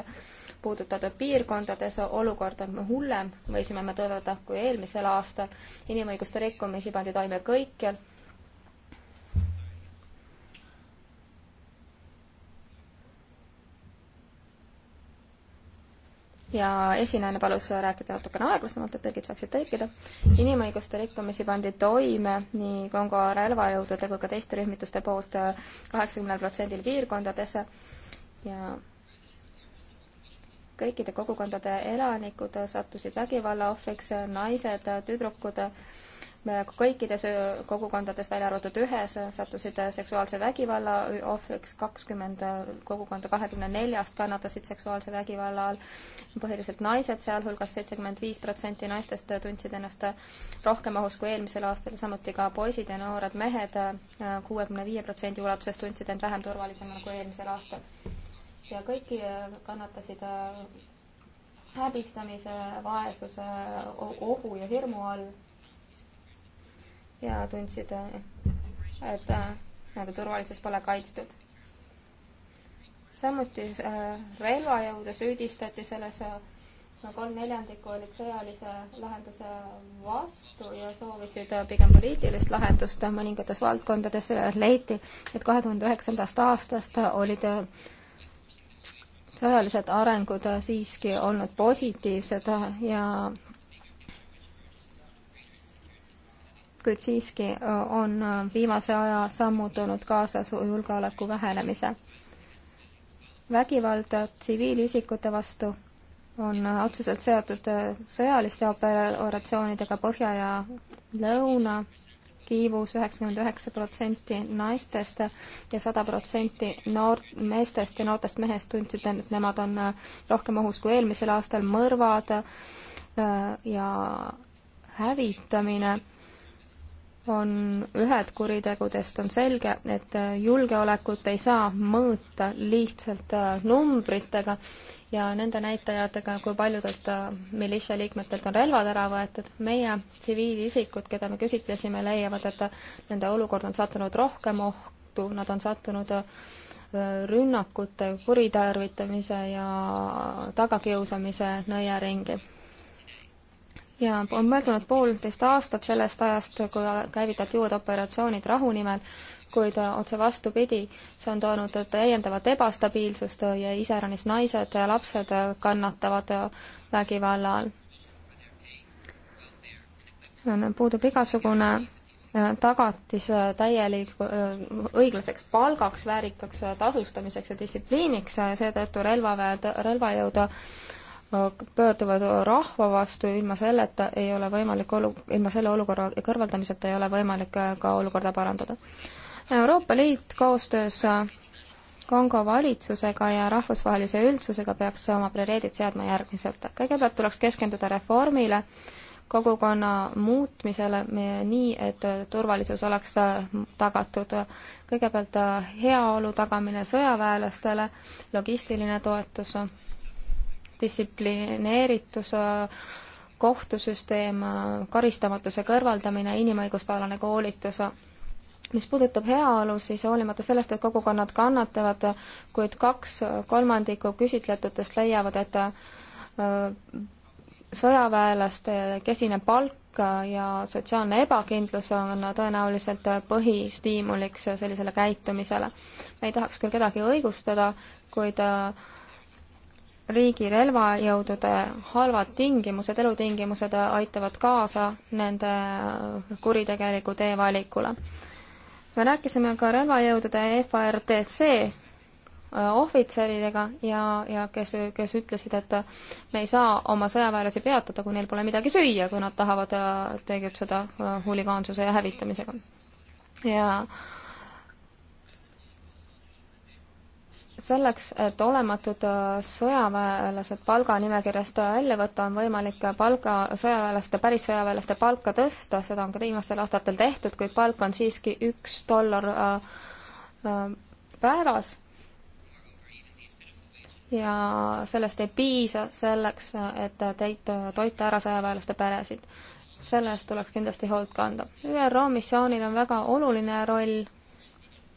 [SPEAKER 3] puudutatud piirkondades olukord on hullem, võisime me tõdeda, kui eelmisel aastal. inimõiguste rikkumisi pandi toime kõikjal. ja esinejana palus rääkida natukene aeglasemalt, et tõlgid saaksid tõlkida. inimõiguste rikkumisi pandi toime nii Kongo relvajõudude kui ka teiste rühmituste poolt kaheksakümnel protsendil piirkondades ja kõikide kogukondade elanikud sattusid vägivalla ohvriks, naised, tüdrukud, kõikides kogukondades, välja arvatud ühes, sattusid seksuaalse vägivalla ohvriks, kakskümmend kogukonda kahekümne neljast kannatasid seksuaalse vägivalla all, põhiliselt naised sealhulgas, sealhulgas seitsekümmend viis protsenti naistest tundsid ennast rohkem ohus kui eelmisel aastal, samuti ka poisid ja noored mehed kuuekümne viie protsendi ulatuses tundsid end vähem turvalisemana kui eelmisel aastal ja kõiki äh, kannatasid äh, häbistamise, vaesuse, ohu ja hirmu all. ja tundsid, äh, et nende turvalisus pole kaitstud. samuti relvajõude süüdistati selles no kolm neljandikku olid sõjalise lahenduse vastu ja soovisid pigem poliitilist lahendust mõningates valdkondades leiti, et kahe tuhande üheksandast aastast olid sõjalised arengud siiski olnud positiivsed ja kuid siiski on viimase aja sammud toonud kaasa julgeoleku vähenemise. vägivald tsiviilisikute vastu on otseselt seotud sõjaliste operatsioonidega Põhja ja Lõuna aktiivus, üheksakümmend üheksa protsenti naistest ja sada protsenti noor-, meestest ja noortest mehest tundsid, et nemad on äh, rohkem ohus kui eelmisel aastal, mõrvad äh, ja hävitamine on ühed kuritegudest, on selge, et äh, julgeolekut ei saa mõõta lihtsalt äh, numbritega ja nende näitajatega, kui paljudelt äh, militia liikmetelt on relvad ära võetud. meie tsiviilisikud, keda me küsitlesime, leiavad, et nende olukord on sattunud rohkem ohtu, nad on sattunud rünnakute, kuritarvitamise ja tagakiusamise nõiaringi ja on möödunud poolteist aastat sellest ajast, kui käivitati uued operatsioonid rahu nimel, kuid äh, otse vastupidi, see on toonud täiendavat ebastabiilsust äh, ja iseäranis naised ja lapsed äh, kannatavad vägivalla all. puudub igasugune tagatis täieliku, õiglaseks palgaks, väärikaks tasustamiseks ja distsipliiniks, seetõttu relvaväed, relvajõud pöörduvad rahva vastu, ilma selleta ei ole võimalik olu-, ilma selle olukorra kõrvaldamiseta ei ole võimalik äh, ka olukorda parandada. Euroopa Liit koostöös äh, Kongo valitsusega ja rahvusvahelise üldsusega peaks oma prioriteedid seadma järgmiselt. kõigepealt tuleks keskenduda reformile, kogukonna muutmisele nii, et äh, turvalisus oleks tagatud. kõigepealt heaolu tagamine sõjaväelastele, logistiline toetus distsiplineeritus, kohtusüsteem, karistamatuse kõrvaldamine, inimõiguste alane koolitus mis puudutab heaolu, siis hoolimata sellest, et kogukonnad kannatavad, kuid kaks kolmandikku küsitletutest leiavad, et äh, sõjaväelaste kesine palk ja sotsiaalne ebakindlus on tõenäoliselt põhistiimuliks sellisele käitumisele. me ei tahaks küll kedagi õigustada, kuid ta äh, riigi relvajõudude halvad tingimused, elutingimused aitavad kaasa nende kuritegeliku tee valikule. me rääkisime ka relvajõudude FARDC äh, ohvitseridega ja, ja kes, kes ütlesid, et me ei saa oma sõjaväelasi peatada, kui neil pole midagi süüa, kui nad tahavad äh, tegutseda äh, huligaansuse ja hävitamisega. ja äh, selleks, et olematud äh, sõjaväelased palganimekirjast äh, välja võtta, on võimalik äh, palga, sõjaväelaste, päris sõjaväelaste palka tõsta, seda on ka viimastel aastatel tehtud, kuid palk on siiski üks dollar päevas. ja sellest ei piisa selleks, et täita, toita ära sõjaväelaste peresid. selle eest tuleks kindlasti hoolt kanda. ÜRO missioonil on väga oluline roll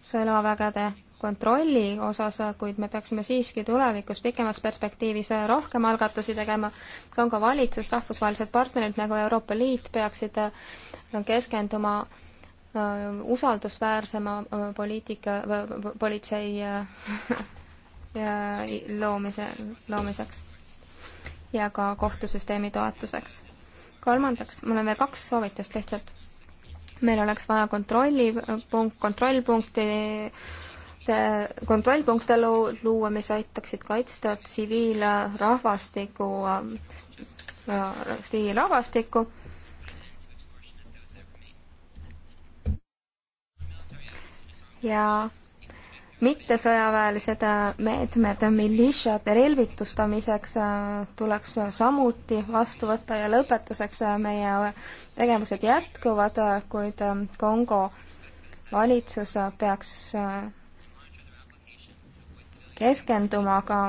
[SPEAKER 3] sõjavägede kontrolli osas, kuid me peaksime siiski tulevikus pikemas perspektiivis rohkem algatusi tegema. ka on ka valitsus, rahvusvahelised partnerid nagu Euroopa Liit peaksid äh, keskenduma äh, usaldusväärsema äh, poliitika, politsei [laughs] loomise, loomiseks ja ka kohtusüsteemi toetuseks. kolmandaks, mul on veel kaks soovitust lihtsalt meil oleks vaja kontrolli, punkt, kontrollpunkti Äh, kontrollpunkte luua, mis aitaksid kaitsta tsiviilrahvastiku, äh, tsiviilrahvastikku ja mittesõjaväelised äh, meetmed militsiate relvitustamiseks tuleks samuti vastu võtta ja lõpetuseks meie tegevused jätkuvad, kuid Kongo valitsus peaks keskenduma ka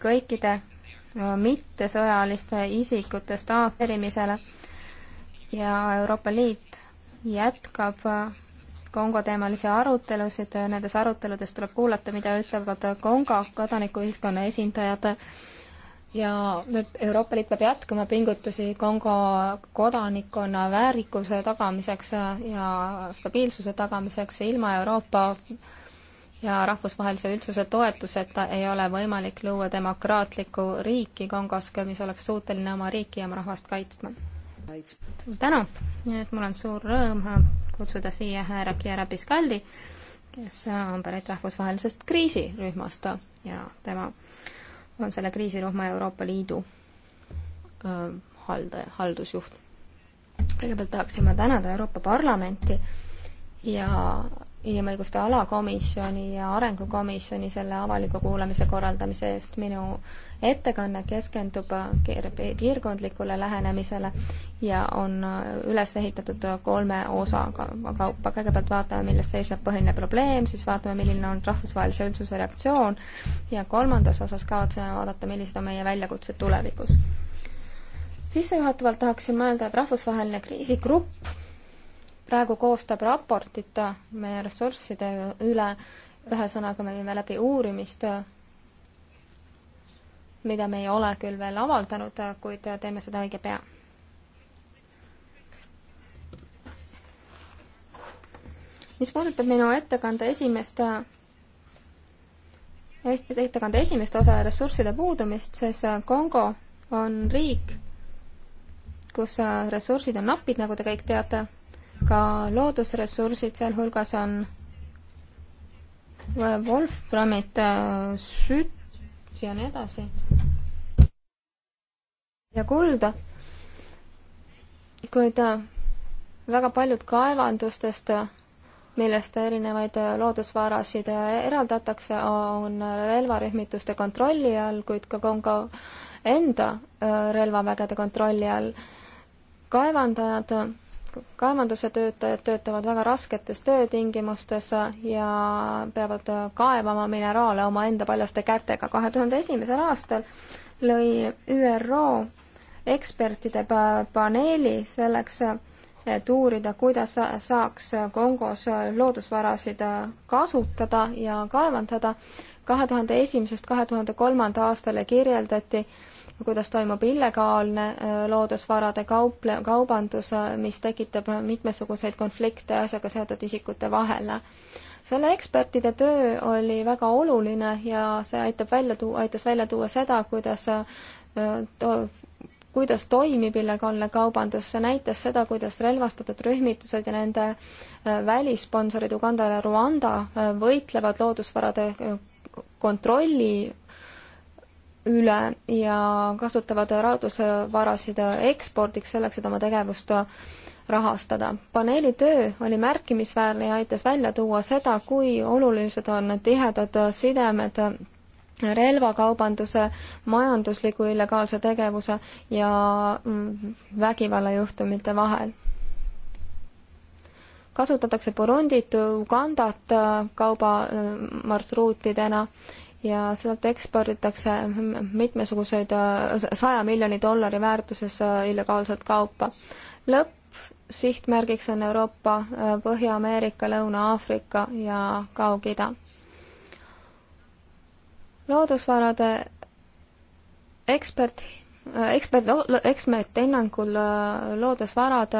[SPEAKER 3] kõikide äh, mittesõjaliste isikute staaterimisele ja Euroopa Liit jätkab äh, Kongo teemalisi arutelusid, nendes aruteludes tuleb kuulata, mida ütlevad Kongo kodanikuühiskonna esindajad ja nüüd Euroopa Liit peab jätkama pingutusi Kongo kodanikkonna väärikuse tagamiseks ja stabiilsuse tagamiseks ilma Euroopa ja rahvusvahelise üldsuse toetuseta ei ole võimalik luua demokraatlikku riiki Kongos, mis oleks suuteline oma riiki ja oma rahvast kaitsma. suur tänu, nii et mul on suur rõõm kutsuda siia härra Chiara Piscaldi, kes on pärit rahvusvahelisest kriisirühmast ja tema on selle kriisirühma Euroopa Liidu haldaja, haldusjuht. kõigepealt tahaksin ma tänada Euroopa Parlamenti ja inimõiguste alakomisjoni ja arengukomisjoni selle avaliku kuulamise korraldamise eest. minu ettekanne keskendub piirkondlikule lähenemisele ja on üles ehitatud kolme osaga kaupa. kõigepealt vaatame, milles seisneb põhiline probleem, siis vaatame, milline on rahvusvahelise üldsuse reaktsioon ja kolmandas osas kavatseme vaadata, millised on meie väljakutsed tulevikus. sissejuhatavalt tahaksin mõelda, et rahvusvaheline kriisigrupp praegu koostab raportit meie ressursside üle, ühesõnaga me viime läbi uurimist, mida me ei ole küll veel avaldanud, kuid teeme seda õige pea. mis puudutab minu ettekande esimest Eesti ettekande esimest osa ressursside puudumist, siis Kongo on riik, kus ressursid on napid, nagu te kõik teate ka loodusressursid, sealhulgas on Wolframit, äh, sütt ja nii edasi. ja kulda. kuid äh, väga paljud kaevandustest, äh, millest erinevaid loodusvarasid eraldatakse, on relvarühmituste kontrolli all, kuid ka Kongo enda relvavägede kontrolli all. kaevandajad kaevanduse töötajad töötavad väga rasketes töötingimustes ja peavad kaevama mineraale omaenda paljaste kätega. kahe tuhande esimesel aastal lõi ÜRO ekspertide paneeli selleks, et uurida, kuidas saaks Kongos loodusvarasid kasutada ja kaevandada. kahe tuhande esimesest kahe tuhande kolmanda aastale kirjeldati kuidas toimub illegaalne äh, loodusvarade kauple, kaubandus, äh, mis tekitab mitmesuguseid konflikte asjaga seotud isikute vahel. selle ekspertide töö oli väga oluline ja see aitab välja tuua, aitas välja tuua seda, kuidas äh, to, kuidas toimib illegaalne kaubandus, see näitas seda, kuidas relvastatud rühmitused ja nende välissponsorid Uganda ja Rwanda võitlevad loodusvarade kontrolli üle ja kasutavad raadusvarasid ekspordiks selleks, et oma tegevust rahastada. paneeli töö oli märkimisväärne ja aitas välja tuua seda, kui olulised on tihedad sidemed relvakaubanduse, majandusliku illegaalse tegevuse ja vägivallajuhtumite vahel. kasutatakse Burundit, Ugandat kaubamarsruutidena ja sealt eksporditakse mitmesuguseid äh, saja miljoni dollari väärtuses äh, illegaalset kaupa. lõppsihtmärgiks on Euroopa, äh, Põhja-Ameerika, Lõuna-Aafrika ja Kaug-Ida. loodusvarade ekspert ekspert, ekspertide hinnangul loodusvarad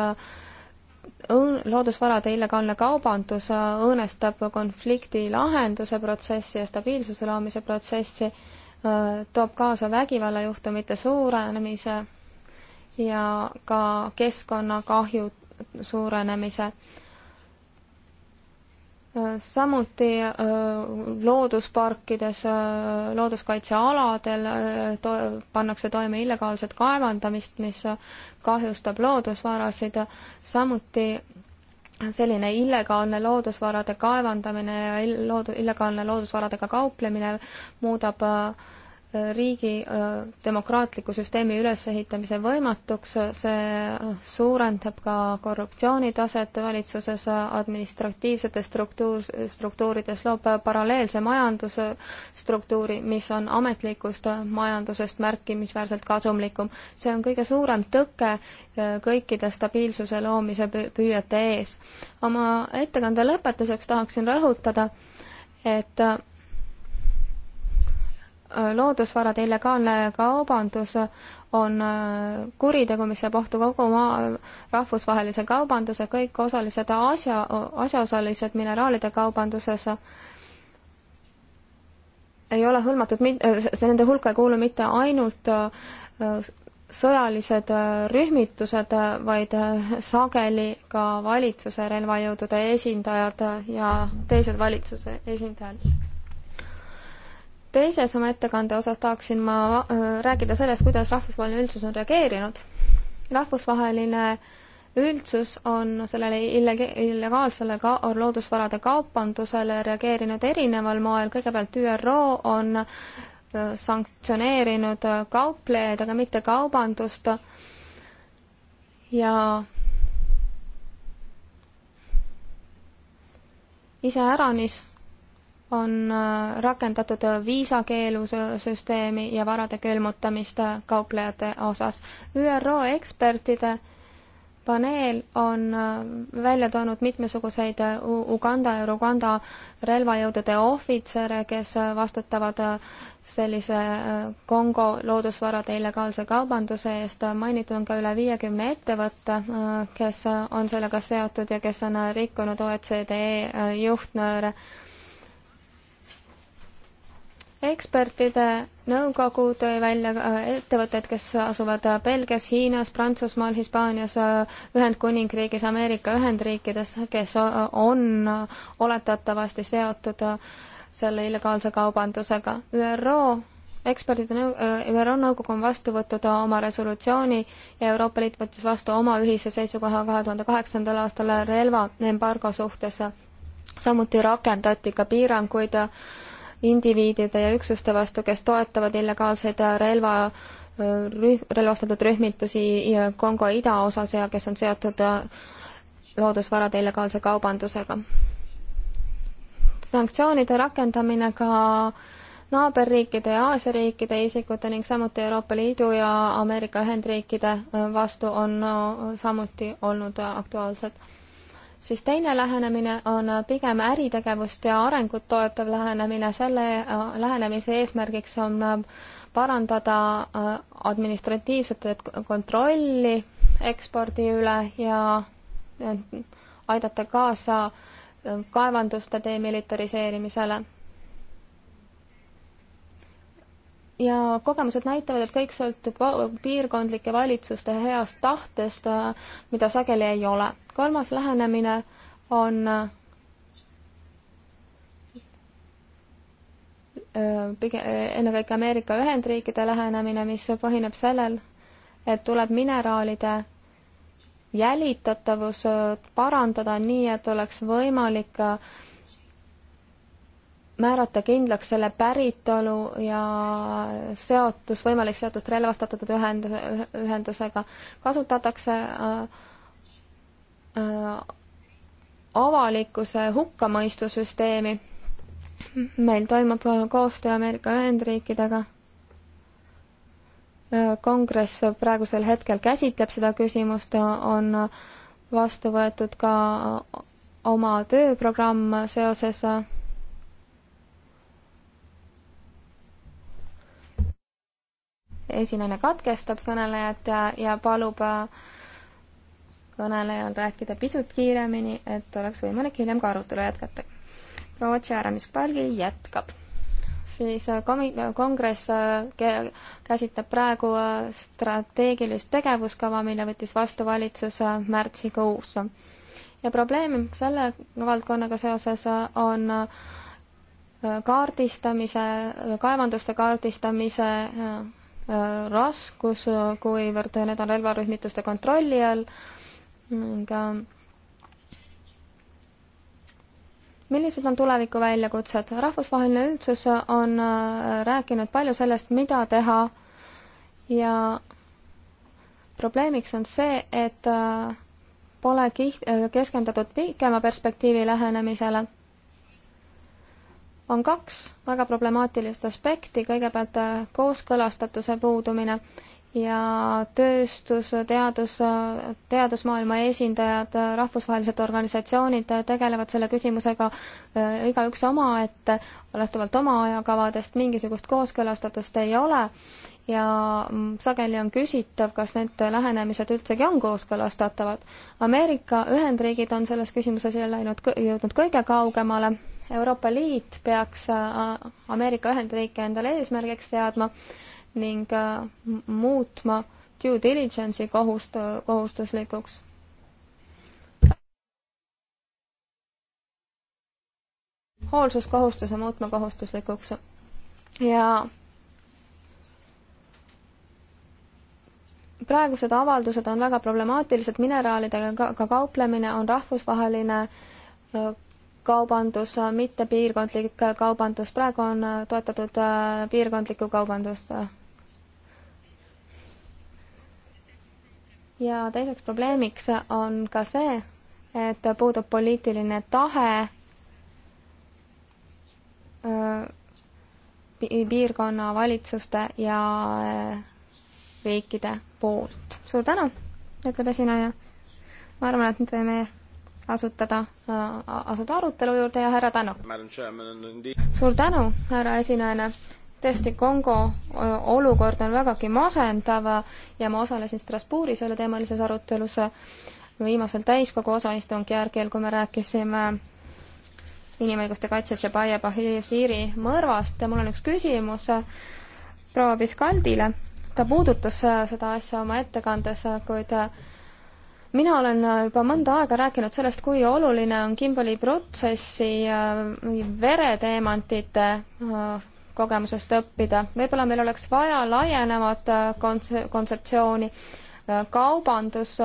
[SPEAKER 3] loodusvarade illegaalne kaubandus äh, õõnestab konflikti lahenduse protsessi ja stabiilsuse loomise protsessi, äh, toob kaasa vägivallajuhtumite suurenemise ja ka keskkonnakahju suurenemise samuti äh, loodusparkides, äh, looduskaitsealadel äh, to pannakse toime illegaalset kaevandamist, mis kahjustab loodusvarasid, samuti selline illegaalne loodusvarade kaevandamine ja lood-, illegaalne loodusvaradega kauplemine muudab äh, riigi äh, demokraatliku süsteemi ülesehitamise võimatuks, see suurendab ka korruptsioonitaset valitsuses, administratiivsetes struktuur, struktuurides loob paralleelse majandusstruktuuri, mis on ametlikust majandusest märkimisväärselt kasumlikum. see on kõige suurem tõke äh, kõikide stabiilsuse loomise püüete ees. oma ettekande lõpetuseks tahaksin rõhutada, et äh, loodusvarade illegaalne kaubandus on äh, kuritegu, mis saab ohtu kogu maa rahvusvahelise kaubanduse, kõik osalised asja, asjaosalised mineraalide kaubanduses ei ole hõlmatud, äh, see nende hulka ei kuulu mitte ainult äh, sõjalised rühmitused, vaid sageli ka valitsuse relvajõudude esindajad ja teised valitsuse esindajad teises oma ettekande osas tahaksin ma äh, rääkida sellest, kuidas rahvusvaheline üldsus on reageerinud. rahvusvaheline üldsus on sellele illegaalsele ka loodusvarade kaubandusele reageerinud erineval moel, kõigepealt ÜRO on äh, sanktsioneerinud äh, kauplejaid, aga mitte kaubandust ja iseäranis on äh, rakendatud äh, viisakeelusüsteemi ja varade külmutamist äh, kauplejate osas. ÜRO ekspertide paneel on välja toonud mitmesuguseid Uganda ja Ruganda relvajõudude ohvitsere, kes vastutavad sellise Kongo loodusvarade illegaalse kaubanduse eest. mainitud on ka üle viiekümne ettevõtte, kes on sellega seotud ja kes on rikkunud OECD juhtnööre ekspertide nõukogu tõi välja äh, ettevõtted, kes asuvad äh, Belgias, Hiinas, Prantsusmaal, Hispaanias, äh, Ühendkuningriigis, Ameerika Ühendriikides, kes on oletatavasti seotud selle illegaalse kaubandusega. ÜRO eksperdide nõu-, ÜRO nõukogu on vastu võtnud oma resolutsiooni ja Euroopa Liit võttis vastu oma ühise seisukoha kahe tuhande kaheksandal aastal relvaembargo suhtes. samuti rakendati ka piiranguid indiviidide ja üksuste vastu, kes toetavad illegaalseid relva rüh-, relvastatud rühmitusi Kongo idaosas ja kes on seotud äh, loodusvarade illegaalse kaubandusega. sanktsioonide rakendamine ka naaberriikide ja Aasia riikide isikute ning samuti Euroopa Liidu ja Ameerika Ühendriikide äh, vastu on äh, samuti olnud aktuaalsed siis teine lähenemine on pigem äritegevust ja arengut toetav lähenemine, selle äh, lähenemise eesmärgiks on äh, parandada äh, administratiivset kontrolli ekspordi üle ja aidata kaasa kaevanduste demilitariseerimisele ja kogemused näitavad, et kõik sõltub piirkondlike valitsuste heast tahtest, mida sageli ei ole. kolmas lähenemine on äh, pigem ennekõike Ameerika Ühendriikide lähenemine, mis põhineb sellel, et tuleb mineraalide jälitatavus äh, parandada nii, et oleks võimalik äh, määrata kindlaks selle päritolu ja seotus, võimalik seotus relvastatud ühenduse, ühendusega, kasutatakse äh, äh, avalikkuse hukkamõistusüsteemi. meil toimub koostöö Ameerika Ühendriikidega. Äh, kongress praegusel hetkel käsitleb seda küsimust, on vastu võetud ka oma tööprogramm seoses äh, esinaine katkestab kõnelejat ja, ja palub äh, kõnelejal rääkida pisut kiiremini, et oleks võimalik hiljem ka arutelu jätkata. proua Tšääramis-Palgi jätkab. siis äh, komi-, äh, kongress käsitleb praegu strateegilist tegevuskava, mille võttis vastu valitsus märtsikuus. ja probleem selle valdkonnaga seoses on kaardistamise, kaevanduste kaardistamise Äh, raskus, äh, kuivõrd need on relvarühmituste kontrolli all. aga äh, millised on tuleviku väljakutsed? rahvusvaheline üldsus on rääkinud palju sellest, mida teha ja probleemiks on see, et pole kiht-, keskendatud pikema perspektiivi lähenemisele on kaks väga problemaatilist aspekti, kõigepealt äh, kooskõlastatuse puudumine ja tööstus, teadus, teadusmaailma esindajad, äh, rahvusvahelised organisatsioonid äh, tegelevad selle küsimusega igaüks omaette, lähtuvalt oma ajakavadest mingisugust kooskõlastatust ei ole ja mm, sageli on küsitav, kas need lähenemised üldsegi on kooskõlastatavad. Ameerika Ühendriigid on selles küsimuses jälle läinud, jõudnud kõige kaugemale Euroopa Liit peaks äh, Ameerika Ühendriike endale eesmärgiks seadma ning äh, muutma due diligence'i kohust-, kohustuslikuks. hoolsuskohustuse muutma kohustuslikuks ja praegused avaldused on väga problemaatilised, mineraalidega ka, ka kauplemine on rahvusvaheline äh, kaubandus, mitte piirkondlik kaubandus, praegu on äh, toetatud äh, piirkondlikku kaubandust. ja teiseks probleemiks on ka see, et puudub poliitiline tahe äh, piirkonna valitsuste ja riikide poolt. suur tänu, ütleb esinaine. ma arvan, et nüüd võime asutada, äh, asuda arutelu juurde ja härra Tänu. suur tänu, härra esinejana. tõesti, Kongo olukord on vägagi masendav ja ma osalesin Strasbourgi selleteemalises arutelus äh, viimasel täiskogu osaistungjärgil, kui me rääkisime inimõiguste kaitse Shabaia Bahiri mõrvast ja mul on üks küsimus äh, proua Piskaldile. ta puudutas seda asja oma ettekandes, kuid ta mina olen äh, juba mõnda aega rääkinud sellest, kui oluline on Kimbali protsessi äh, vereteemantide äh, kogemusest õppida. võib-olla meil oleks vaja laienevat kontse-, kontseptsiooni, kaubandus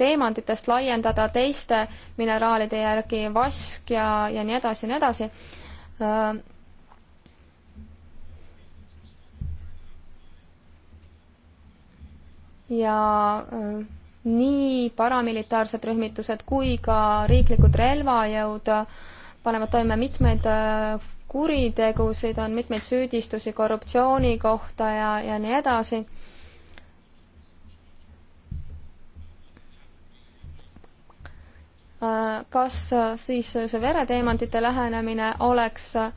[SPEAKER 3] teemantidest laiendada teiste mineraalide järgi, vask ja, ja nii edasi ja nii edasi. ja nii paramilitaarsed rühmitused kui ka riiklikud relvajõud panevad toime mitmeid äh, kuritegusid, on mitmeid süüdistusi korruptsiooni kohta ja, ja nii edasi. Äh, kas siis see vereteemantide lähenemine oleks äh,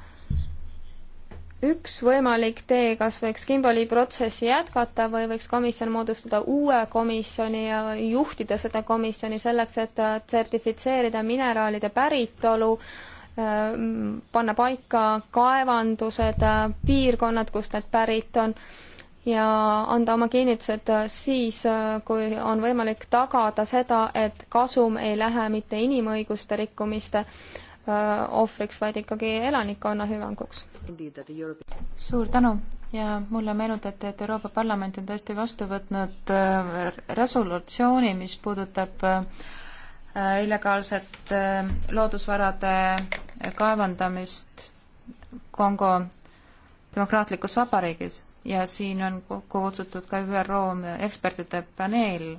[SPEAKER 3] üks võimalik tee, kas võiks Kimbali protsessi jätkata või võiks komisjon moodustada uue komisjoni ja juhtida seda komisjoni selleks, et äh, sertifitseerida mineraalide päritolu, äh, panna paika kaevandused, äh, piirkonnad, kust need pärit on ja anda oma kinnitused siis, kui on võimalik tagada seda, et kasum ei lähe mitte inimõiguste rikkumiste äh, Äh, ohvriks, vaid ikkagi elanikkonna hüvanguks. suur tänu
[SPEAKER 2] ja mulle meenutati, et Euroopa Parlament on tõesti vastu võtnud äh, resolutsiooni, mis puudutab äh, illegaalset loodusvarade kaevandamist Kongo demokraatlikus vabariigis ja siin on kokku kutsutud ka ÜRO ekspertide paneel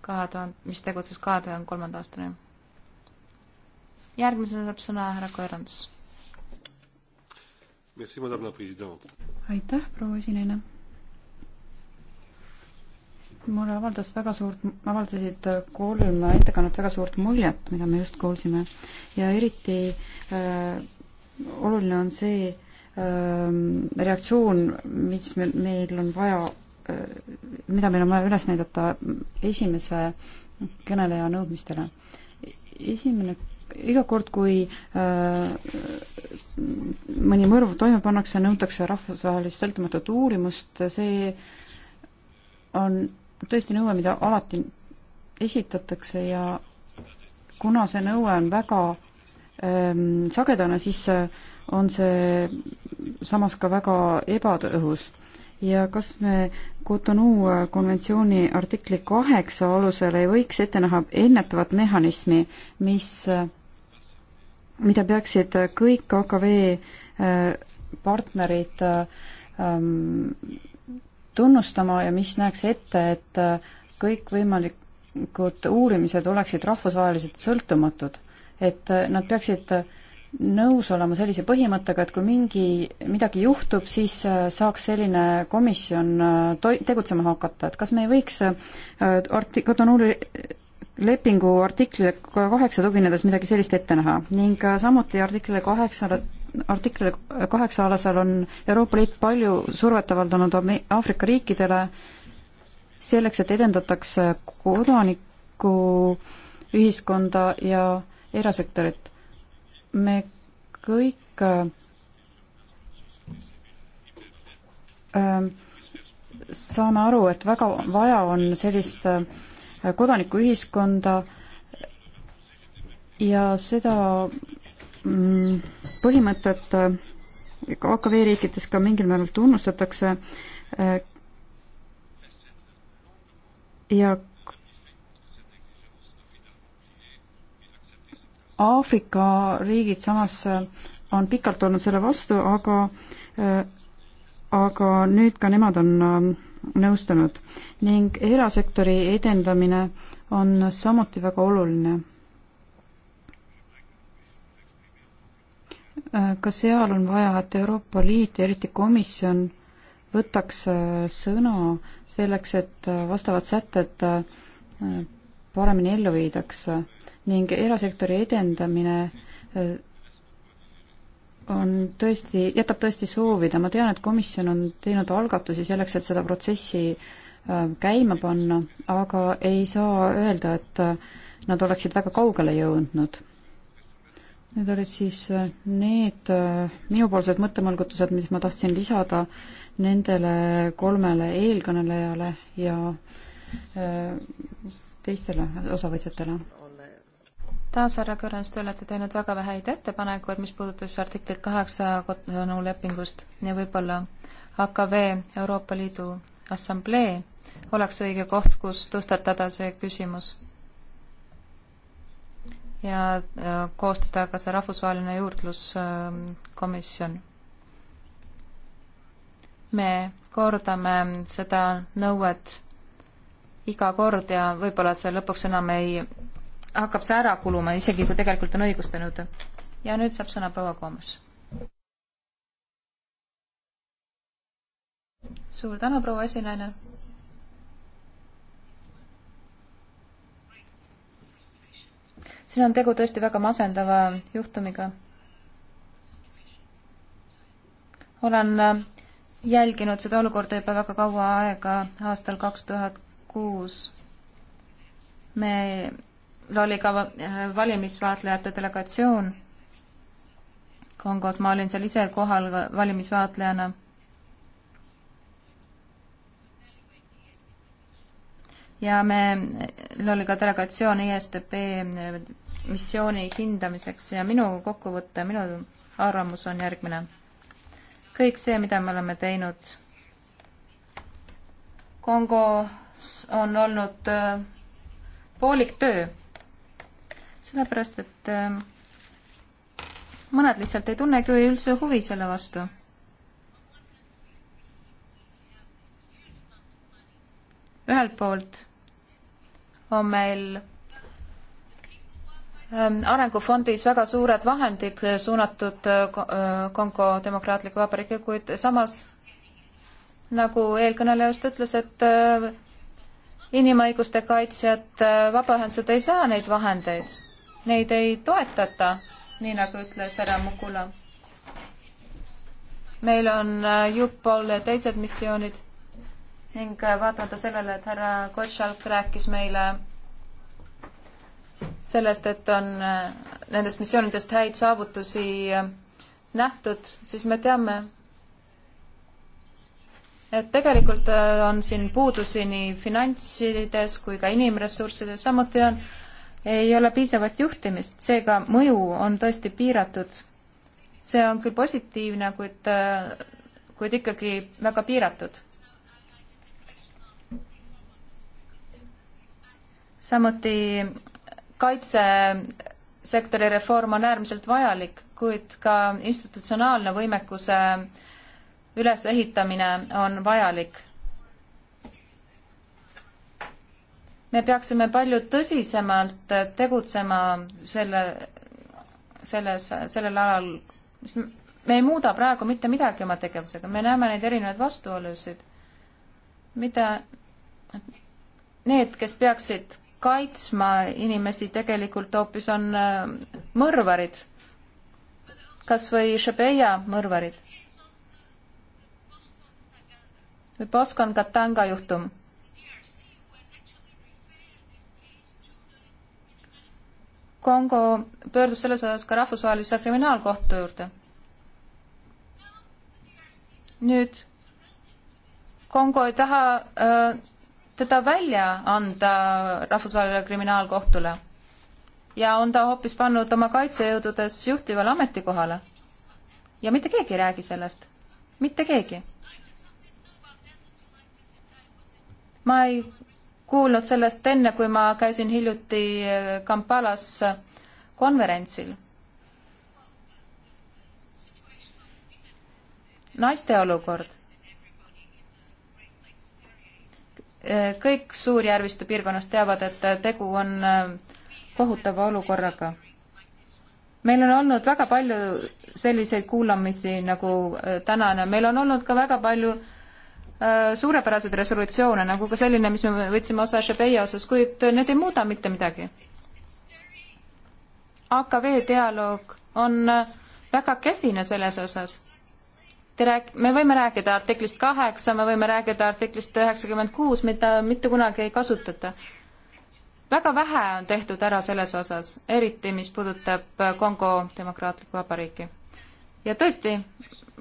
[SPEAKER 2] kahe tuhande, mis tegutses kahe tuhande kolmanda aastani järgmisena saab sõna
[SPEAKER 1] härra Koerants. aitäh, proua esineja mulle avaldas väga suurt, avaldasid kolm ettekannet väga suurt muljet, mida me just kuulsime. ja eriti äh, oluline on see äh, reaktsioon, mis meil, meil on vaja äh,, mida meil on vaja üles näidata esimese kõneleja nõudmistele. esimene iga kord, kui äh, mõni mõrv toime pannakse, nõutakse rahvusvahelist sõltumatut uurimust, see on tõesti nõue, mida alati esitatakse ja kuna see nõue on väga ähm, sagedane, siis äh, on see samas ka väga ebatõhus. ja kas me Cotonou äh, konventsiooni artikli kaheksa alusel ei võiks ette näha ennetavat mehhanismi, mis äh, mida peaksid kõik AKV äh, partnerid ähm, tunnustama ja mis näeks ette, et äh, kõikvõimalikud uurimised oleksid rahvusvaheliselt sõltumatud, et äh, nad peaksid nõus olema sellise põhimõttega, et kui mingi, midagi juhtub, siis saaks selline komisjon toi-, tegutsema hakata, et kas me ei võiks arti-, Cotonou lepingu artiklile kaheksa tuginedes midagi sellist ette näha ning samuti artiklile kaheksa artiklile kaheksa alasel on Euroopa Liit palju survet avaldanud Aafrika riikidele selleks, et edendataks kodanikuühiskonda ja erasektorit. me kõik äh, saame aru, et väga vaja on sellist äh, kodanikuühiskonda ja seda mm, põhimõtet eh, AKV riikides ka mingil määral tunnustatakse eh, ja Aafrika riigid samas eh, on pikalt olnud selle vastu, aga aga nüüd ka nemad on nõustunud ning erasektori edendamine on samuti väga oluline. ka seal on vaja, et Euroopa Liit ja eriti komisjon võtaks äh, sõna selleks, et äh, vastavad sätted äh, paremini ellu viidaks ning erasektori edendamine on tõesti, jätab tõesti soovida, ma tean, et komisjon on teinud algatusi selleks, et seda protsessi äh, käima panna, aga ei saa öelda, et äh, nad oleksid väga kaugele jõudnud. Need olid siis äh, need minupoolsed mõttemõlgutused, mis ma tahtsin lisada nendele kolmele eelkõnelejale ja teistele osavõtjatele
[SPEAKER 2] taas, härra Kõrens, te olete teinud väga vähe häid ettepanekuid, mis puudutas artiklit kaheksa Cotonou lepingust ja võib-olla AKV Euroopa Liidu Assamblee oleks õige koht, kus tõstatada see küsimus. ja äh, koostada ka see rahvusvaheline juurdluskomisjon. me kordame seda nõuet iga kord ja võib-olla see lõpuks enam ei hakkab see ära kuluma, isegi kui tegelikult on õigustanud. ja nüüd saab sõna proua Koomas. suur tänu, proua esinaine. siin on tegu tõesti väga masendava juhtumiga. olen jälginud seda olukorda juba väga kaua aega, aastal kaks tuhat kuus me oli ka äh, valimisvaatlejate delegatsioon Kongos, ma olin seal ise kohal valimisvaatlejana. ja meil oli ka delegatsioon ISDP e äh, missiooni hindamiseks ja minu kokkuvõte, minu arvamus on järgmine. kõik see, mida me oleme teinud Kongos on olnud äh, poolik töö sellepärast et äh, mõned lihtsalt ei tunnegi üldse huvi selle vastu. ühelt poolt on meil ähm, arengufondis väga suured vahendid äh, suunatud äh, Kongo Demokraatliku Vabariigi, kuid samas nagu eelkõneleja just ütles, et inimõiguste kaitsjad, vabaühendused ei saa neid vahendeid neid ei toetata, nii nagu ütles härra Mukula. meil on äh, Jupol ja teised missioonid ning äh, vaatamata sellele, et härra Kotšalk rääkis meile sellest, et on äh, nendest missioonidest häid saavutusi nähtud, siis me teame, et tegelikult on siin puudusi nii finantsides kui ka inimressurssides, samuti on ei ole piisavat juhtimist, seega mõju on tõesti piiratud. see on küll positiivne, kuid, äh, kuid ikkagi väga piiratud. samuti kaitsesektori reform on äärmiselt vajalik, kuid ka institutsionaalne võimekuse ülesehitamine on vajalik me peaksime palju tõsisemalt tegutsema selle, selles, sellel alal, mis me ei muuda praegu mitte midagi oma tegevusega, me näeme neid erinevaid vastuolusid, mida need, kes peaksid kaitsma inimesi, tegelikult hoopis on äh, mõrvarid, kas või Shebeia mõrvarid või Boskan Katanga juhtum Kongo pöördus selles osas ka rahvusvahelise kriminaalkohtu juurde. nüüd Kongo ei taha öö, äh, teda välja anda rahvusvahelisele kriminaalkohtule ja on ta hoopis pannud oma kaitsejõududes juhtivale ametikohale. ja mitte keegi ei räägi sellest, mitte keegi. ma ei kuulnud sellest enne, kui ma käisin hiljuti Kampalas konverentsil. naiste olukord. kõik Suurjärviste piirkonnas teavad, et tegu on kohutava olukorraga.
[SPEAKER 5] meil on olnud väga
[SPEAKER 2] palju selliseid kuulamisi nagu tänane, meil on olnud ka väga palju äh, Äh, suurepäraseid resolutsioone, nagu ka selline, mis me võtsime osa Shebeia osas, kuid need ei muuda mitte midagi. AKV dialoog on äh, väga käsine selles osas. Te rääk-, me võime rääkida artiklist kaheksa, me võime rääkida artiklist üheksakümmend kuus, mida mitte kunagi ei kasutata. väga vähe on tehtud ära selles osas, eriti mis puudutab äh, Kongo Demokraatlikku Vabariiki ja tõesti,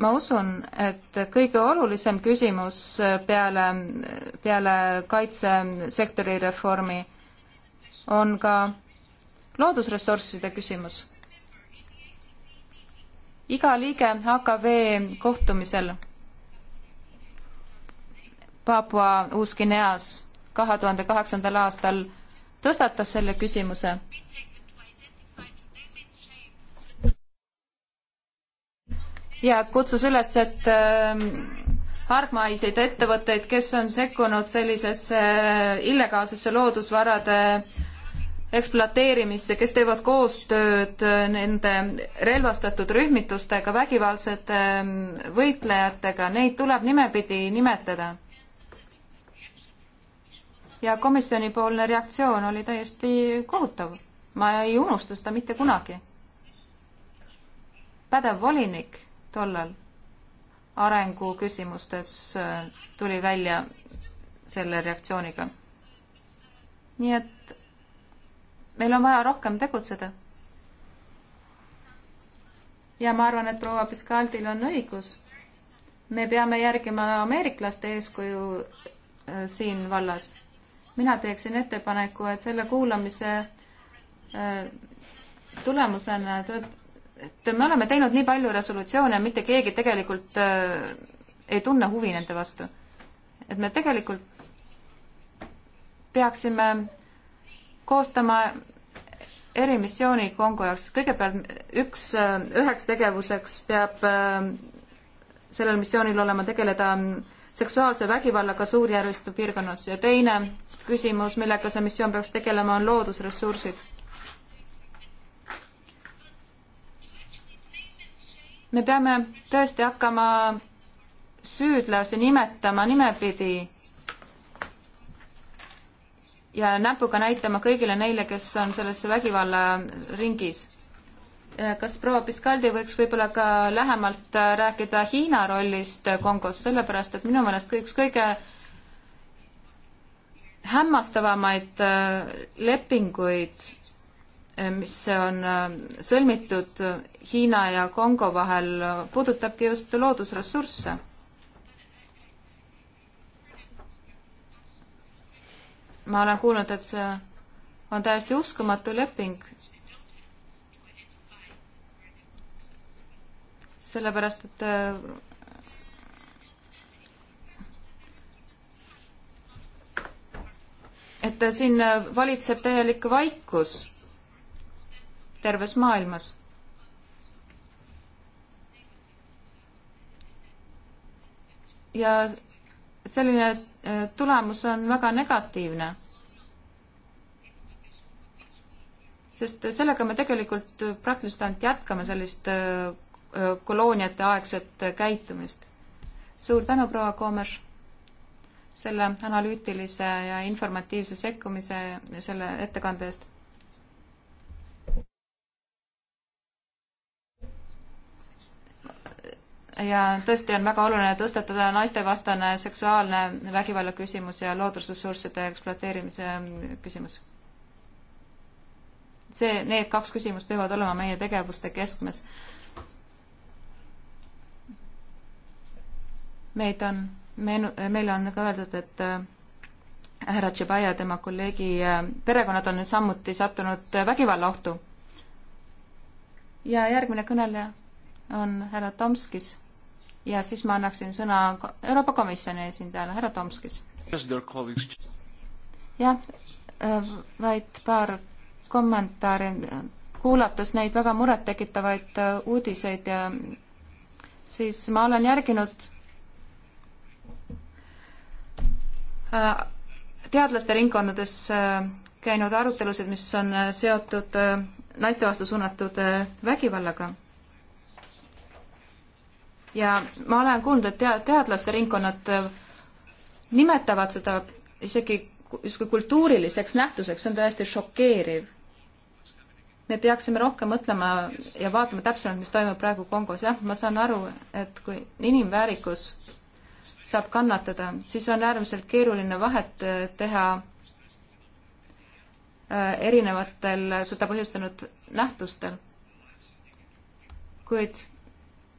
[SPEAKER 2] ma usun, et kõige olulisem küsimus peale, peale kaitsesektori reformi on ka loodusressursside küsimus. iga liige AKV kohtumisel Papua Uus-Guineas kahe tuhande kaheksandal aastal tõstatas selle küsimuse ja kutsus üles, et ähm, hargmaiseid ettevõtteid, kes on sekkunud sellisesse äh, illegaalsesse loodusvarade ekspluateerimisse, kes teevad koostööd äh, nende relvastatud rühmitustega, vägivaldsete ähm, võitlejatega, neid tuleb nimepidi nimetada. ja komisjonipoolne reaktsioon oli täiesti kohutav. ma ei unusta seda mitte kunagi. pädev volinik tollal arenguküsimustes äh, tuli välja selle reaktsiooniga. nii et meil on vaja rohkem tegutseda. ja ma arvan, et proua Piskaldil on õigus. me peame järgima ameeriklaste eeskuju äh, siin vallas. mina teeksin ettepaneku, et selle kuulamise äh, tulemusena tõtt-, et me oleme teinud nii palju resolutsioone, mitte keegi tegelikult äh, ei tunne huvi nende vastu. et me tegelikult peaksime koostama erimissiooni Kongo jaoks, kõigepealt üks äh,, üheks tegevuseks peab äh, sellel missioonil olema tegeleda seksuaalse vägivallaga Suurjärvistu piirkonnas ja teine küsimus, millega see missioon peaks tegelema, on loodusressursid me peame tõesti hakkama süüdlasi nimetama nimepidi ja näpuga näitama kõigile neile, kes on selles vägivalla ringis. kas proua Piskaldi võiks võib-olla ka lähemalt rääkida Hiina rollist Kongos, sellepärast et minu meelest üks kõige hämmastavamaid äh, lepinguid Äh, mis on äh, sõlmitud Hiina ja Kongo vahel, puudutabki just loodusressursse. ma olen kuulnud, et see on täiesti uskumatu leping. sellepärast, et äh, et siin valitseb täielik vaikus terves maailmas. ja selline äh, tulemus on väga negatiivne. sest sellega me tegelikult praktiliselt ainult jätkame sellist äh, äh, kolooniate aegset käitumist. suur tänu, proua Koomers, selle analüütilise ja informatiivse sekkumise ja selle ettekande eest ja tõesti on väga oluline tõstatada naistevastane seksuaalne vägivalla küsimus ja loodusressursside ekspluateerimise küsimus. see, need kaks küsimust peavad olema meie tegevuste keskmes. meid on, meenu-, meile on ka öeldud, et äh, härra Tšebaja, tema kolleegi äh, perekonnad on nüüd samuti sattunud äh, vägivallaohtu. ja järgmine kõneleja on härra Tomskis ja siis ma annaksin sõna Euroopa Komisjoni esindajale, härra Tomskis. jah, äh, vaid paar kommentaari, kuulates neid väga murettekitavaid äh, uudiseid ja siis ma olen järginud äh, teadlaste ringkondades käinud arutelusid, mis on seotud naiste vastu suunatud vägivallaga ja ma olen kuulnud, et tea-, teadlaste ringkonnad äh, nimetavad seda isegi justkui kultuuriliseks nähtuseks, see on täiesti šokeeriv. me peaksime rohkem mõtlema ja vaatama täpsemalt, mis toimub praegu Kongos, jah, ma saan aru, et kui inimväärikus saab kannatada, siis on äärmiselt keeruline vahet äh, teha äh, erinevatel seda põhjustanud nähtustel. kuid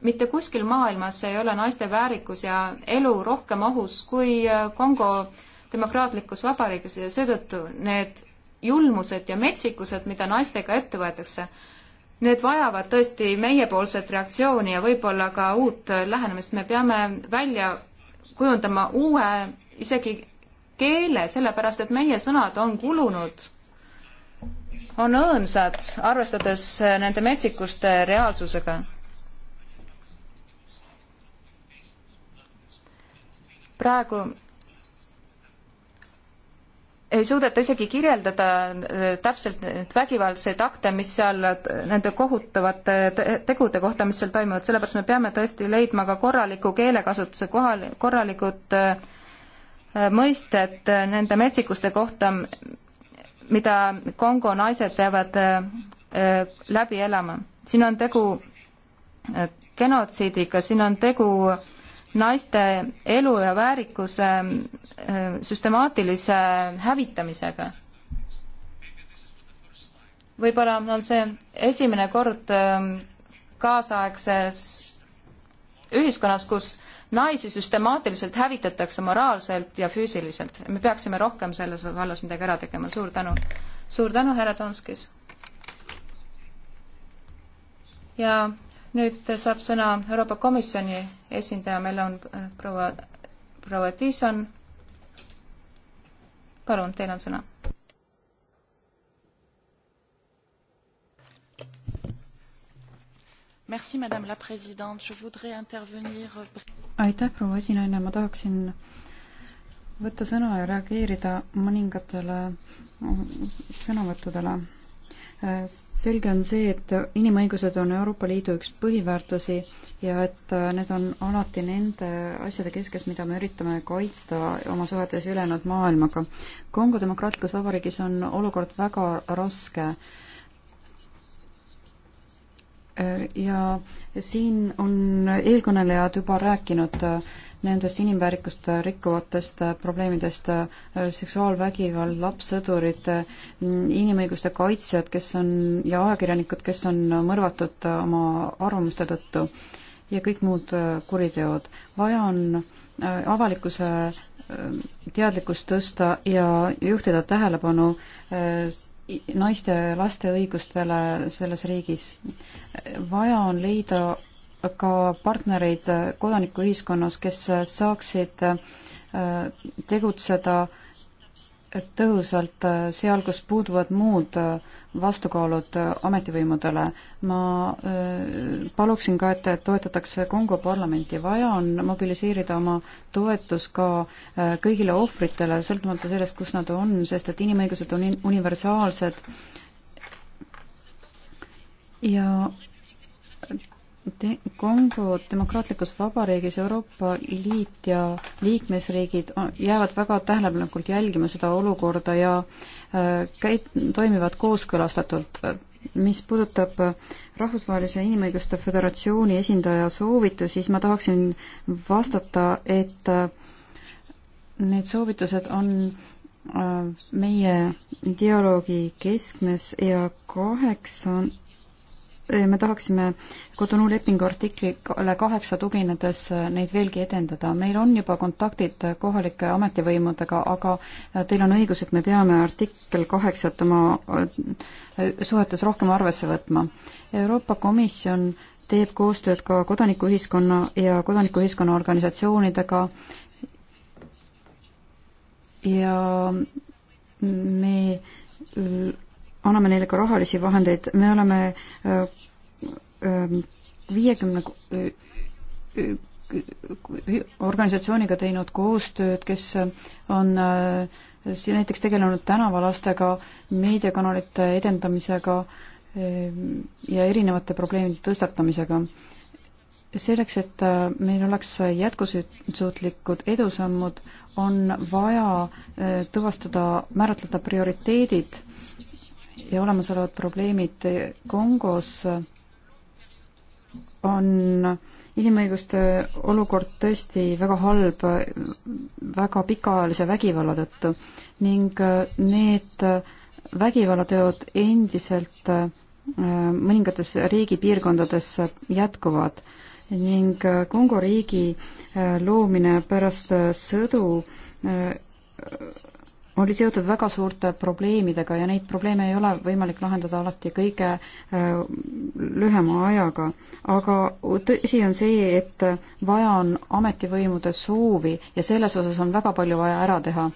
[SPEAKER 2] mitte kuskil maailmas ei ole naiste väärikus ja elu rohkem ohus kui äh, Kongo demokraatlikus vabariigis ja seetõttu need julmused ja metsikused, mida naistega ette võetakse, need vajavad tõesti meiepoolset reaktsiooni ja võib-olla ka uut äh, lähenemist. me peame välja kujundama uue isegi keele, sellepärast et meie sõnad on kulunud, on õõnsad, arvestades äh, nende metsikuste reaalsusega praegu ei suudeta isegi kirjeldada äh, täpselt neid vägivaldseid akte, mis seal äh, nende kohutavate äh, tegude kohta, mis seal toimuvad, sellepärast me peame tõesti leidma ka korraliku keelekasutuse kohal, korralikud mõisted nende metsikuste kohta, mida Kongo naised peavad läbi elama. siin on tegu genotsiidiga, siin on tegu äh, naiste elu ja väärikuse äh, süstemaatilise hävitamisega. võib-olla on see esimene kord ähm, kaasaegses ühiskonnas, kus naisi süstemaatiliselt hävitatakse moraalselt ja füüsiliselt. me peaksime rohkem selles vallas midagi ära tegema, suur tänu. suur tänu, härra Tonskis. ja nüüd saab sõna Euroopa Komisjoni esindaja, meil on äh, proua, proua Tiison. palun, teil on sõna. Merci, madame la présidente, je voudrais intervenir.
[SPEAKER 1] aitäh, proua esinaine, ma tahaksin võtta sõna ja reageerida mõningatele sõnavõttudele selge on see, et inimõigused on Euroopa Liidu üks põhiväärtusi ja et äh, need on alati nende asjade keskes, mida me üritame kaitsta oma suhetes ülejäänud maailmaga. Kongo Demokraatlikus Vabariigis on olukord väga raske. Äh, ja siin on eelkõnelejad juba rääkinud äh, nendest inimväärikust rikkuvatest äh, probleemidest äh, seksuaalvägivald, lapssõdurid, äh, inimõiguste kaitsjad, kes on, ja ajakirjanikud, kes on mõrvatud oma arvamuste tõttu ja kõik muud kuriteod. vaja on avalikkuse teadlikkust tõsta ja juhtida tähelepanu naiste ja laste õigustele selles riigis. vaja on leida ka partnereid kodanikuühiskonnas, kes saaksid äh, tegutseda tõhusalt äh, seal, kus puuduvad muud äh, vastukaalud ametivõimudele. ma paluksin ka, et toetatakse Kongo parlamenti, vaja on mobiliseerida oma toetus ka kõigile ohvritele, sõltumata sellest, kus nad on, sest et inimõigused on universaalsed ja De Kongo demokraatlikus vabariigis Euroopa Liit ja liikmesriigid on, jäävad väga tähelepanelikult jälgima seda olukorda ja äh, käit-, toimivad kooskõlastatult. mis puudutab äh, Rahvusvahelise Inimõiguste Föderatsiooni esindaja soovitusi, siis ma tahaksin vastata, et äh, need soovitused on äh, meie dialoogi keskmes ja kaheksa 8 me tahaksime Cotonou lepingu artiklile kaheksa tuginedes äh, neid veelgi edendada. meil on juba kontaktid äh, kohalike ametivõimudega, aga äh, teil on õigus, et me peame artikkel kaheksat oma suhetes rohkem arvesse võtma. Euroopa Komisjon teeb koostööd ka kodanikuühiskonna ja kodanikuühiskonna organisatsioonidega ja me anname neile ka rahalisi vahendeid, me oleme äh, äh, viiekümne äh, organisatsiooniga teinud koostööd, kes on näiteks tegelenud tänavalastega, meediakanalite edendamisega ja erinevate probleemide tõstatamisega. selleks, et meil oleks jätkusuutlikud edusammud, on vaja tuvastada, määratleda prioriteedid ja olemasolevad probleemid Kongos on inimõiguste olukord tõesti väga halb väga pikaajalise vägivalla tõttu ning need vägivallateod endiselt äh, mõningates riigipiirkondades jätkuvad ning Kongo riigi äh, loomine pärast äh, sõdu oli seotud väga suurte probleemidega ja neid probleeme ei ole võimalik lahendada alati kõige äh, lühema ajaga. aga tõsi on see, et vaja on ametivõimude soovi ja selles osas on väga palju vaja ära teha.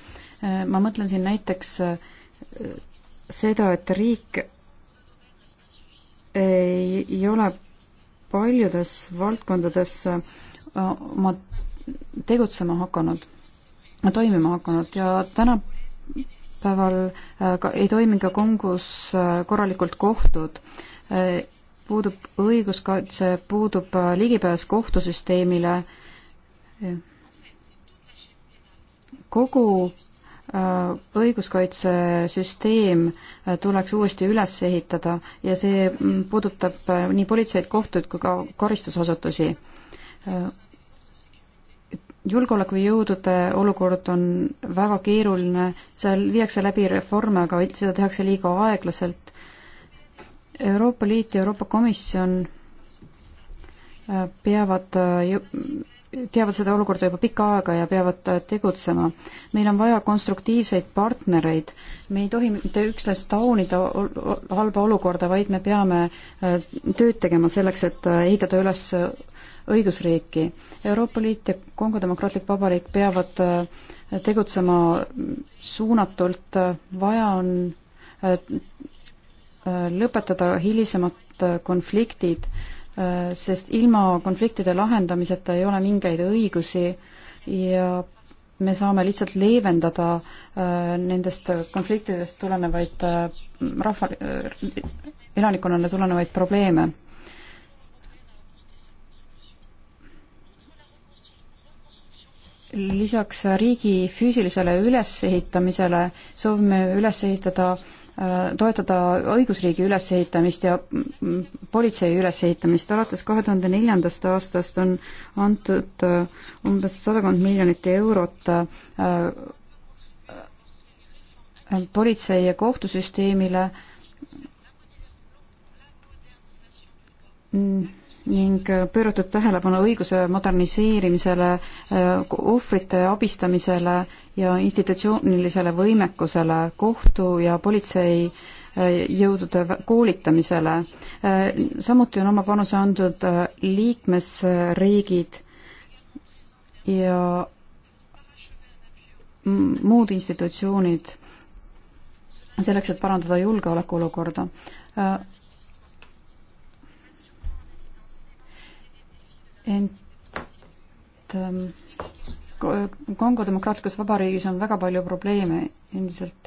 [SPEAKER 1] Äh, ma mõtlen siin näiteks äh, seda, et riik ei, ei ole paljudes valdkondades oma tegutsema hakanud, toimima hakanud ja täna päeval äh, ei toimi ka Kongos äh, korralikult kohtud, äh, puudub õiguskaitse, puudub ligipääs kohtusüsteemile, kogu õiguskaitsesüsteem tuleks uuesti üles ehitada ja see mm, puudutab nii politseid, kohtuid kui ka karistusasutusi julgeolekujõudude olukord on väga keeruline, seal viiakse läbi reforme, aga seda tehakse liiga aeglaselt. Euroopa Liit ja Euroopa Komisjon äh, peavad, äh, teavad seda olukorda juba pikka aega ja peavad äh, tegutsema. meil on vaja konstruktiivseid partnereid, me ei tohi mitte üksnes taunida halba olukorda, vaid me peame tööd tegema selleks, et ehitada üles õigusriiki. Euroopa Liit ja Kongo Demokraatlik Vabariik peavad äh, tegutsema mm, suunatult, vaja on äh, äh, lõpetada hilisemad konfliktid, sest ilma konfliktide lahendamiseta ei ole mingeid õigusi ja me saame lihtsalt leevendada nendest konfliktidest tulenevaid rahva, elanikkonnale tulenevaid probleeme. lisaks riigi füüsilisele ülesehitamisele soovime üles ehitada äh, toetada õigusriigi ülesehitamist ja politsei ülesehitamist. alates kahe tuhande neljandast aastast on antud äh, umbes sadakond miljonit eurot äh, politsei ja kohtusüsteemile mm ning pööratud tähelepanu õiguse moderniseerimisele, ohvrite abistamisele ja institutsioonilisele võimekusele, kohtu ja politsei äh, jõudude koolitamisele. Äh, samuti on oma panuse andnud äh, liikmesriigid ja muud institutsioonid selleks, et parandada julgeolekuolukorda ent ähm, Kongo Demokraatlikus Vabariigis on väga palju probleeme endiselt.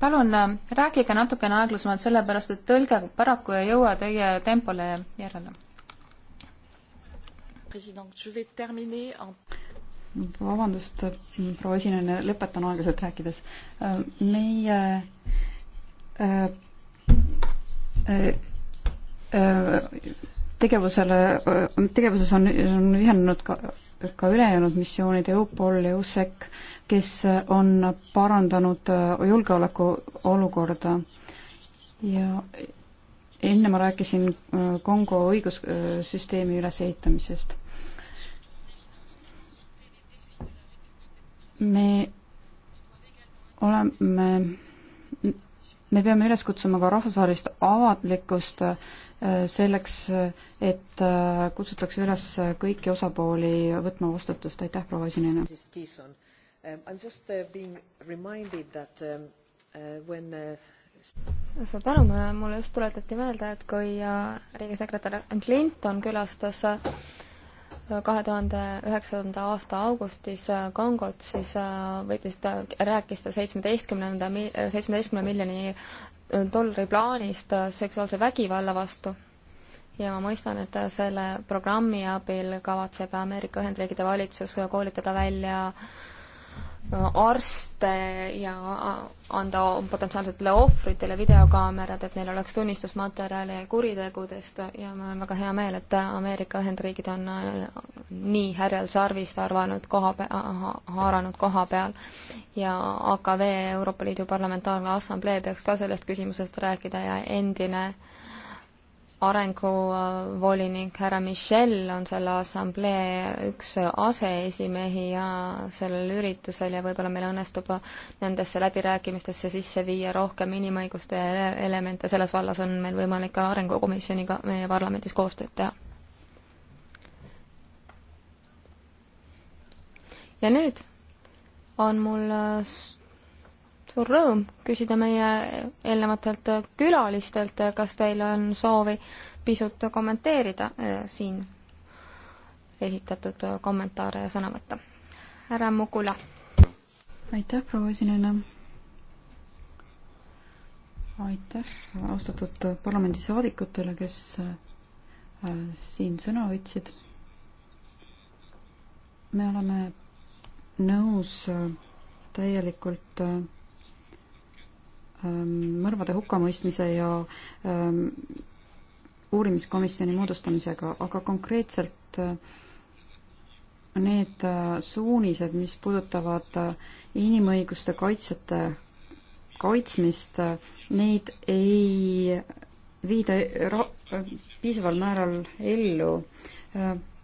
[SPEAKER 2] palun äh, rääkige natukene aeglasemalt, sellepärast et tõlge paraku ei jõua
[SPEAKER 1] teie tempole järele vabandust, proua esinejana, lõpetan aeglaselt rääkides. meie äh, äh, äh tegevusele, tegevuses on, on ühenenud ka, ka ülejäänud missioonid EUPOL, EUSEC, kes on parandanud äh, julgeoleku olukorda ja enne ma rääkisin äh, Kongo õigussüsteemi ülesehitamisest me oleme, me peame üles kutsuma ka rahvusvahelist avalikkust äh, selleks, et äh, kutsutakse üles kõiki osapooli võtma vastutust, aitäh, proua esineja. Um, uh,
[SPEAKER 3] um, uh, uh, suur tänu, mulle just tuletati meelde, et kui äh, riigisekretär Clinton külastas kahe tuhande üheksanda aasta augustis äh, Kongot, siis äh, võttis ta, rääkis ta seitsmeteistkümnenda, äh, seitsmeteistkümne miljoni dollari plaanist seksuaalse vägivalla vastu. ja ma mõistan, et selle programmi abil kavatseb Ameerika Ühendriikide valitsus koolitada välja äh, arste ja anda potentsiaalsetele ohvritele videokaamerad, et neil oleks tunnistusmaterjali kuritegudest ja mul on väga hea meel, et Ameerika Ühendriigid on äh, nii härjal sarvist arvanud koha pe-, haaranud koha peal. ja AKV, Euroopa Liidu Parlamentaarne Assamblee peaks ka sellest küsimusest rääkida ja endine äh, arenguvolinik härra Michel on selle assamblee üks aseesimehi ja sellel üritusel ja võib-olla meil õnnestub nendesse läbirääkimistesse sisse viia rohkem inimõiguste elemente, selles vallas on meil võimalik ka Arengukomisjoniga meie parlamendis koostööd teha. ja nüüd on mul suur rõõm küsida meie eelnevatelt külalistelt, kas teil on soovi pisut kommenteerida äh, siin esitatud kommentaare ja sõnavõtte. härra Mukula.
[SPEAKER 1] aitäh, proua esineja. aitäh austatud parlamendisaadikutele, kes äh, siin sõna võtsid. me oleme nõus äh, täielikult Ähm, mõrvade hukkamõistmise ja ähm, uurimiskomisjoni moodustamisega, aga konkreetselt äh, need äh, suunised, mis puudutavad äh, inimõiguste kaitsjate kaitsmist, neid ei viida piisaval määral ellu.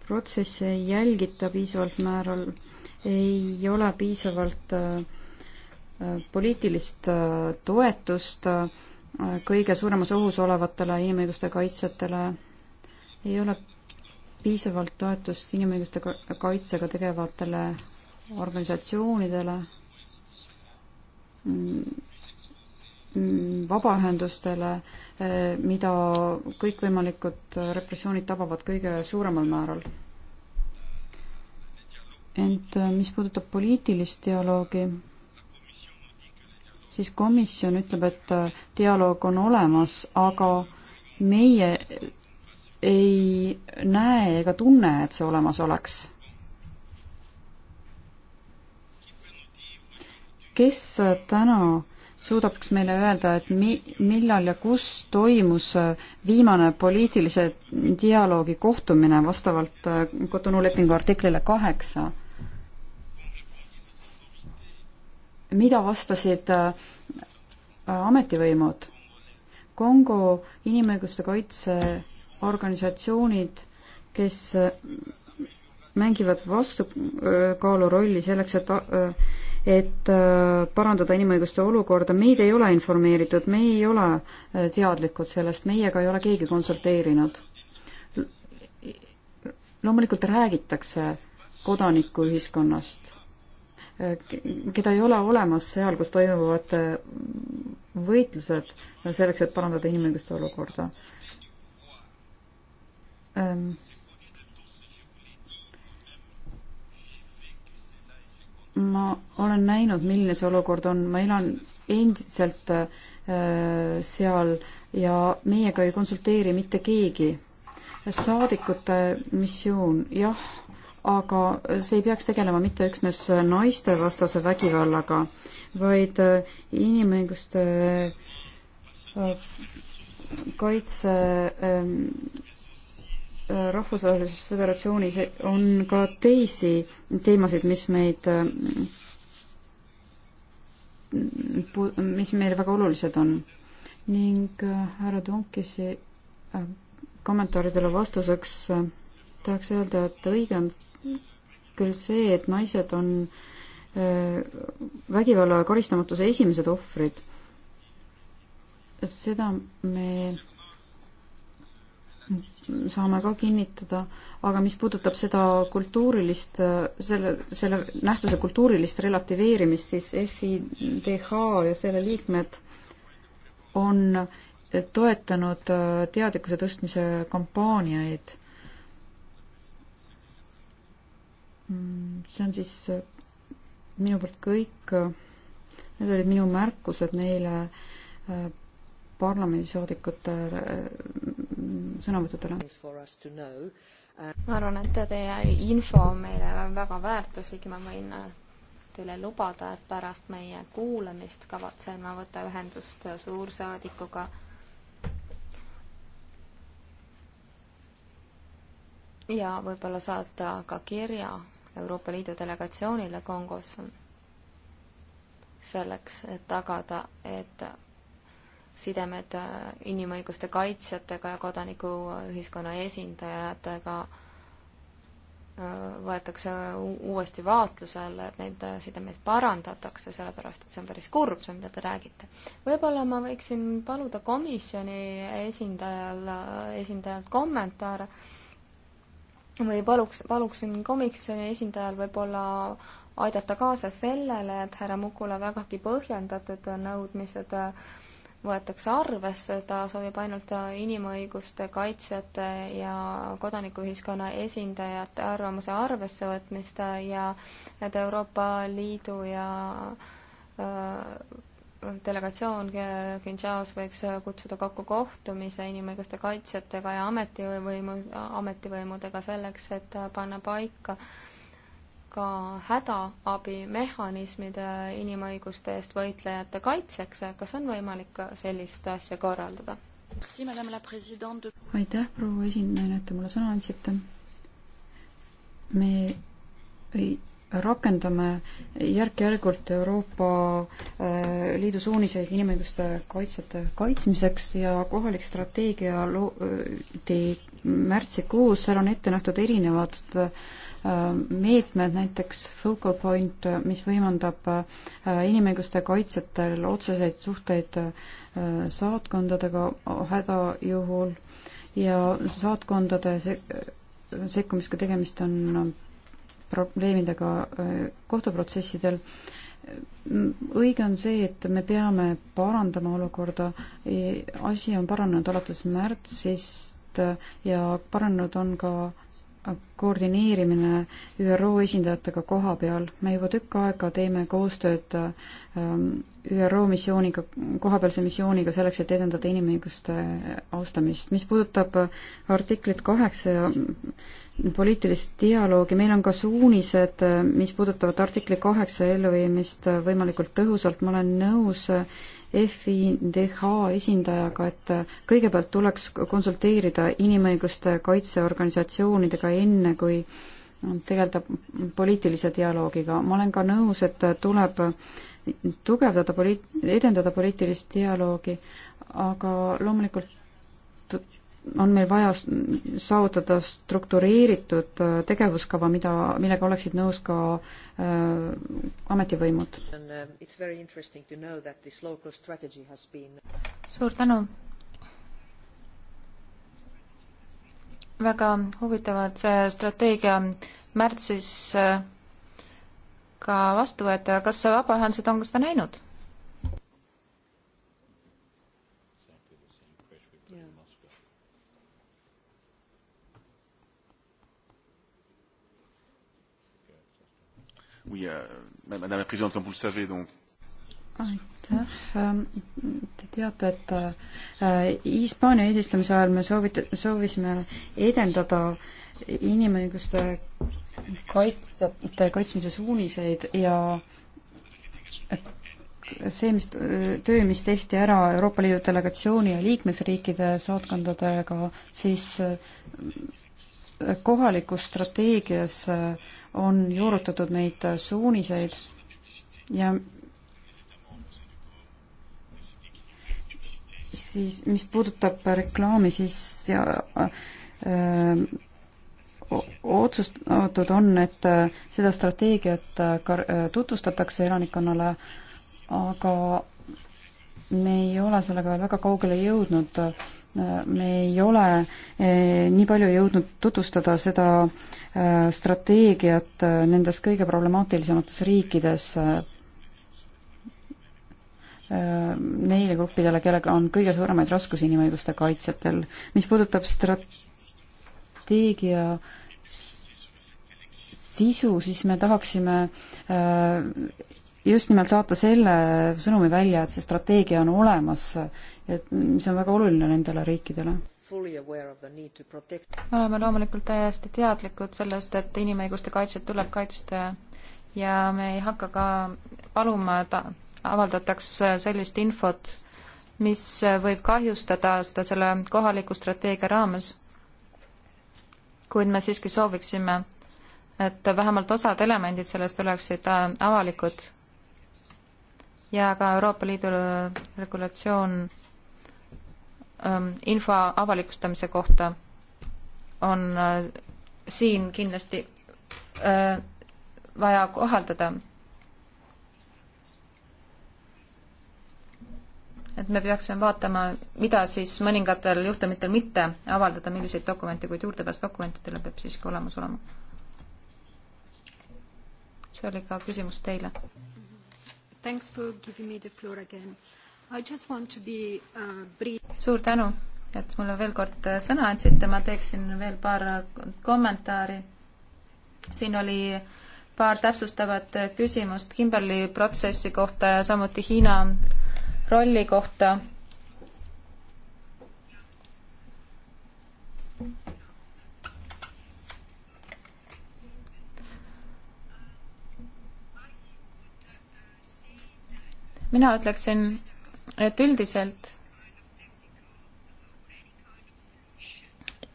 [SPEAKER 1] protsessi ei jälgita piisavalt määral, ei ole piisavalt äh, poliitilist äh, toetust äh, kõige suuremas ohus olevatele inimõiguste kaitsjatele, ei ole piisavalt toetust inimõiguste kaitsega tegevatele organisatsioonidele, mm, mm, vabaühendustele, äh, mida kõikvõimalikud repressioonid tabavad kõige suuremal määral. ent mis puudutab poliitilist dialoogi, siis komisjon ütleb, et äh, dialoog on olemas, aga meie ei näe ega tunne, et see olemas oleks. kes äh, täna suudaks meile öelda, et mi-, millal ja kus toimus äh, viimane poliitilise dialoogi kohtumine vastavalt Cotonou lepingu artiklile kaheksa? mida vastasid äh, ametivõimud. Kongo inimõiguste kaitseorganisatsioonid, kes äh, mängivad vastukaalu äh, rolli selleks, et et parandada inimõiguste olukorda, meid ei ole informeeritud, me ei ole teadlikud sellest, meiega ei ole keegi konsulteerinud. loomulikult räägitakse kodanikuühiskonnast keda ei ole olemas seal, kus toimuvad äh, võitlused selleks, et parandada inimõiguste olukorda. Ähm, ma olen näinud, milline see olukord on, ma elan endiselt äh, seal ja meiega ei konsulteeri mitte keegi. saadikute missioon, jah aga see ei peaks tegelema mitte üksnes naistevastase vägivallaga, vaid äh, inimõiguste äh, kaitse ähm, äh, rahvusvahelises föderatsioonis on ka teisi teemasid, mis meid, mis meile väga olulised on. ning härra Tonkisi kommentaaridele vastuseks tahaks öelda, et õige on küll see, et naised on äh, vägivalla ja karistamatuse esimesed ohvrid. seda me saame ka kinnitada, aga mis puudutab seda kultuurilist, selle, selle nähtuse kultuurilist relativeerimist, siis FIDH ja selle liikmed on toetanud äh, teadlikkuse tõstmise kampaaniaid Mm, see on siis äh, minu poolt kõik. Äh, need olid minu märkused neile äh, parlamendisaadikute sõnavõttudele.
[SPEAKER 3] ma arvan, et teie info on meile väga väärtuslik ja ma võin teile lubada, et pärast meie kuulamist kavatsen ma võtta ühendust suursaadikuga. ja võib-olla saata ka kirja Euroopa Liidu delegatsioonile Kongos selleks, et tagada, et sidemed inimõiguste kaitsjatega ja kodanikuühiskonna esindajatega võetakse uuesti vaatluse alla, et neid sidemeid parandatakse, sellepärast et see on päris kurb, see, mida te räägite. võib-olla ma võiksin paluda komisjoni esindajal, esindajalt kommentaare äh, või paluks, paluksin komisjoni esindajal võib-olla aidata kaasa sellele, et härra Mukula vägagi põhjendatud nõudmised võetakse arvesse, ta soovib ainult inimõiguste kaitsjate ja kodanikuühiskonna esindajate arvamuse arvessevõtmist ja et Euroopa Liidu ja öö, äh, delegatsioon Kinshas võiks kutsuda kokku kohtumise inimõiguste kaitsjatega ja ametivõimu, ametivõimudega selleks, et panna paika ka hädaabimehhanismid inimõiguste eest võitlejate kaitseks. kas on võimalik sellist asja korraldada?
[SPEAKER 1] aitäh, proua esinaine, et te mulle sõna andsite. me ei rakendame järk-järgult Euroopa äh, Liidu suuniseid inimõiguste kaitsjate kaitsmiseks ja kohalik strateegia loodi märtsikuus, seal on ette nähtud erinevad äh, meetmed, näiteks focal point, mis võimaldab äh, inimõiguste kaitsjatel otseseid suhteid saatkondadega hädajuhul ja saatkondade sekkumisega tegemist on probleemidega äh, kohtuprotsessidel. õige on see, et me peame parandama olukorda, e, asi on paranenud alates märtsist äh, ja paranenud on ka äh, koordineerimine ÜRO esindajatega koha peal. me juba tükk aega teeme koostööd ÜRO missiooniga, kohapealse missiooniga selleks, et edendada inimõiguste austamist. mis puudutab artiklit kaheksa ja poliitilist dialoogi, meil on ka suunised, mis puudutavad artikli kaheksa elluviimist võimalikult tõhusalt, ma olen nõus FIDH esindajaga, et kõigepealt tuleks konsulteerida inimõiguste kaitseorganisatsioonidega enne, kui tegeleda poliitilise dialoogiga. ma olen ka nõus, et tuleb tugevdada poliit-, edendada poliitilist dialoogi, aga loomulikult on meil vaja saavutada struktureeritud äh, tegevuskava, mida, millega oleksid nõus ka äh, ametivõimud. Um, been... suur tänu.
[SPEAKER 2] väga huvitavad see strateegia märtsis äh, ka vastu võeti, aga kas vabaühendused on ka seda näinud?
[SPEAKER 4] oui, madame la présidente, comme vous le savez, donc
[SPEAKER 1] aitäh, ähm, te teate, et äh, Hispaania eesistumise ajal me soovit-, soovisime edendada inimõiguste kaitsjate kaitsmise suuniseid ja see, mis, töö, mis tehti ära Euroopa Liidu delegatsiooni ja liikmesriikide saatkondadega, siis äh, kohalikus strateegias äh, on juurutatud neid suuniseid ja siis, mis puudutab reklaami, siis ja, öö, otsustatud on, et äh, seda strateegiat äh, ka äh, tutvustatakse elanikkonnale, aga me ei ole sellega veel väga kaugele jõudnud me ei ole eh, nii palju jõudnud tutvustada seda eh, strateegiat eh, nendes kõige problemaatilisemates riikides neile gruppidele, kellega on kõige suuremaid raskusi inimõiguste kaitsjatel. mis puudutab strateegia sisu, siis me tahaksime just nimelt saata selle sõnumi välja, et see strateegia on olemas, et mis on väga oluline nendele riikidele. me
[SPEAKER 2] oleme loomulikult täiesti teadlikud sellest, et inimõiguste kaitset tuleb kaitsta ja me ei hakka ka paluma, et avaldataks sellist infot, mis võib kahjustada seda selle kohaliku strateegia raames. kuid me siiski sooviksime, et vähemalt osad elemendid sellest oleksid avalikud ja ka Euroopa Liidu regulatsioon ähm, info avalikustamise kohta on äh, siin kindlasti äh, vaja kohaldada. et me peaksime vaatama, mida siis mõningatel juhtumitel mitte avaldada, milliseid dokumente, kuid juurdepääs dokumentidele peab siiski olemas olema. see oli ka küsimus teile.
[SPEAKER 1] Thanks for giving me the floor again. I just want to be uh, brief.
[SPEAKER 2] suur tänu, et mulle veel kord äh, sõna andsite, ma teeksin veel paar äh, kommentaari. siin oli paar täpsustavat äh, küsimust Kimberli protsessi kohta ja samuti Hiina rolli kohta mina ütleksin, et üldiselt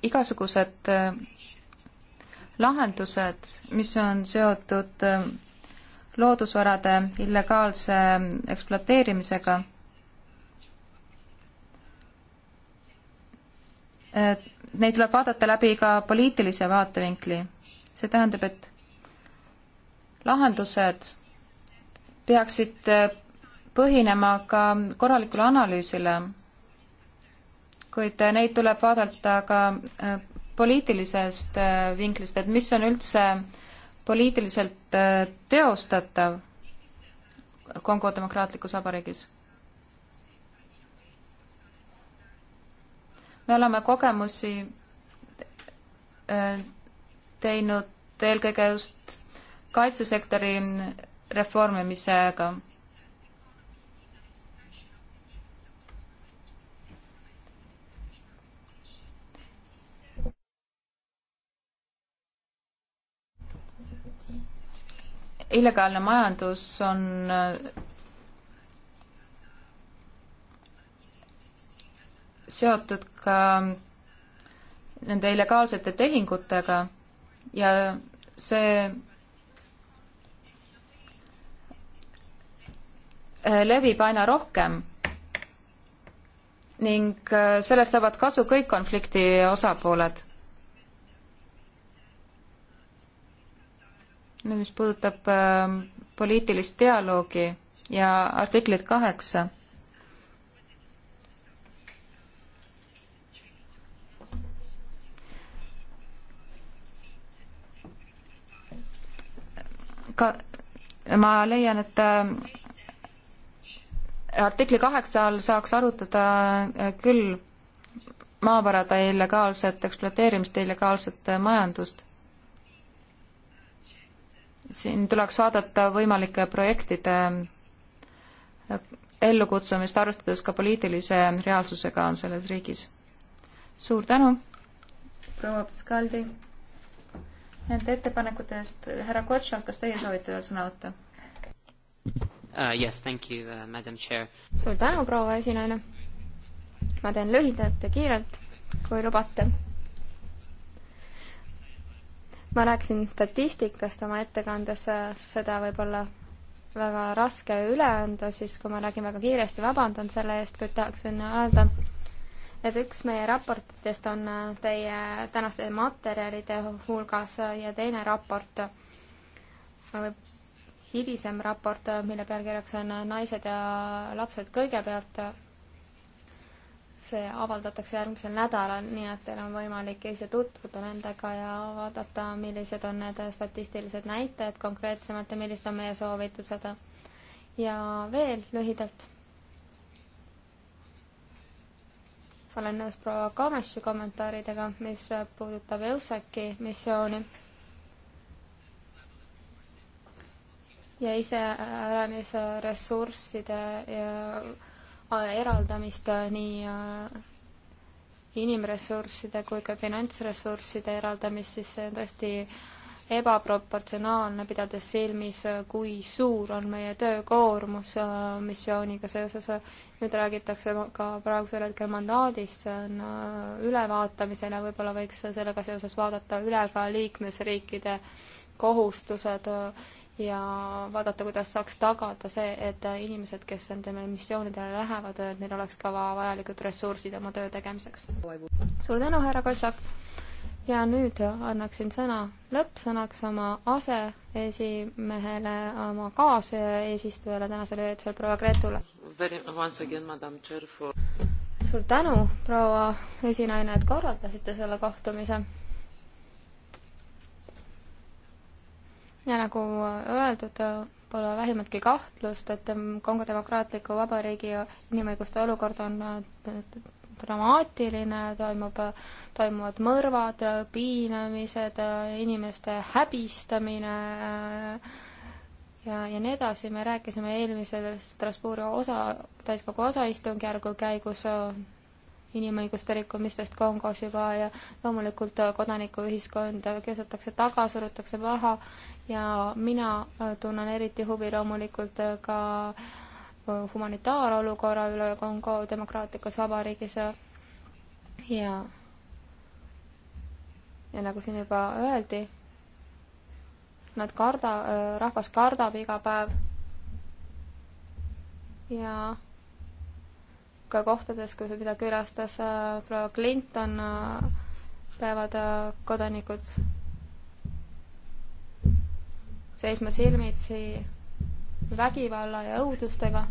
[SPEAKER 2] igasugused äh, lahendused, mis on seotud äh, loodusvarade illegaalse äh, ekspluateerimisega, neid tuleb vaadata läbi ka poliitilise vaatevinkli. see tähendab, et lahendused peaksid põhinema ka korralikule analüüsile, kuid neid tuleb vaadata ka äh, poliitilisest äh, vinklist, et mis on üldse poliitiliselt äh, teostatav Kongo demokraatlikus vabariigis. me oleme kogemusi teinud eelkõige just kaitsesektori reformimisega illegaalne majandus on äh, seotud ka nende illegaalsete tehingutega ja see äh, levib aina rohkem ning äh, sellest saavad kasu kõik konflikti osapooled nüüd mis puudutab äh, poliitilist dialoogi ja artiklit kaheksa, ka ma leian, et äh, artikli kaheksa all saaks arutada äh, küll maavarade illegaalset ekspluateerimist, illegaalset äh, majandust siin tuleks vaadata võimalike projektide eh, ellukutsumist, arvestades ka poliitilise reaalsusega selles riigis. suur tänu, proua Piskaldi, nende ettepanekute eest. härra Kotšal, kas
[SPEAKER 3] teie soovite veel sõna võtta uh,? Yes, thank you uh,, madam chair. suur tänu, proua esinaine. ma teen lühidalt ja kiirelt, kui lubate ma rääkisin statistikast oma ettekandes, seda võib-olla väga raske üle anda, siis kui ma räägin väga kiiresti, vabandan selle eest, kuid tahaksin öelda, et üks meie raportitest on teie tänaste materjalide hulgas ja teine raport, hilisem raport, mille pealkirjaks on Naised ja lapsed kõigepealt see avaldatakse järgmisel nädalal, nii et teil on võimalik ise tutvuda nendega ja vaadata, millised on need statistilised näitajad konkreetsemalt ja millised on meie soovitused. ja veel lühidalt. olen nõus proua Kameši kommentaaridega, mis puudutab EUSEC-i missiooni ja iseäranis ressursside ja eraldamist äh, nii äh, inimressursside kui ka finantsressursside eraldamist, siis see on tõesti ebaproportsionaalne, pidades silmis, äh, kui suur on meie töökoormus missiooniga seoses. nüüd räägitakse ka praegusel hetkel mandaadist, see on ülevaatamisel ja võib-olla võiks sellega seoses vaadata üle ka liikmesriikide kohustused ja vaadata, kuidas saaks tagada see, et inimesed, kes nendele missioonidele lähevad, et neil oleks ka vajalikud ressursid oma töö tegemiseks. suur tänu, härra Koltšak! ja nüüd annaksin sõna lõppsõnaks oma aseesimehele, oma kaaseesistujale tänasel üritusel, proua Gretule. suur tänu, proua esinaine, et korraldasite selle kohtumise ja nagu öeldud, pole vähimatki kahtlust, et Kongo Demokraatliku Vabariigi inimõiguste olukord on dramaatiline, toimub, toimuvad mõrvad, piinamised, inimeste häbistamine ja, ja nii edasi. me rääkisime eelmisel Strasbourgi osa, täiskogu osaistungjärgu käigus inimõiguste rikkumistest Kongos juba ja loomulikult kodanikuühiskonda kiusatakse taga, surutakse maha ja mina äh, tunnen eriti huvi loomulikult äh, ka äh, humanitaarolukorra üle Kongo demokraatlikus vabariigis ja ja nagu siin juba öeldi, nad karda-, rahvas kardab iga päev ja ka kohtades, kus, mida külastas äh, proua Clinton, äh, peavad äh, kodanikud seisma silmitsi vägivalla ja õudustega.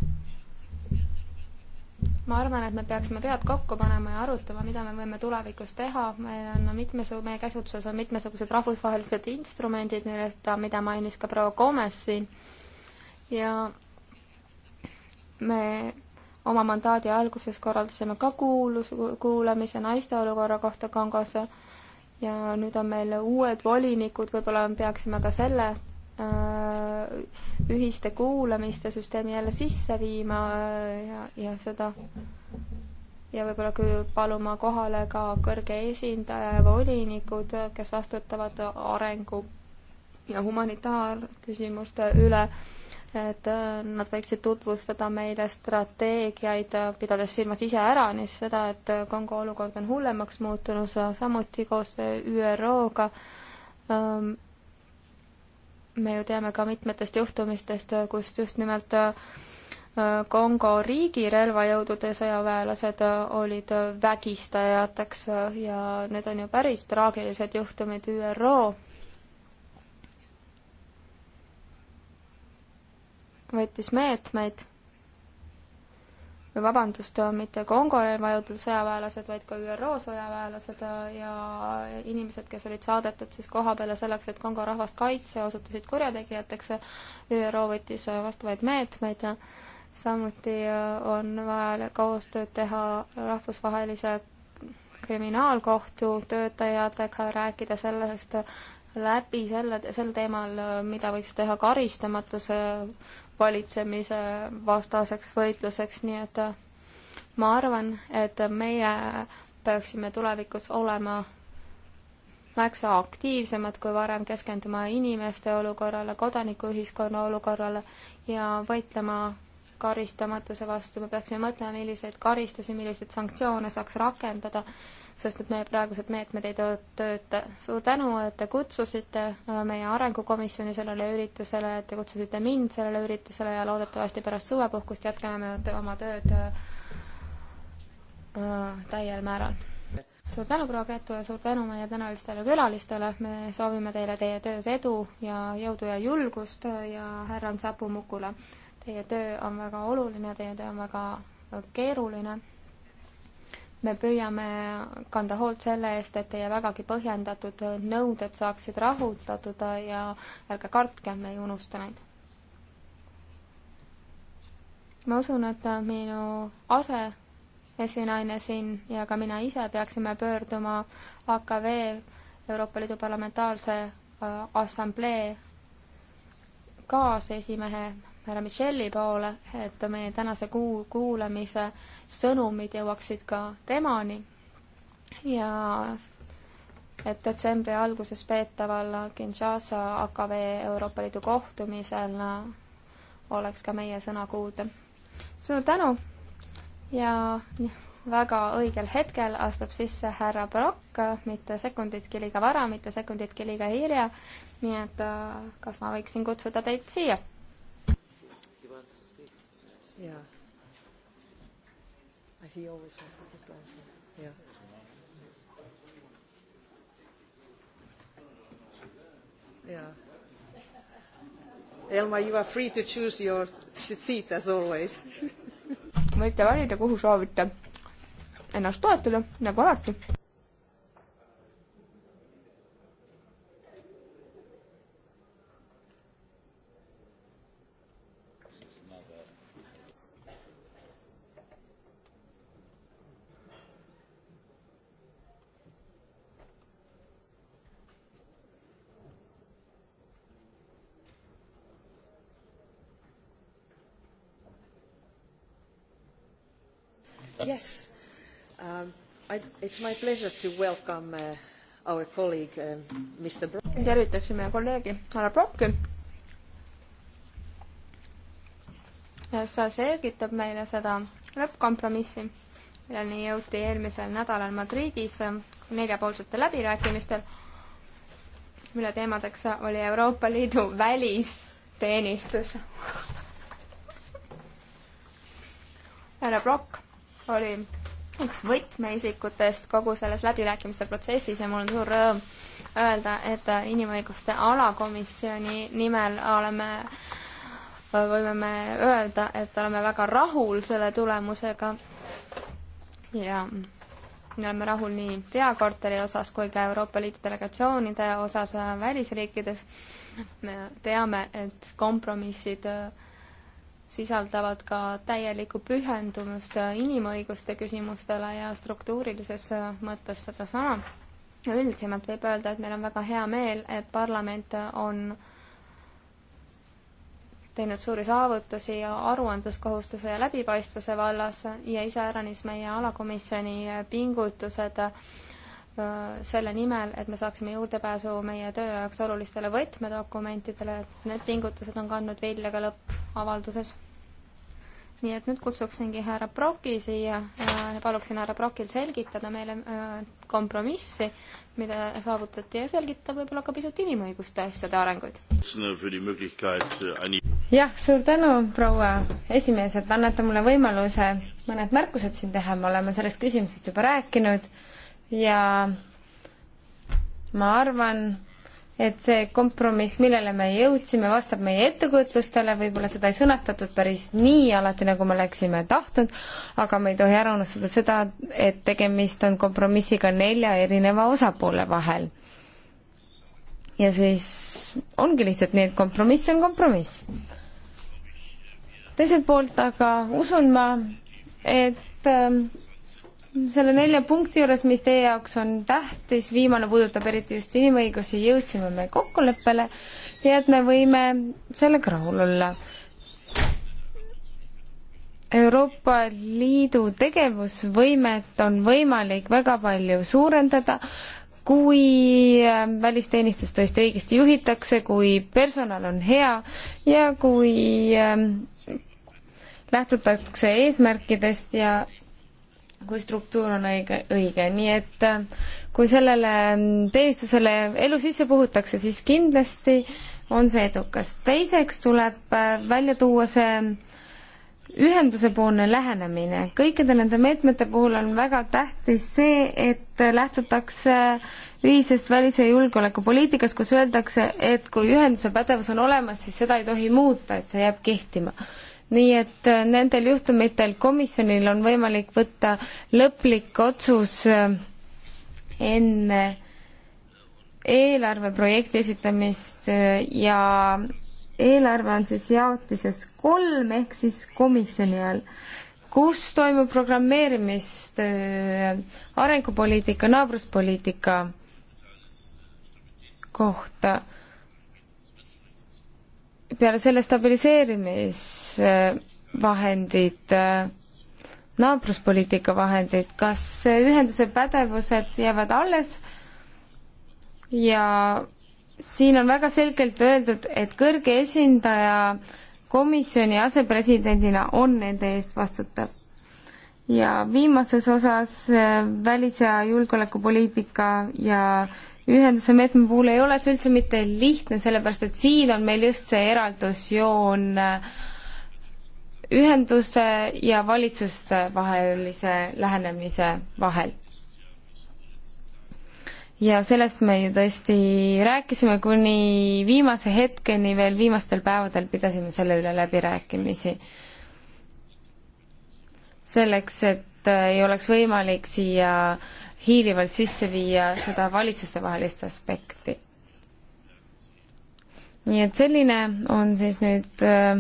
[SPEAKER 3] ma arvan, et me peaksime pead kokku panema ja arutama, mida me võime tulevikus teha, meil on mitmesu-, meie käsutuses on mitmesugused rahvusvahelised instrumendid, millest, mida mainis ka proua Gomes siin ja me oma mandaadi alguses korraldasime ka kuulus, kuulamise naiste olukorra kohta Kongos ja nüüd on meil uued volinikud, võib-olla me peaksime ka selle äh, ühiste kuulamiste süsteemi jälle sisse viima äh, ja, ja seda ja võib-olla küll paluma kohale ka kõrge esindaja ja volinikud, kes vastutavad arengu ja humanitaarküsimuste üle et äh, nad võiksid tutvustada meile strateegiaid, pidades silmas iseäranis seda, et äh, Kongo olukord on hullemaks muutunud, samuti koos ÜRO-ga. Ähm, me ju teame ka mitmetest juhtumistest, kust just nimelt äh, Kongo riigi relvajõudude sõjaväelased olid vägistajateks ja need on ju päris traagilised juhtumid. ÜRO võttis meetmeid, või vabandust, mitte Kongo relvajõudude sõjaväelased, vaid ka ÜRO sõjaväelased ja inimesed, kes olid saadetud siis koha peale selleks, et Kongo rahvast kaitse, osutusid kurjategijateks. ÜRO võttis vastavaid meetmeid ja samuti on vaja koostööd teha rahvusvahelise kriminaalkohtu töötajatega, rääkida sellest läbi selle, sel teemal, mida võiks teha karistamatuse valitsemise vastaseks võitluseks, nii et äh, ma arvan, et meie peaksime tulevikus olema märksa aktiivsemad kui varem, keskenduma inimeste olukorrale, kodanikuühiskonna olukorrale ja võitlema karistamatuse vastu, me peaksime mõtlema, milliseid karistusi, milliseid sanktsioone saaks rakendada sest et meie praegused meetmed ei too tööta. suur tänu, et te kutsusite äh, meie arengukomisjoni sellele üritusele, et te kutsusite mind sellele üritusele ja loodetavasti pärast suvepuhkust jätkame me oma tööd äh, äh, täiel määral. suur tänu, proua Gretu ja suur tänu meie tänalistele külalistele, me soovime teile teie töös edu ja jõudu ja julgust ja härra Sapumukule. Teie töö on väga oluline, teie töö on väga keeruline me püüame kanda hoolt selle eest, et teie vägagi põhjendatud nõuded saaksid rahuldatud ja ärge kartke, me ei unusta neid. ma usun, et minu aseesinaine siin ja ka mina ise peaksime pöörduma AKV Euroopa Liidu Parlamentaarse Assamblee kaasesimehe härra Michelli poole, et meie tänase kuu, kuulamise sõnumid jõuaksid ka temani ja et detsembri alguses peetaval Kinshasa AKV Euroopa Liidu kohtumisel oleks ka meie sõna kuulda. suur tänu ja väga õigel hetkel astub sisse härra Barokk, mitte sekunditki liiga vara, mitte sekunditki liiga hilja. nii et äh, kas ma võiksin kutsuda teid siia? Yeah.
[SPEAKER 1] And he always was the supplanter. Yeah. Yeah. Elmar, you are free to choose your seat as always
[SPEAKER 3] [laughs] võite valida, kuhu soovite ennast toetada, nagu alati.
[SPEAKER 1] Um, I, it's my pleasure to welcome uh, our colleague uh, Mr. Brock. tervitaksin
[SPEAKER 3] meie kolleegi härra Brocki, kes selgitab meile seda lõppkompromissi, milleni jõuti eelmisel nädalal Madridis neljapoolsete läbirääkimistel, mille teemadeks oli Euroopa Liidu välisteenistus härra Brock oli üks võtmeisikutest kogu selles läbirääkimiste protsessis ja mul on suur rõõm öelda, et äh, inimõiguste alakomisjoni nimel oleme, äh, võime me öelda, et oleme väga rahul selle tulemusega. ja me oleme rahul nii peakorteri osas kui ka Euroopa Liidu delegatsioonide osas äh, välisriikides. me teame, et kompromissid sisaldavad ka täielikku pühendumust inimõiguste küsimustele ja struktuurilises mõttes sedasama. üldisemalt võib öelda, et meil on väga hea meel, et parlament on teinud suuri saavutusi aruandluskohustuse ja läbipaistvuse vallas ja iseäranis meie alakomisjoni pingutused äh, Äh, selle nimel, et me saaksime juurdepääsu meie töö jaoks olulistele võtmedokumentidele, et need pingutused on kandnud vilja ka lõppavalduses. nii et nüüd kutsuksingi härra Broki siia äh, ja paluksin härra Brokil selgitada meile äh, kompromissi, mida saavutati ja selgitada võib-olla ka pisut inimõiguste asjade arenguid.
[SPEAKER 5] jah, suur tänu, proua esimees, et annate mulle võimaluse mõned märkused siin teha, me oleme sellest küsimusest juba rääkinud ja ma arvan, et see kompromiss, millele me jõudsime, vastab meie ettekujutlustele, võib-olla seda ei sõnastatud päris nii alati, nagu me oleksime tahtnud, aga me ei tohi ära unustada seda, et tegemist on kompromissiga nelja erineva osapoole vahel. ja siis ongi lihtsalt nii, et kompromiss on kompromiss. teiselt poolt aga usun ma, et ähm, selle nelja punkti juures, mis teie jaoks on tähtis, viimane puudutab eriti just inimõigusi, jõudsime me kokkuleppele, nii et me võime sellega rahul olla. Euroopa Liidu tegevusvõimet on võimalik väga palju suurendada, kui äh, välisteenistust tõesti õigesti juhitakse, kui personal on hea ja kui äh, lähtutakse eesmärkidest ja kui struktuur on õige, õige, nii et äh, kui sellele teenistusele elu sisse puhutakse, siis kindlasti on see edukas. teiseks tuleb äh, välja tuua see ühendusepoolne lähenemine. kõikide nende meetmete puhul on väga tähtis see, et lähtutakse ühisest välis- ja julgeolekupoliitikast, kus öeldakse, et kui ühenduse pädevus on olemas, siis seda ei tohi muuta, et see jääb kehtima nii et äh, nendel juhtumitel komisjonil on võimalik võtta lõplik otsus äh, enne eelarveprojekti esitamist äh, ja eelarve on siis jaotises kolm ehk siis komisjoni all, kus toimub programmeerimistöö arengupoliitika, naabruspoliitika kohta peale selle stabiliseerimisvahendid, äh, naabruspoliitika vahendid, kas ühenduse pädevused jäävad alles ja siin on väga selgelt öeldud, et kõrge esindaja komisjoni asepresidendina on nende eest vastutav. ja viimases osas äh, välis- ja julgeolekupoliitika ja ühenduse meetme puhul ei ole see üldse mitte lihtne, sellepärast et siin on meil just see eraldusjoon äh, ühenduse ja valitsuse vahelise lähenemise vahel ja sellest me ju tõesti rääkisime kuni viimase hetkeni veel, viimastel päevadel pidasime selle üle läbirääkimisi. selleks, et äh, ei oleks võimalik siia hiilivalt sisse viia seda valitsustevahelist aspekti. nii et selline on siis nüüd äh,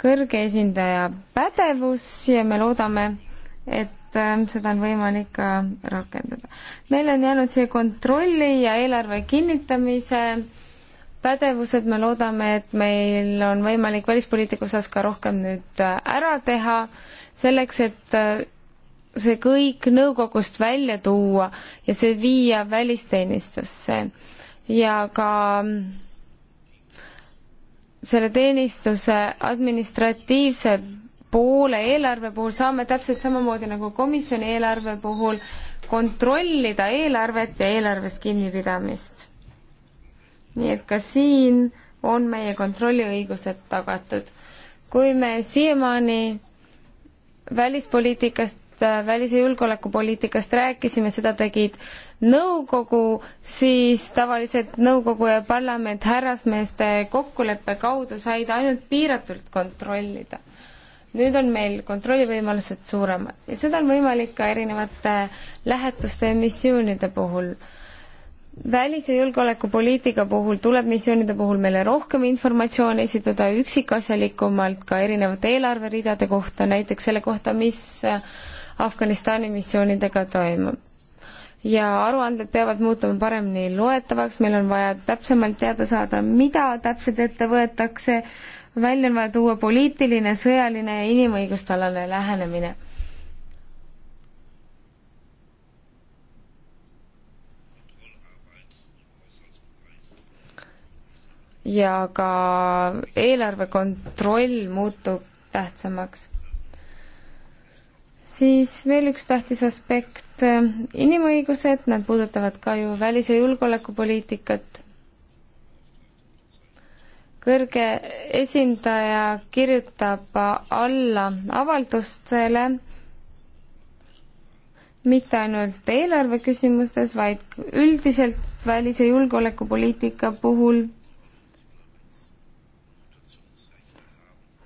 [SPEAKER 5] kõrge esindaja pädevus ja me loodame, et äh, seda on võimalik ka rakendada. meil on jäänud siia kontrolli ja eelarve kinnitamise pädevused, me loodame, et meil on võimalik välispoliitika osas ka rohkem nüüd äh, ära teha, selleks et see kõik nõukogust välja tuua ja see viia välisteenistusse ja ka mm, selle teenistuse administratiivse poole eelarve puhul saame täpselt samamoodi nagu komisjoni eelarve puhul kontrollida eelarvet ja eelarvest kinnipidamist. nii et ka siin on meie kontrolliõigused tagatud. kui me siiamaani välispoliitikast sellest äh, välis- ja julgeolekupoliitikast rääkisime, seda tegid nõukogu, siis tavaliselt nõukogu ja parlament härrasmeeste kokkuleppe kaudu said ainult piiratult kontrollida. nüüd on meil kontrollivõimalused suuremad ja seda on võimalik ka erinevate lähetuste ja missioonide puhul välis- ja julgeolekupoliitika puhul tuleb missioonide puhul meile rohkem informatsiooni esitada üksikasjalikumalt ka erinevate eelarveridade kohta, näiteks selle kohta, mis äh, Afganistani missioonidega toimub. ja aruanded peavad muutuma paremini loetavaks, meil on vaja täpsemalt teada saada, mida täpselt ette võetakse, välja on vaja tuua poliitiline, sõjaline ja inimõigustalane lähenemine ja ka eelarve kontroll muutub tähtsamaks siis veel üks tähtis aspekt, äh, inimõigused, nad puudutavad ka ju välis- ja julgeolekupoliitikat. kõrge esindaja kirjutab alla avaldustele mitte ainult eelarve küsimustes, vaid üldiselt välis- ja julgeolekupoliitika puhul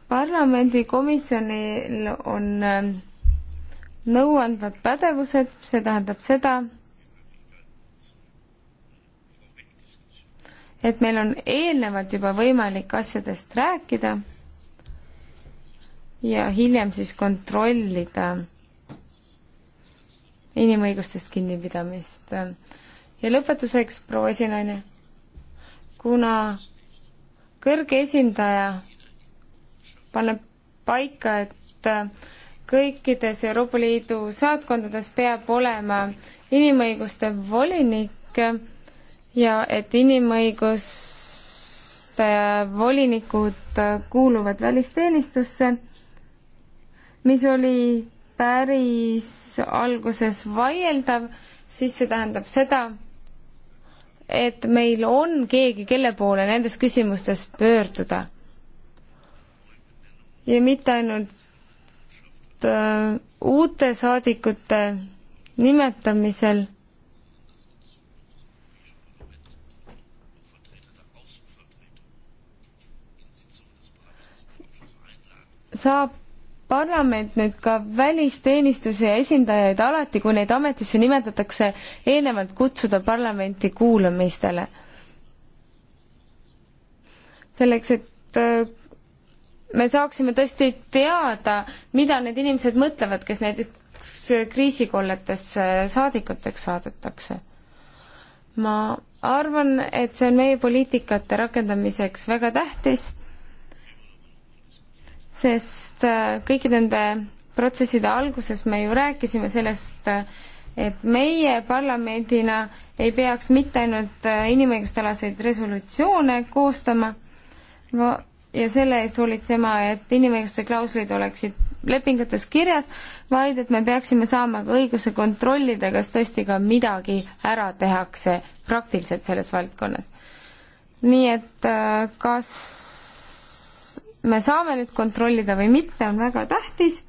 [SPEAKER 5] parlamendikomisjonil on äh, nõuandvad pädevused, see tähendab seda, et meil on eelnevalt juba võimalik asjadest rääkida ja hiljem siis kontrollida inimõigustest kinnipidamist. ja lõpetuseks, proua esinaine, kuna kõrge esindaja paneb paika, et kõikides Euroopa Liidu saatkondades peab olema inimõiguste volinik ja et inimõiguste volinikud kuuluvad välisteenistusse, mis oli päris alguses vaieldav, siis see tähendab seda, et meil on keegi, kelle poole nendes küsimustes pöörduda. ja mitte ainult et äh, uute saadikute nimetamisel saab parlament nüüd ka välisteenistuse esindajaid alati, kui neid ametisse nimetatakse, eelnevalt kutsuda parlamenti kuulamistele. selleks, et äh, me saaksime tõesti teada, mida need inimesed mõtlevad, kes näiteks kriisikolletesse äh, saadikuteks saadetakse. ma arvan, et see on meie poliitikate rakendamiseks väga tähtis, sest äh, kõigi nende protsesside alguses me ju rääkisime sellest, et meie parlamendina ei peaks mitte ainult äh, inimõigustealaseid resolutsioone koostama, ja selle eest hoolitsema, et inimõiguste klauslid oleksid lepingutes kirjas, vaid et me peaksime saama ka õiguse kontrollida, kas tõesti ka midagi ära tehakse praktiliselt selles valdkonnas. nii et äh, kas me saame nüüd kontrollida või mitte, on väga tähtis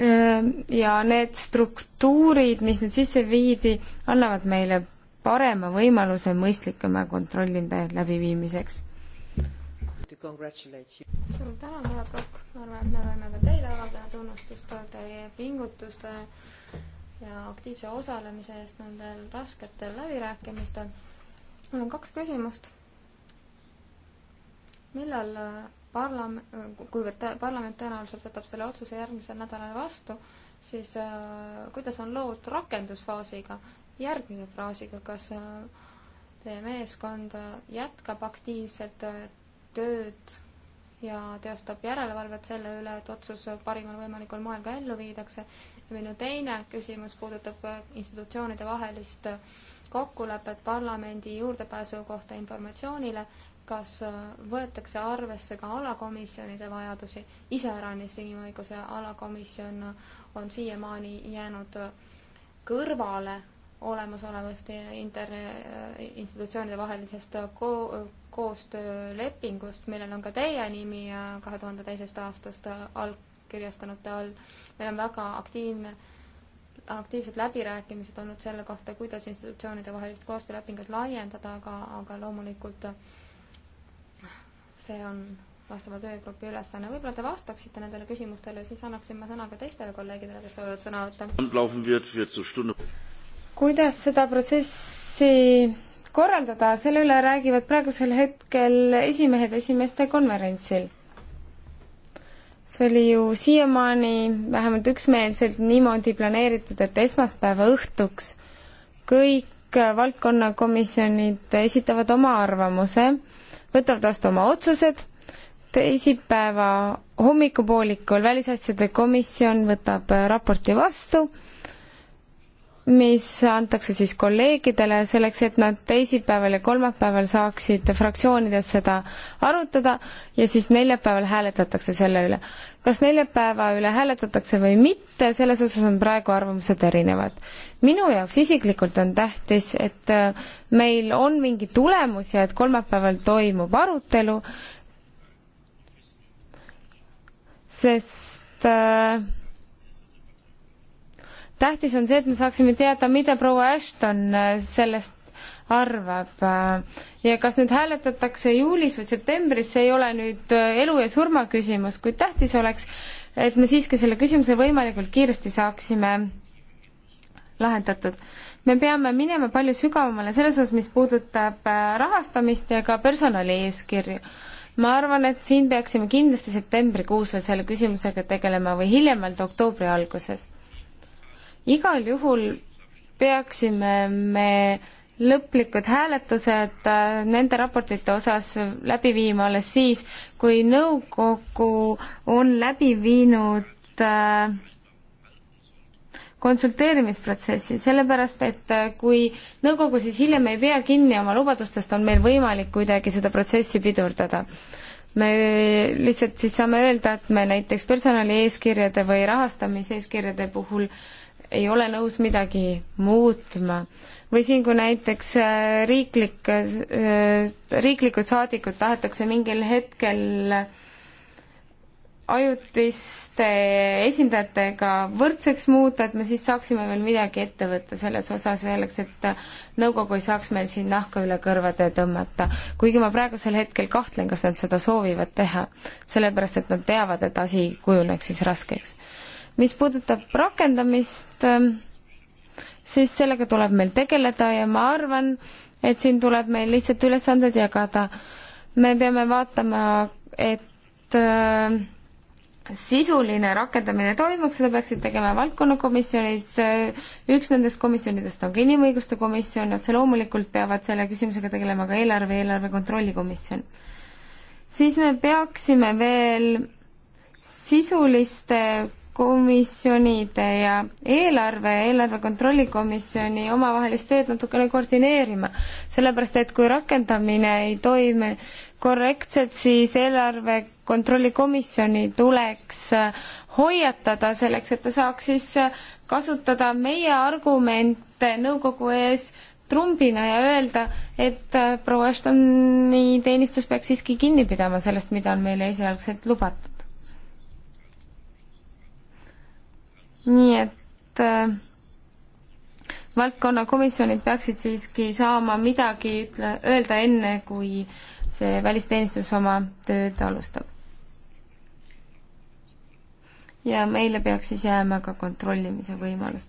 [SPEAKER 5] äh, ja need struktuurid, mis nüüd sisse viidi, annavad meile parema võimaluse mõistlikuma kontrollide läbiviimiseks.
[SPEAKER 4] suur
[SPEAKER 3] tänu, härra Prokk, ma arvan, et me võime ka teile avaldada tunnustust teie pingutuste ja aktiivse osalemise eest nendel rasketel läbirääkimistel. mul on kaks küsimust. millal äh, parlam-, kuivõrd parlament tõenäoliselt võtab selle otsuse järgmisel nädalal vastu, siis äh, kuidas on lood rakendusfaasiga, järgmise fraasiga, kas äh, teie meeskond äh, jätkab aktiivselt äh, tööd ja teostab järelevalvet selle üle, et otsus parimal võimalikul moel ka ellu viidakse. ja minu teine küsimus puudutab institutsioonide vahelist kokkulepet parlamendi juurdepääsu kohta informatsioonile, kas võetakse arvesse ka alakomisjonide vajadusi, iseäranis inimõiguse alakomisjon on siiamaani jäänud kõrvale olemasolevast interne-, äh, institutsioonide vahelisest ko-, koostöölepingust, millel on ka teie nimi ja kahe tuhande teisest aastast allkirjastanute all. meil on väga aktiivne, aktiivsed läbirääkimised olnud selle kohta, kuidas institutsioonide vahelist koostöölepingut laiendada, aga, aga loomulikult see on vastava töögrupi ülesanne. võib-olla te vastaksite nendele küsimustele, siis annaksin ma sõna ka teistele kolleegidele, kes soovivad
[SPEAKER 5] sõna võtta kuidas seda protsessi korraldada, selle üle räägivad praegusel hetkel esimehed esimeeste konverentsil. see oli ju siiamaani vähemalt üksmeelselt niimoodi planeeritud, et esmaspäeva õhtuks kõik valdkonnakomisjonid esitavad oma arvamuse, võtavad vastu oma otsused, teisipäeva hommikupoolikul Välisasjade komisjon võtab raporti vastu mis antakse siis kolleegidele selleks, et nad teisipäeval ja kolmapäeval saaksid fraktsioonides seda arutada ja siis neljapäeval hääletatakse selle üle. kas neljapäeva üle hääletatakse või mitte, selles osas on praegu arvamused erinevad. minu jaoks isiklikult on tähtis, et äh, meil on mingi tulemus ja et kolmapäeval toimub arutelu, sest äh, tähtis on see, et me saaksime teada, mida proua Ashton äh, sellest arvab äh, ja kas nüüd hääletatakse juulis või septembris, see ei ole nüüd äh, elu ja surma küsimus, kuid tähtis oleks, et me siiski selle küsimuse võimalikult kiiresti saaksime lahendatud. me peame minema palju sügavamale selles osas, mis puudutab rahastamist ja ka personali eeskirju. ma arvan, et siin peaksime kindlasti septembrikuus veel selle küsimusega tegelema või hiljemalt oktoobri alguses igal juhul peaksime me lõplikud hääletused äh, nende raportite osas läbi viima alles siis, kui nõukogu on läbi viinud äh, konsulteerimisprotsessi, sellepärast et äh, kui nõukogu siis hiljem ei pea kinni oma lubadustest, on meil võimalik kuidagi seda protsessi pidurdada me lihtsalt siis saame öelda, et me näiteks personalieeskirjade või rahastamiseeskirjade puhul ei ole nõus midagi muutma. või siin, kui näiteks äh, riiklik, äh, riiklikud saadikud tahetakse mingil hetkel ajutiste esindajatega võrdseks muuta, et me siis saaksime veel midagi ette võtta selles osas, selleks et nõukogu ei saaks meil siin nahka üle kõrvade tõmmata. kuigi ma praegusel hetkel kahtlen, kas nad seda soovivad teha, sellepärast et nad teavad, et asi kujuneks siis raskeks mis puudutab rakendamist, ähm, siis sellega tuleb meil tegeleda ja ma arvan, et siin tuleb meil lihtsalt ülesanded jagada. me peame vaatama, et äh, sisuline rakendamine toimuks, seda peaksid tegema valdkonnakomisjonid, üks nendest komisjonidest on ka inimõiguste komisjon, otse loomulikult peavad selle küsimusega tegelema ka eelarve, eelarve kontrolli komisjon. siis me peaksime veel sisuliste komisjonide ja eelarve, eelarve kontrolli komisjoni omavahelist tööd natukene koordineerima. sellepärast, et kui rakendamine ei toimi korrektselt, siis eelarve kontrolli komisjoni tuleks hoiatada selleks, et ta saaks siis kasutada meie argumente nõukogu ees trumbina ja öelda, et proua Ashtoni teenistus peaks siiski kinni pidama sellest, mida on meile esialgselt lubatud. nii et äh, valdkonnakomisjonid peaksid siiski saama midagi ütle, öelda enne, kui see välisteenistus oma tööd alustab. ja meile peaks siis jääma ka kontrollimise võimalus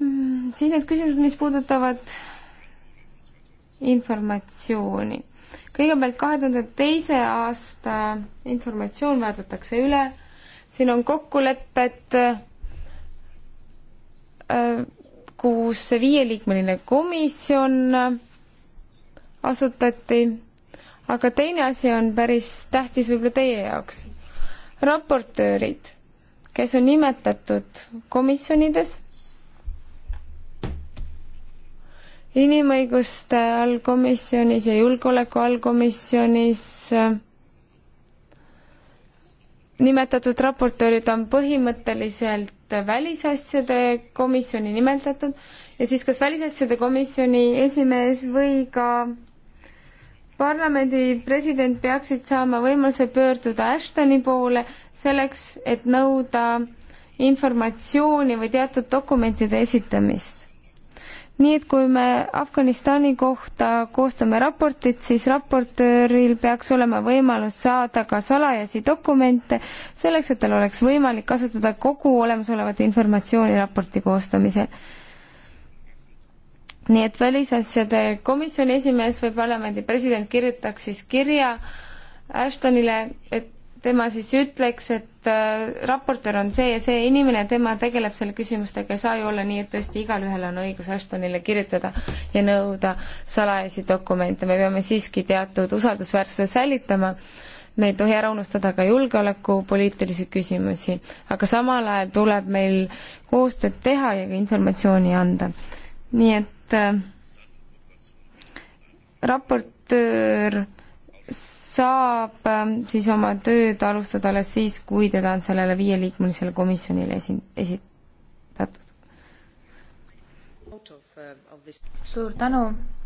[SPEAKER 5] mm,. siis need küsimused, mis puudutavad informatsiooni. kõigepealt kahe tuhande teise aasta informatsioon vaadatakse üle siin on kokkulepped, äh, kus viieliikmeline komisjon asutati, aga teine asi on päris tähtis võib-olla teie jaoks. raportöörid, kes on nimetatud komisjonides, inimõiguste allkomisjonis ja julgeoleku allkomisjonis äh, nimetatud raportöörid on põhimõtteliselt välisasjade komisjoni nimetatud ja siis kas välisasjade komisjoni esimees või ka parlamendi president peaksid saama võimaluse pöörduda Ashtoni poole selleks, et nõuda informatsiooni või teatud dokumentide esitamist nii et kui me Afganistani kohta koostame raportit, siis raportööril peaks olema võimalus saada ka salajasi dokumente, selleks et tal oleks võimalik kasutada kogu olemasolevat informatsiooni raporti koostamisel. nii et välisasjade komisjoni esimees või parlamendi president kirjutaks siis kirja Ashtonile, et tema siis ütleks, et äh, raportöör on see ja see inimene, tema tegeleb selle küsimustega, ei saa ju olla nii, et tõesti igalühel on õigus Ashtonile kirjutada ja nõuda salajasi dokumente, me peame siiski teatud usaldusväärsuse säilitama, me ei tohi ära unustada ka julgeolekupoliitilisi küsimusi, aga samal ajal tuleb meil koostööd teha ja ka informatsiooni anda. nii et äh, raportöör saab ähm, siis oma tööd alustada alles siis, kui teda on sellele viieliikmelisele komisjonile esi-, esitatud.
[SPEAKER 2] suur tänu,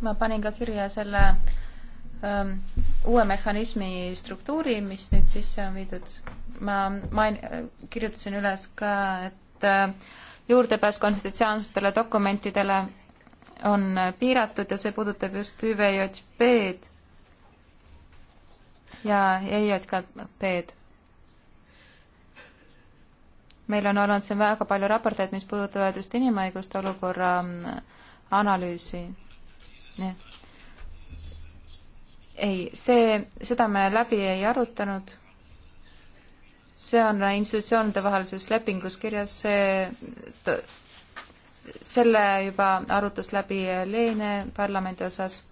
[SPEAKER 2] ma panin ka kirja selle öö, ähm, uue mehhanismi struktuuri, mis nüüd sisse on viidud. ma main-, kirjutasin üles ka, et öö, äh, juurdepääs konfidentsiaalsetele dokumentidele on piiratud ja see puudutab just ÜVJP-d ja EJKP-d. meil on olnud siin väga palju raporteid, mis puudutavad just inimõiguste olukorra mm, analüüsi. ei, see, seda me läbi ei arutanud. see on institutsioonide vahelises lepingus kirjas, see, selle juba arutas läbi Leene parlamendi osas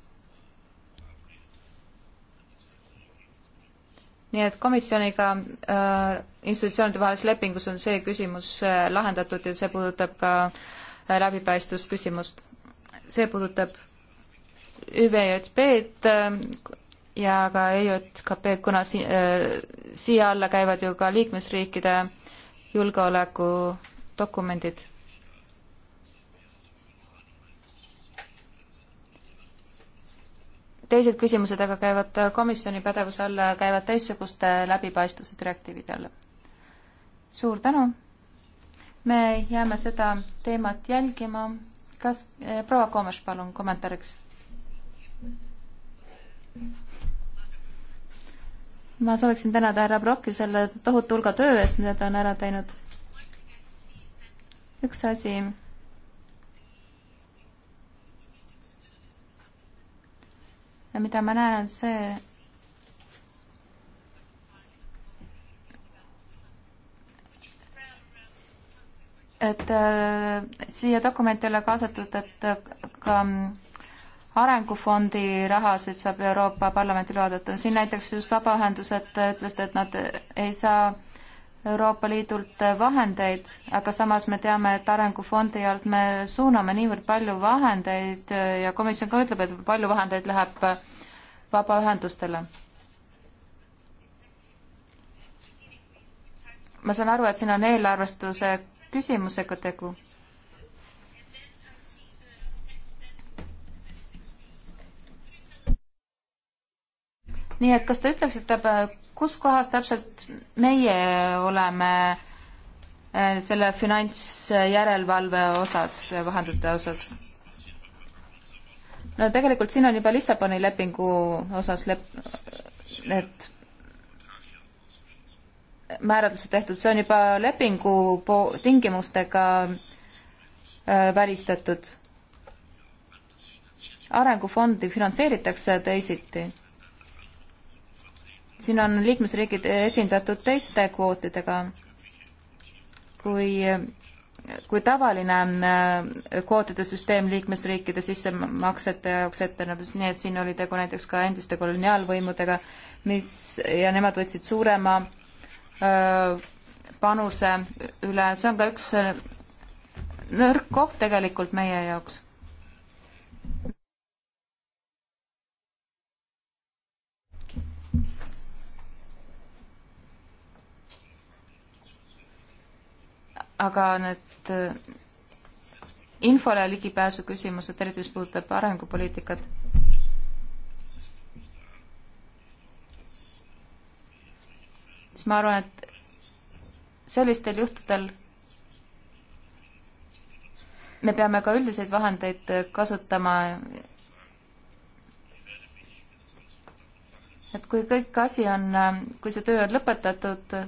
[SPEAKER 2] nii et komisjoniga äh, institutsioonide vahelises lepingus on see küsimus äh, lahendatud ja see puudutab ka äh, läbipaistvusküsimust. see puudutab ÜVJP-d äh, ja ka EJKP-d, kuna si äh, siia alla käivad ju ka liikmesriikide julgeolekudokumendid teised küsimused aga käivad komisjoni pädevuse alla ja käivad teistsuguste läbipaistvuse direktiivide alla. suur tänu. me jääme seda teemat jälgima. kas eh,, proua Koomes, palun kommentaariks. ma sooviksin tänada härra Brocki selle tohutu hulga töö eest, mida ta on ära teinud. üks asi mida ma näen, on see, et äh, siia dokumenti ei ole kaasatud, et äh, ka arengufondi rahasid saab Euroopa Parlamendil vaadata. siin näiteks just vabaühendused ütlesid, et nad ei saa Euroopa Liidult vahendeid, aga samas me teame, et arengufondi alt me suuname niivõrd palju vahendeid ja komisjon ka ütleb, et palju vahendeid läheb vabaühendustele. ma saan aru, et siin on eelarvestuse küsimusega tegu nii et kas te ütleksite kus kohas täpselt meie oleme äh, selle finantsjärelevalve osas, vahendite osas? no tegelikult siin on juba Lissaboni lepingu osas lep-, need määratlused tehtud, see on juba lepingu po-, tingimustega äh, välistatud. arengufondi finantseeritakse teisiti siin on liikmesriigid esindatud teiste kvootidega kui kui tavaline äh, kvootide süsteem liikmesriikide sissemaksete jaoks ette näeb, nii et siin oli tegu näiteks ka endiste koloniaalvõimudega, mis ja nemad võtsid suurema öö, äh, panuse üle, see on ka üks äh, nõrk koht tegelikult meie jaoks. aga need äh, infole ligipääsu küsimused, eriti mis puudutab arengupoliitikat, siis ma arvan, et sellistel juhtudel me peame ka üldiseid vahendeid kasutama. et kui kõik asi on, äh, kui see töö on lõpetatud,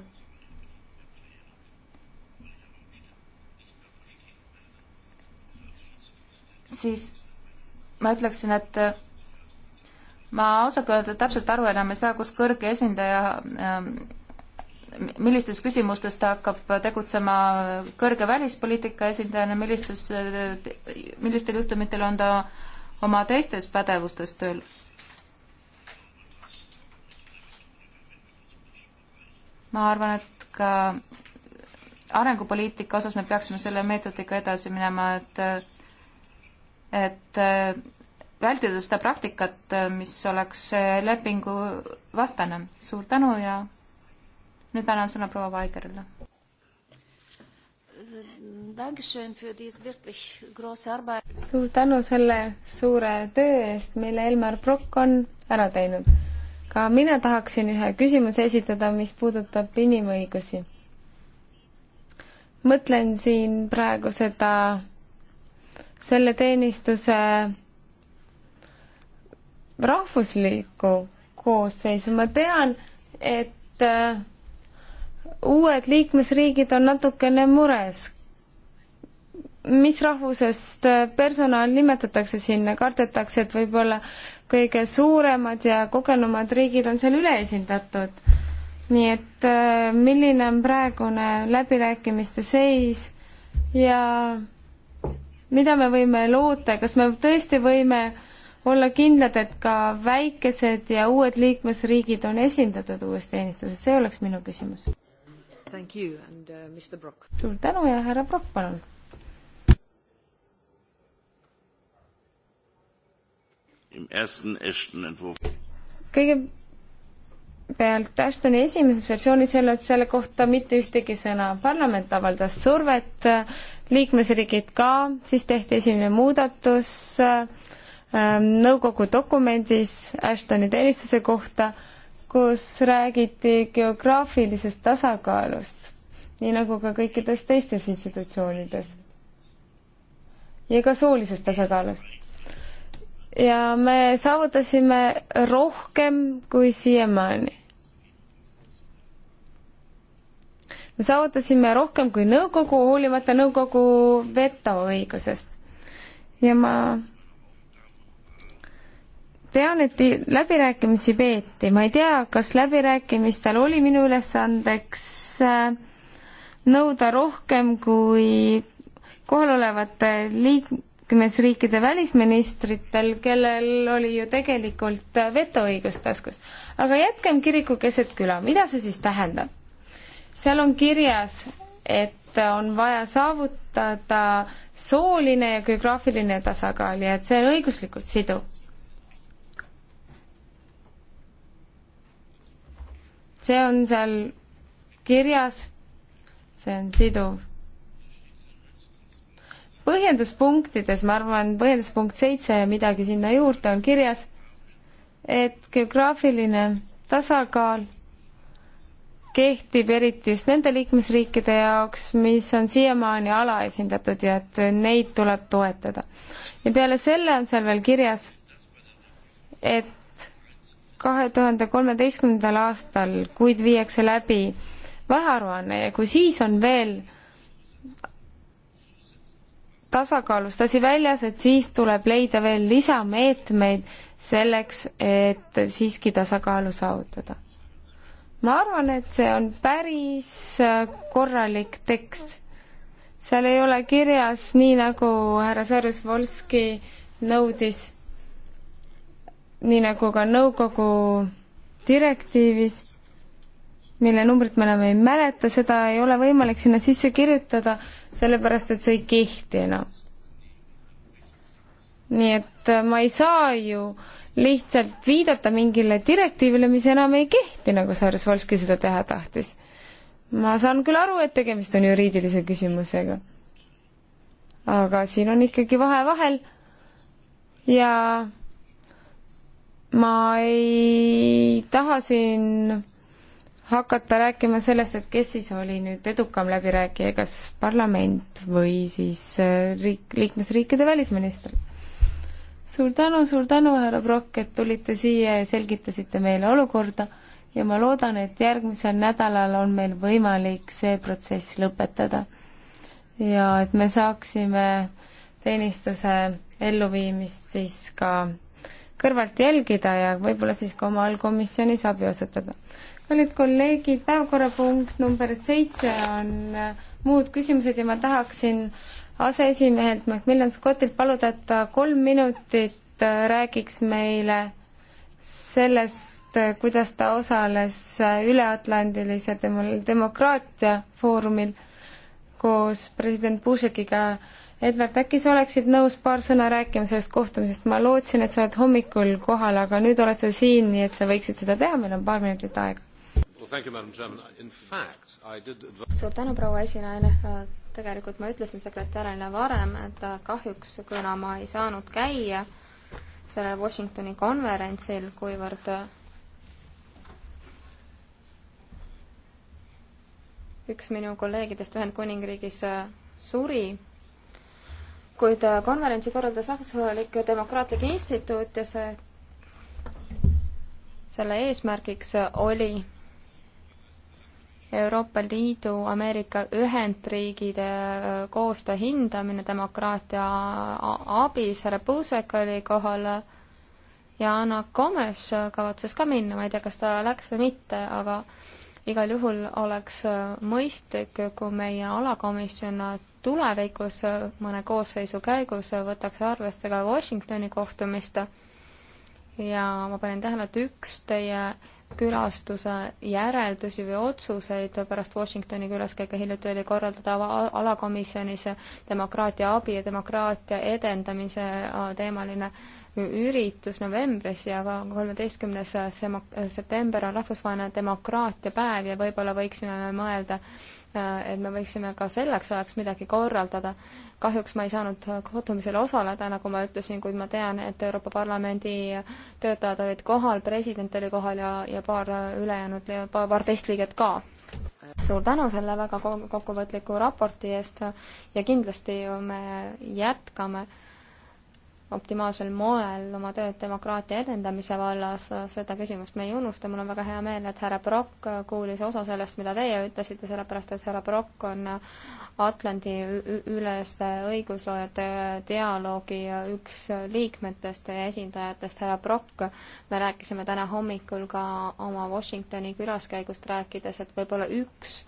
[SPEAKER 2] siis ma ütleksin, et äh, ma ausalt öelda täpselt aru enam ei saa, kus kõrge esindaja ähm, millistes küsimustes ta hakkab tegutsema kõrge välispoliitika esindajana, millistes, äh, millistel juhtumitel on ta oma teistes pädevustes tööl? ma arvan, et ka arengupoliitika osas me peaksime selle meetodiga edasi minema, et äh, et äh, vältida seda praktikat, äh, mis oleks äh, lepingu vastane. suur tänu ja nüüd annan sõna proua Vaigerile.
[SPEAKER 5] suur tänu selle suure töö eest, mille Elmar Brokk on ära teinud. ka mina tahaksin ühe küsimuse esitada, mis puudutab inimõigusi. mõtlen siin praegu seda selle teenistuse rahvuslikku koosseisu, ma tean, et äh, uued liikmesriigid on natukene mures. mis rahvusest äh, personal nimetatakse sinna, kardetakse, et võib-olla kõige suuremad ja kogenumad riigid on seal üleesindatud. nii et äh, milline on praegune läbirääkimiste seis ja mida me võime loota, kas me tõesti võime olla kindlad, et ka väikesed ja uued liikmesriigid on esindatud uues teenistuses, see oleks minu küsimus.
[SPEAKER 1] Uh,
[SPEAKER 5] suur tänu ja härra Brock, palun. kõige pealt Ashton esimeses versioonis ei olnud selle kohta mitte ühtegi sõna. parlament avaldas survet, liikmesriigid ka, siis tehti esimene muudatus ähm, nõukogu dokumendis Ashtoni teenistuse kohta, kus räägiti geograafilisest tasakaalust, nii nagu ka kõikides teistes institutsioonides. ja ka soolisest tasakaalust ja me saavutasime rohkem kui siiamaani. me saavutasime rohkem kui nõukogu, hoolimata nõukogu vetoõigusest. ja ma tean, et läbirääkimisi peeti, ma ei tea, kas läbirääkimistel oli minu ülesandeks äh, nõuda rohkem kui kohalolevate liik-, liikmesriikide välisministritel, kellel oli ju tegelikult vetoõigus taskus. aga jätkem kiriku keset küla, mida see siis tähendab? seal on kirjas, et on vaja saavutada sooline ja geograafiline tasakaal ja et see on õiguslikult siduv. see on seal kirjas, see on siduv põhjenduspunktides, ma arvan, põhjenduspunkt seitse ja midagi sinna juurde on kirjas, et geograafiline tasakaal kehtib eriti just nende liikmesriikide jaoks, mis on siiamaani alaesindatud ja et neid tuleb toetada. ja peale selle on seal veel kirjas, et kahe tuhande kolmeteistkümnendal aastal, kuid viiakse läbi vahearuanne ja kui siis on veel tasakaalust asi väljas, et siis tuleb leida veel lisameetmeid selleks, et siiski tasakaalu saavutada. ma arvan, et see on päris äh, korralik tekst. seal ei ole kirjas nii, nagu härra Sõrjus Volski nõudis, nii nagu ka nõukogu direktiivis mille numbrit me enam ei mäleta, seda ei ole võimalik sinna sisse kirjutada, sellepärast et see ei kehti enam. nii et äh, ma ei saa ju lihtsalt viidata mingile direktiivile, mis enam ei kehti, nagu Sarasvolski seda teha tahtis. ma saan küll aru, et tegemist on juriidilise küsimusega. aga siin on ikkagi vahe vahel ja ma ei taha siin hakata rääkima sellest, et kes siis oli nüüd edukam läbirääkija, kas parlament või siis äh, riik, liikmesriikide välisminister? suur tänu, suur tänu, härra Brock, et tulite siia ja selgitasite meile olukorda ja ma loodan, et järgmisel nädalal on meil võimalik see protsess lõpetada. ja et me saaksime teenistuse elluviimist siis ka kõrvalt jälgida ja võib-olla siis ka oma allkomisjonis abi osutada kallid kolleegid, päevakorrapunkt number seitse on äh, muud küsimused ja ma tahaksin aseesimehelt Macmillan Scottilt paluda, et ta kolm minutit äh, räägiks meile sellest, äh, kuidas ta osales üleatlandilise dem-, demokraatia foorumil koos president Bushekiga. Edward, äkki sa oleksid nõus paar sõna rääkima sellest kohtumisest, ma lootsin, et sa oled hommikul kohal, aga nüüd oled sa siin, nii et sa võiksid seda teha, meil on paar minutit aega
[SPEAKER 3] suur tänu, proua esinaine. Äh, tegelikult ma ütlesin sekretärile varem, et äh, kahjuks, kuna ma ei saanud käia sellel Washingtoni konverentsil, kuivõrd äh, üks minu kolleegidest Ühendkuningriigis suri, kuid konverentsi korraldas Rahvusvahelik Demokraatlik Instituut ja see, selle eesmärgiks oli Euroopa Liidu, Ameerika Ühendriigide äh, koostöö hindamine, demokraatia abis, härra Puusek oli kohal ja Anna Komes kavatses ka minna, ma ei tea, kas ta läks või mitte, aga igal juhul oleks äh, mõistlik, kui meie alakomisjon tulevikus äh, mõne koosseisu käigus võtaks arvesse ka Washingtoni kohtumist ja ma panin tähele, et üks teie külastuse järeldusi või otsuseid pärast Washingtoni külaskäike hiljuti oli korraldada alakomisjonis demokraatia abi ja demokraatia edendamise äh, teemaline üritus novembris ja ka kolmeteistkümnes september on rahvusvaheline demokraatia päev ja võib-olla võiksime mõelda et me võiksime ka selleks ajaks midagi korraldada. kahjuks ma ei saanud kohtumisel osaleda, nagu ma ütlesin, kuid ma tean, et Euroopa Parlamendi töötajad olid kohal, president oli kohal ja, ja paar ülejäänud, paar, paar teist liiget ka. suur tänu selle väga kokkuvõtliku raporti eest ja kindlasti me jätkame optimaalsel moel oma tööd demokraatia edendamise vallas, seda küsimust me ei unusta, mul on väga hea meel, et härra Brock kuulis osa sellest, mida teie ütlesite, sellepärast et härra Brock on Atlandi üles õigusloojate dialoogi üks liikmetest ja esindajatest, härra Brock, me rääkisime täna hommikul ka oma Washingtoni külaskäigust rääkides, et võib-olla üks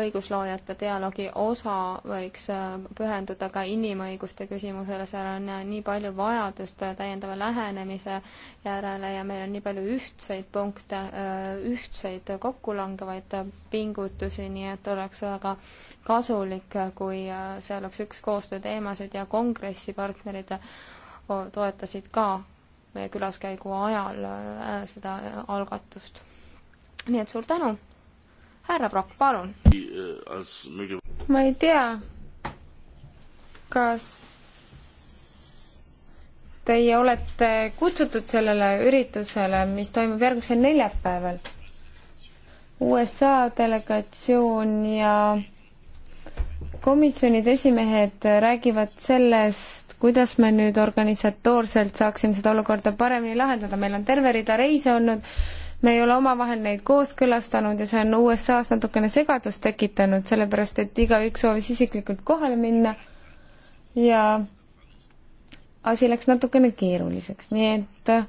[SPEAKER 3] õigusloojate dialoogi osa võiks äh, pühenduda ka inimõiguste küsimusele, seal on äh, nii palju vajadust äh, täiendava lähenemise järele ja meil on nii palju ühtseid punkte, ühtseid kokkulangevaid pingutusi, nii et oleks väga kasulik, kui see oleks üks koostööteemasid ja kongressi partnerid toetasid ka meie külaskäigu ajal seda algatust. nii et suur tänu
[SPEAKER 5] härra Prokk, palun. ma ei tea, kas teie olete kutsutud sellele üritusele, mis toimub järgmisel neljapäeval. USA delegatsioon ja komisjonide esimehed räägivad sellest, kuidas me nüüd organisatoorselt saaksime seda olukorda paremini lahendada, meil on terve rida reise olnud me ei ole omavahel neid kooskõlastanud ja see on USA-s natukene segadust tekitanud, sellepärast et igaüks soovis isiklikult kohale minna ja asi läks natukene keeruliseks, nii et äh,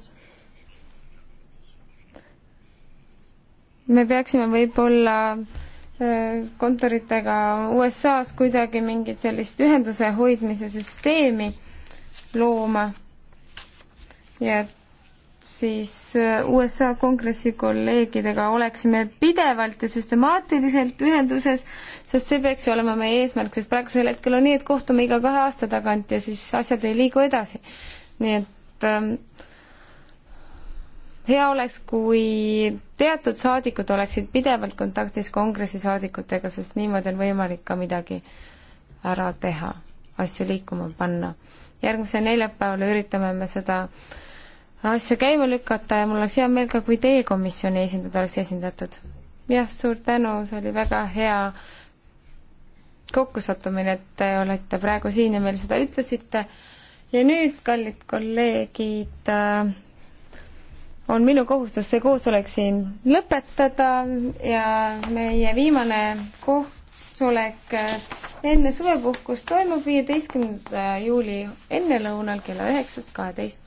[SPEAKER 5] me peaksime võib-olla äh, kontoritega USA-s kuidagi mingit sellist ühenduse hoidmise süsteemi looma ja et siis äh, USA kongressi kolleegidega oleksime pidevalt ja süstemaatiliselt ühenduses, sest see peaks ju olema meie eesmärk, sest praegusel hetkel on nii, et kohtume iga kahe aasta tagant ja siis asjad ei liigu edasi. nii et ähm, hea oleks, kui teatud saadikud oleksid pidevalt kontaktis kongressi saadikutega, sest niimoodi on võimalik ka midagi ära teha, asju liikuma panna. järgmisel neljapäeval üritame me seda äh, asja käima lükata ja mul oleks hea meel ka, kui teie komisjoni esindajad oleks esindatud. jah, suur tänu, see oli väga hea kokkusattumine, et te olete praegu siin ja meile seda ütlesite. ja nüüd, kallid kolleegid, äh, on minu kohustus see koosolek siin lõpetada ja meie viimane koosolek äh, enne suvepuhkust toimub viieteistkümnenda juuli ennelõunal kella üheksast kaheteist